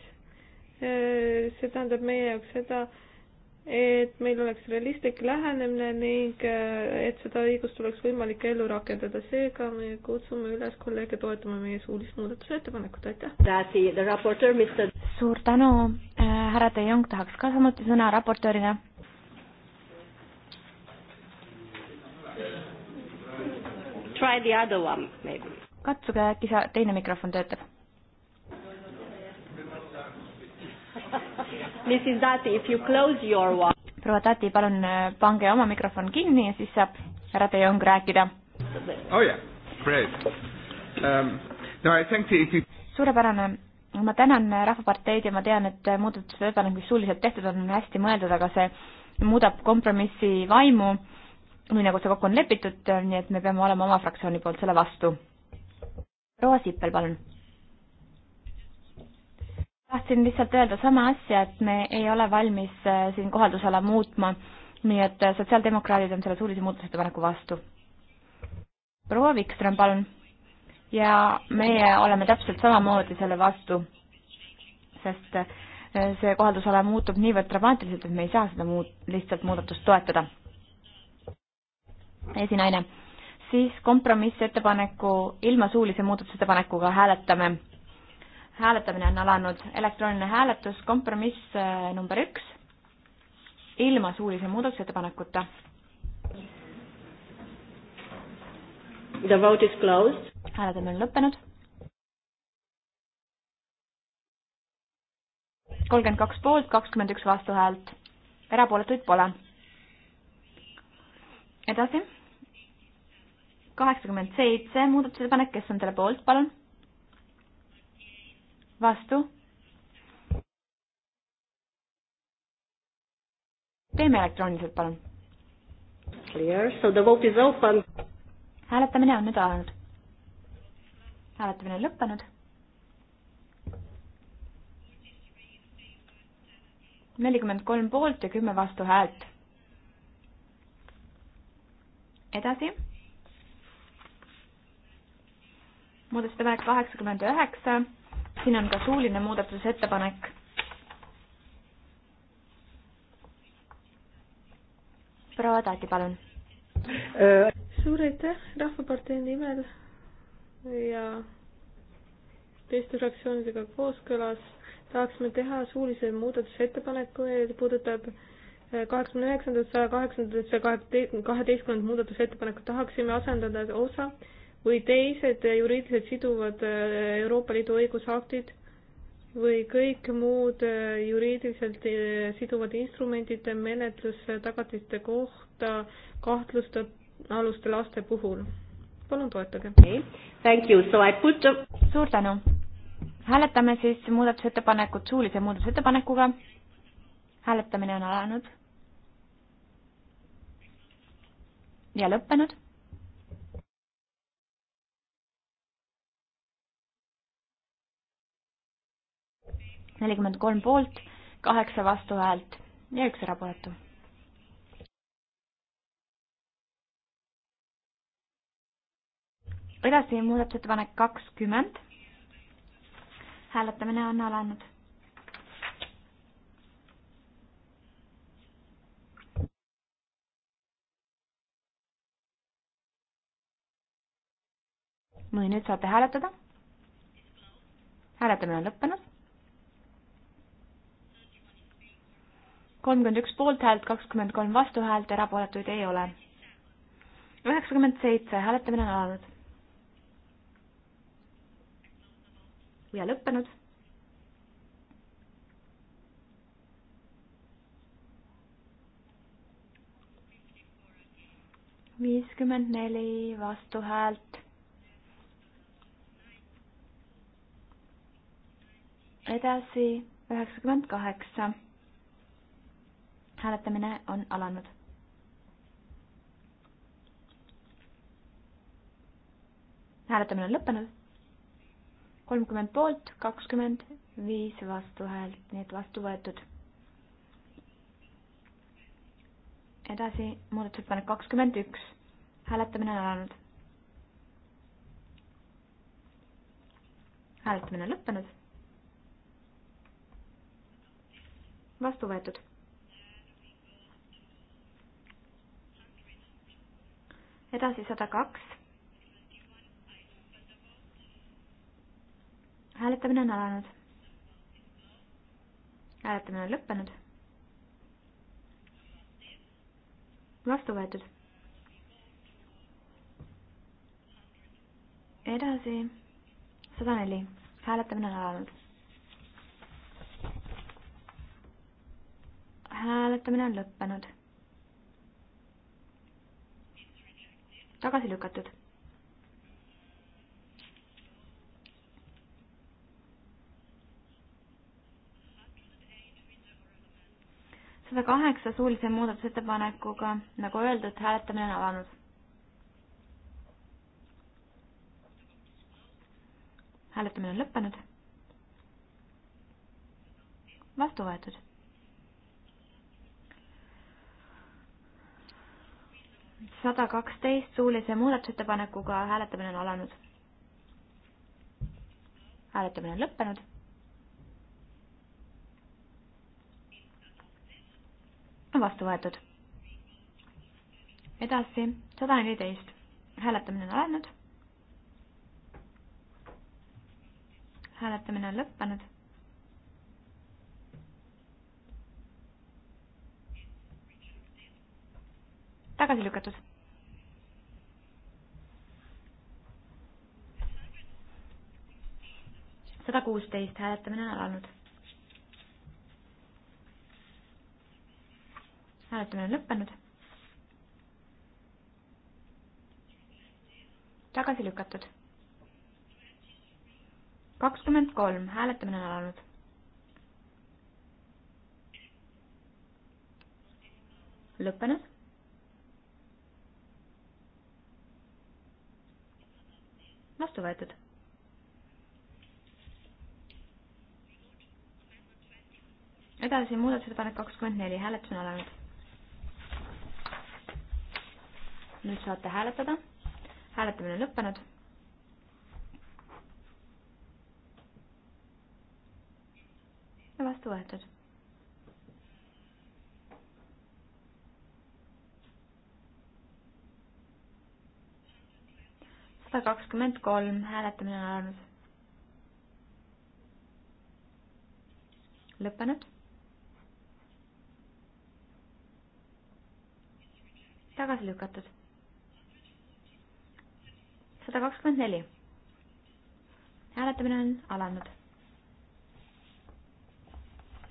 S4: Ehm, see tähendab meie jaoks seda, et meil oleks realistlik lähenemine ning ehm, et seda õigust oleks võimalik ellu rakendada. seega me kutsume üles kolleege toetama meie suulist muudatusettepanekut, aitäh!
S5: suur tänu, äh, härra De Jong tahaks ka samuti sõna raportöörina Try the other one maybe. katsuge, äkki sa, teine mikrofon töötab. Mrs Dati, if you close your one. proua Dati, palun äh, pange oma mikrofon kinni ja siis saab härra De Jong rääkida.
S2: oh yeah, great um,. No I think the
S5: suurepärane, ma tänan Rahvaparteid ja ma tean, et muudatusettepanek, mis suuliselt tehtud on, on hästi mõeldud, aga see muudab kompromissi vaimu nii nagu see kokku on lepitud, nii et me peame olema oma fraktsiooni poolt selle vastu. proua Sippel, palun. tahtsin lihtsalt öelda sama asja, et me ei ole valmis äh, siin kohaldusala muutma, nii et äh, sotsiaaldemokraadid on selle suulise muudatusettepaneku vastu. proua Vikström, palun. ja meie oleme täpselt samamoodi selle vastu, sest äh, see kohaldusala muutub niivõrd dramaatiliselt, et me ei saa seda muud, lihtsalt muudatust toetada esinaine. siis kompromissettepaneku ilma suulise muudatusettepanekuga hääletame. hääletamine on alanud, elektrooniline hääletus, kompromiss eh, number üks, ilma suulise muudatusettepanekuta. The vote is closed. hääletamine on lõppenud. kolmkümmend kaks poolt, kakskümmend üks vastuhäält, erapooletuid pole edasi kaheksakümmend seitse muudatusettepanek, kes on selle poolt, palun? vastu? teeme elektrooniliselt, palun.
S3: Clear, so the vote is open.
S5: hääletamine on nüüd alanud. hääletamine on lõppenud. nelikümmend kolm poolt ja kümme vastuhäält. edasi muudatusettepanek kaheksakümmend üheksa, siin on ka suuline muudatusettepanek. proua Taati, palun.
S4: suur aitäh Rahvapartei nimel ja teiste fraktsioonidega kooskõlas tahaksime teha suulise muudatusettepaneku, puudutab kaheksakümne üheksandat, saja kaheksandat, saja kaheteistkümnendat muudatusettepanekut tahaksime asendada osa äh, või teised juriidiliselt siduvad äh, Euroopa Liidu õigusaktid või kõik muud äh, juriidiliselt äh, siduvad instrumendid menetlustagatiste kohta kahtlustaluste laste puhul. palun toetage okay..
S5: Thank you, so I put the... suur tänu. hääletame siis muudatusettepanekut suulise muudatusettepanekuga. hääletamine on alanud. ja lõppenud nelikümmend kolm poolt, kaheksa vastuhäält ja üks erapooletu. edasi muudatusettepanek kakskümmend. hääletamine on alanud või nüüd saate hääletada. hääletamine on lõppenud. kolmkümmend üks poolthäält, kakskümmend kolm vastuhäält, erapooletuid ei ole. üheksakümmend seitse, hääletamine on alanud. ja lõppenud. viiskümmend neli vastuhäält. edasi üheksakümmend kaheksa hääletamine on alanud. hääletamine on lõppenud. kolmkümmend poolt, kakskümmend viis vastuhäält, nii et vastu võetud. edasi muudatusettepanek kakskümmend üks, hääletamine on alanud. hääletamine on lõppenud. vastu võetud edasi sada kaks. hääletamine on alanud. hääletamine on lõppenud. vastu võetud. edasi sada neli, hääletamine on alanud hääletamine on lõppenud tagasi lükatud. sada kaheksa suulise muudatusettepanekuga, nagu öeldud, hääletamine on alanud. hääletamine on lõppenud. vastu võetud sada kaksteist suulise muudatusettepanekuga hääletamine on alanud. hääletamine on lõppenud. vastu võetud. edasi sada neliteist, hääletamine on alanud. hääletamine on lõppenud tagasi lükatud. sada kuusteist, hääletamine on alanud. hääletamine on lõppenud. tagasi lükatud. kakskümmend kolm, hääletamine on alanud lõppenud. vastu võetud. edasi muudatusettepanek kakskümmend neli, hääletus on alanud. nüüd saate hääletada. hääletamine on lõppenud ja vastu võetud sada kakskümmend kolm, hääletamine on alanud. lõppenud. tagasi lükatud. sada kakskümmend neli. hääletamine on alanud.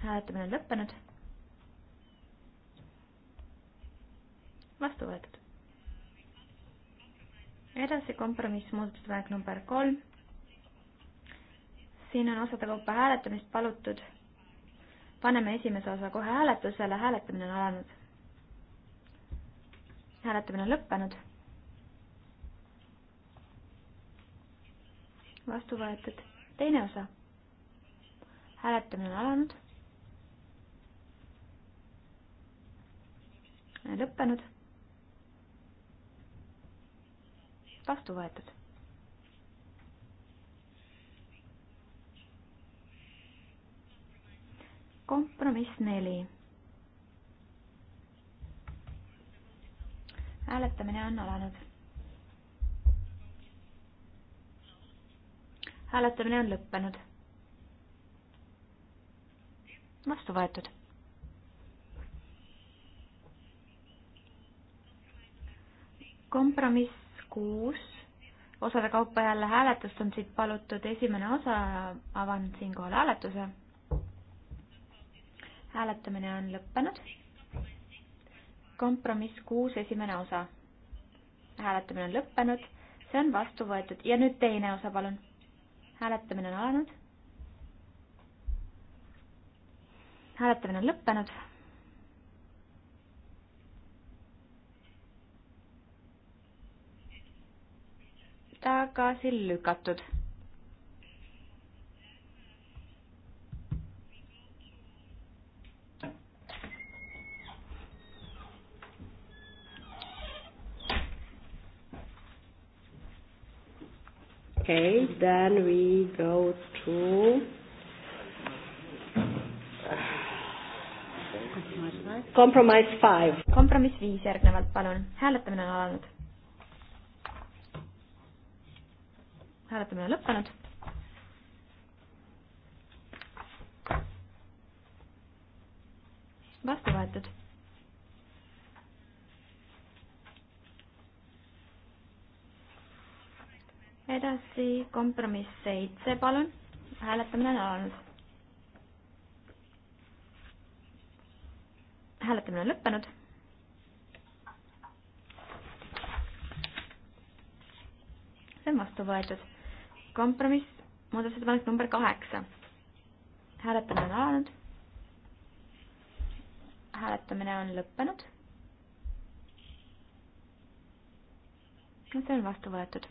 S5: hääletamine on lõppenud. vastu võetud edasi kompromiss muudatusettepanek number kolm. siin on osade kaupa hääletamist palutud. paneme esimese osa kohe hääletusele, hääletamine on alanud. hääletamine on lõppenud. vastu võetud teine osa. hääletamine on alanud. lõppenud vastu võetud. kompromiss neli. hääletamine on alanud. hääletamine on lõppenud. vastu võetud. kompromiss kuus, osade kaupa jälle hääletust on siit palutud, esimene osa, avan siinkohal hääletuse. hääletamine on lõppenud. kompromiss kuus, esimene osa. hääletamine on lõppenud, see on vastu võetud ja nüüd teine osa, palun. hääletamine on alanud. hääletamine on lõppenud tagasi lükatud.
S3: Okay, then we go to
S2: kompromiss five.
S5: kompromiss viis järgnevalt, palun. hääletamine on alanud hääletamine on lõppenud. vastu võetud. edasi kompromiss seitse, palun. hääletamine on alanud. hääletamine on lõppenud. see on vastu võetud kompromiss, muudatusettepanek number kaheksa. hääletamine on alanud. hääletamine on lõppenud. no see on vastu võetud.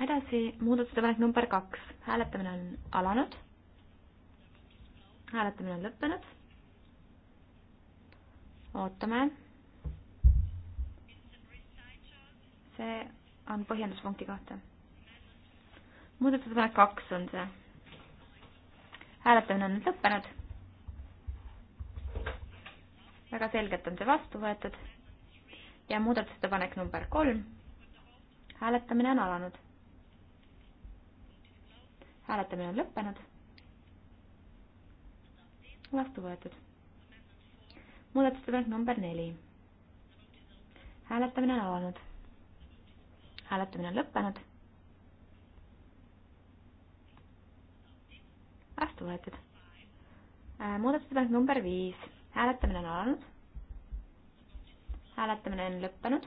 S5: edasi muudatusettepanek number kaks, hääletamine on alanud. hääletamine on lõppenud ootame. see on põhjenduspunkti kohta. muudatusettepanek kaks on see. hääletamine on nüüd lõppenud. väga selgelt on see vastu võetud. ja muudatusettepanek number kolm. hääletamine on alanud. hääletamine on lõppenud. vastu võetud muudatusettepanek number neli. hääletamine on alanud. hääletamine on lõppenud. vastu võetud. Äh, muudatusettepanek number viis, hääletamine on alanud. hääletamine on lõppenud.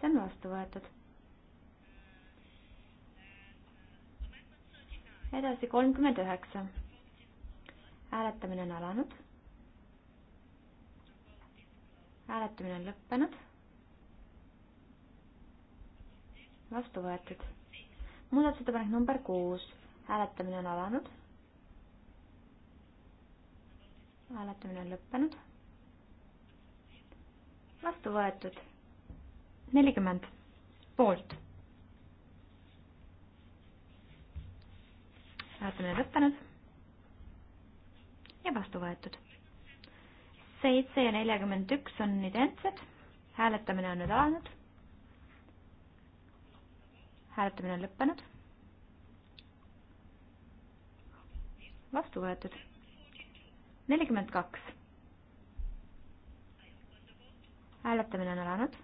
S5: see on vastu võetud edasi kolmkümmend üheksa hääletamine on alanud. hääletamine on lõppenud. vastu võetud. muudatusettepanek number kuus, hääletamine on alanud. hääletamine on lõppenud. vastu võetud. nelikümmend poolt. hääletamine lõppenud ja vastu võetud. seitse ja nelikümmend üks on identsed, hääletamine on nüüd alanud. hääletamine on lõppenud. vastu võetud. nelikümmend kaks. hääletamine on alanud.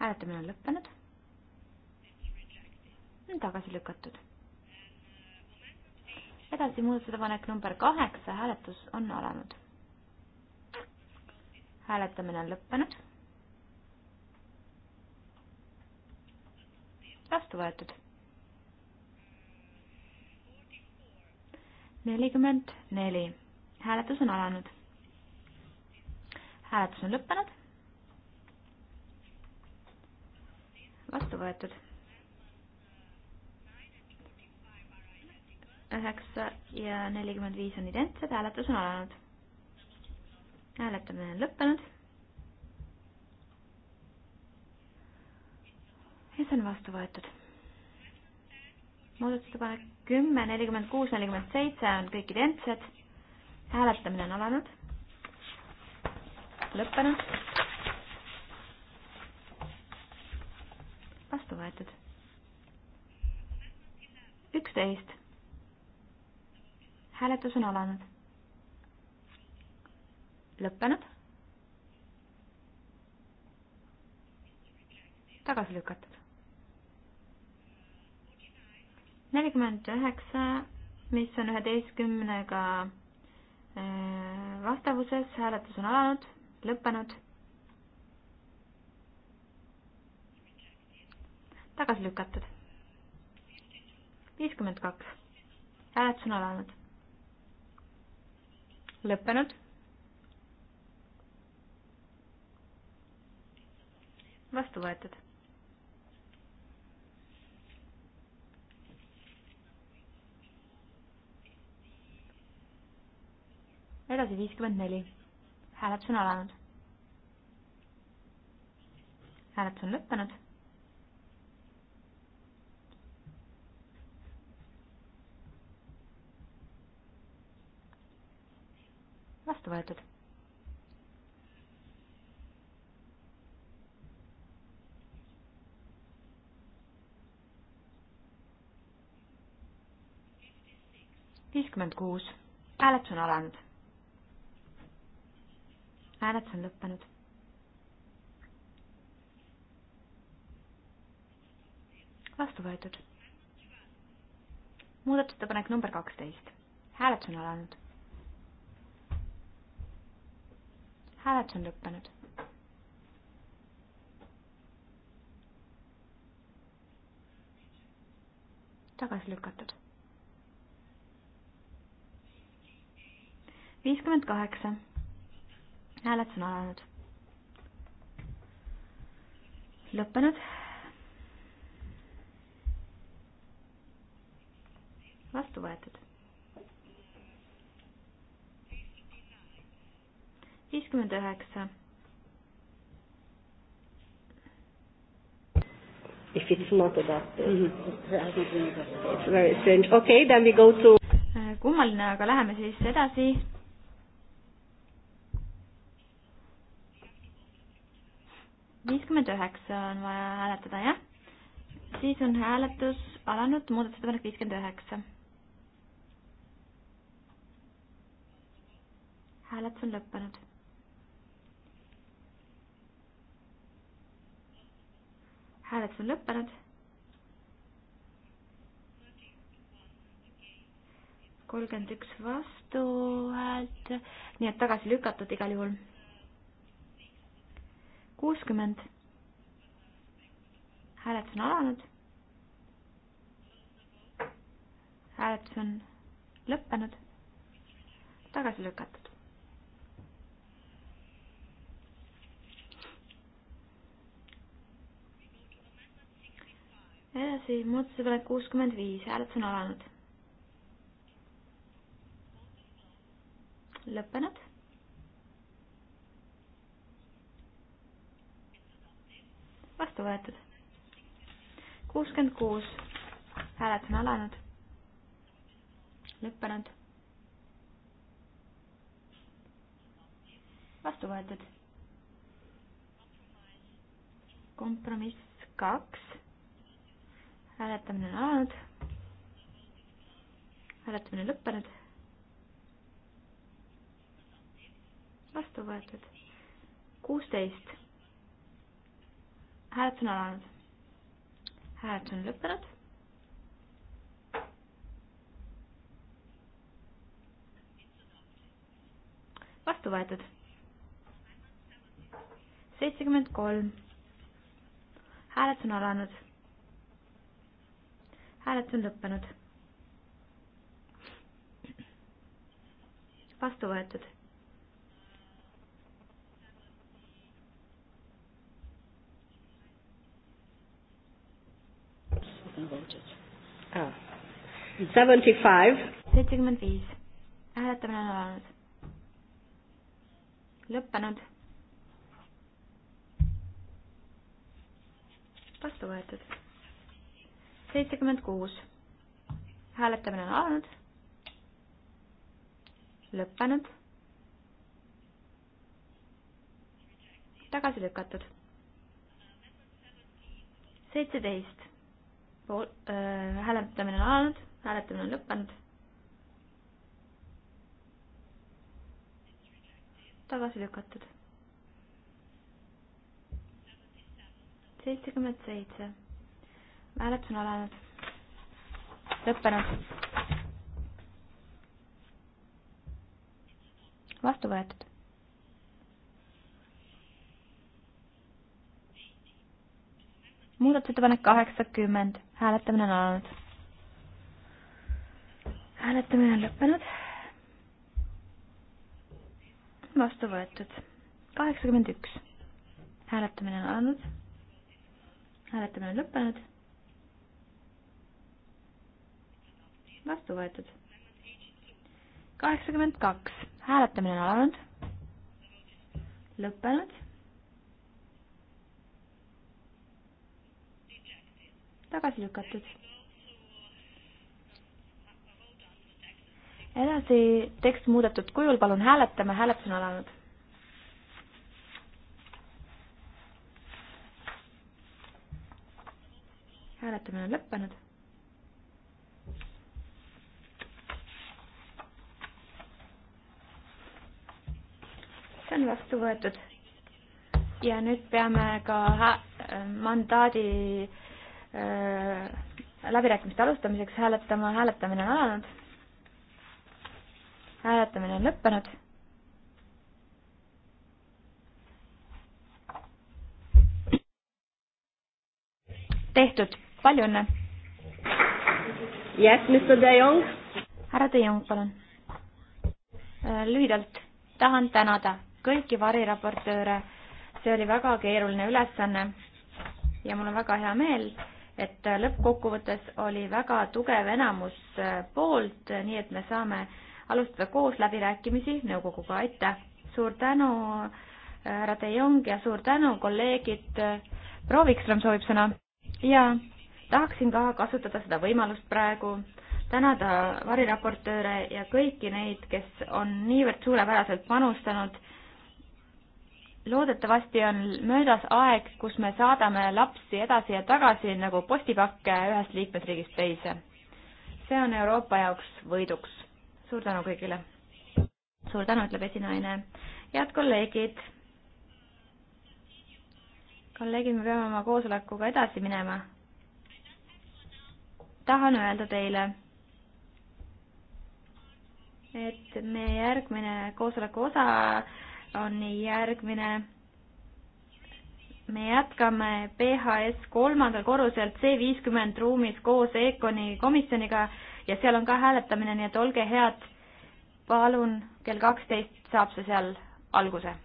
S5: hääletamine on lõppenud. tagasi lükatud edasi muudatusettepanek number kaheksa, hääletus on alanud. hääletamine on lõppenud. vastu võetud. nelikümmend neli, hääletus on alanud. hääletus on lõppenud. vastu võetud üheksa ja nelikümmend viis on identsed, hääletus on alanud. hääletamine on lõppenud. ja see on vastu võetud. muudatusettepanek kümme, nelikümmend kuus, nelikümmend seitse on kõik identsed. hääletamine on alanud. lõppenud. vastu võetud. üksteist hääletus on alanud. lõppenud. tagasi lükatud. nelikümmend üheksa, mis on üheteistkümnega äh, vastavuses, hääletus on alanud, lõppenud. tagasi lükatud. viiskümmend kaks, hääletus on alanud lõppenud. vastu võetud. edasi viiskümmend neli. hääletus on alanud. hääletus on lõppenud vastu võetud. viiskümmend kuus, hääletus on alanud. hääletus on lõppenud. vastu võetud. muudatusettepanek number kaksteist, hääletus on alanud. hääletus on lõppenud. tagasi lükatud. viiskümmend kaheksa. hääletus on alanud. lõppenud. vastu võetud. viiskümmend üheksa.
S3: If it's not adopted mm,
S2: -hmm. it's very strange. Okay,
S3: then we go to.
S5: Äh, kummaline, aga läheme siis edasi. viiskümmend üheksa on vaja hääletada, jah? siis on hääletus alanud, muudatusettepanek viiskümmend üheksa. hääletus on lõppenud hääletus on lõppenud. kolmkümmend üks vastuhäält, nii et tagasi lükatud igal juhul. kuuskümmend. hääletus on alanud. hääletus on lõppenud, tagasi lükatud. edasi, muudatusepanek kuuskümmend viis, hääletus on alanud. lõppenud. vastu võetud. kuuskümmend kuus, hääletus on alanud. lõppenud. vastu võetud. kompromiss kaks hääletamine on alanud. hääletamine lõppenud. vastu võetud. kuusteist. hääletus on alanud. hääletus on lõppenud. vastu võetud. seitsekümmend kolm. hääletus on alanud hääletus on lõppenud. vastu võetud. seitsekümmend viis. hääletamine on alanud. lõppenud. vastu võetud seitsekümmend kuus. hääletamine on alanud. lõppenud. tagasi lükatud. seitseteist. pool äh,, hääletamine on alanud, hääletamine on lõppenud. tagasi lükatud. seitsekümmend seitse hääletus on alanud, lõppenud. vastu võetud. muudatusettepanek kaheksakümmend, hääletamine on alanud. hääletamine on lõppenud. vastu võetud. kaheksakümmend üks, hääletamine on alanud. hääletamine on lõppenud vastu võetud. kaheksakümmend kaks, hääletamine on alanud, lõppenud. tagasi lükatud. edasi tekst muudetud kujul, palun hääletame, hääletus on alanud hääletamine on lõppenud. see on vastu võetud. ja nüüd peame ka äh, mandaadi äh, läbirääkimiste alustamiseks hääletama, hääletamine on alanud. hääletamine on lõppenud. tehtud, palju õnne!
S2: Yes, Mr De Jong.
S5: härra De Jong, palun. Äh, lühidalt tahan tänada kõiki variraportööre. see oli väga keeruline ülesanne ja mul on väga hea meel, et lõppkokkuvõttes oli väga tugev enamus äh, poolt, nii et me saame alustada koos läbirääkimisi nõukoguga, aitäh! suur tänu, äh, härra De Jong ja suur tänu, kolleegid, äh, proua Vikström soovib sõna ja tahaksin ka kasutada seda võimalust praegu tänada variraportööre ja kõiki neid, kes on niivõrd suurepäraselt panustanud loodetavasti on möödas aeg, kus me saadame lapsi edasi ja tagasi nagu postipakke ühest liikmesriigist teise. see on Euroopa jaoks võiduks. suur tänu kõigile. suur tänu, ütleb esinaine. head kolleegid. kolleegid, me peame oma koosolekuga edasi minema. tahan öelda teile, et meie järgmine koosoleku osa on järgmine. me jätkame PHS kolmandal korrusel C viiskümmend ruumis koos EKONi komisjoniga ja seal on ka hääletamine, nii et olge head, palun, kell kaksteist saab see seal alguse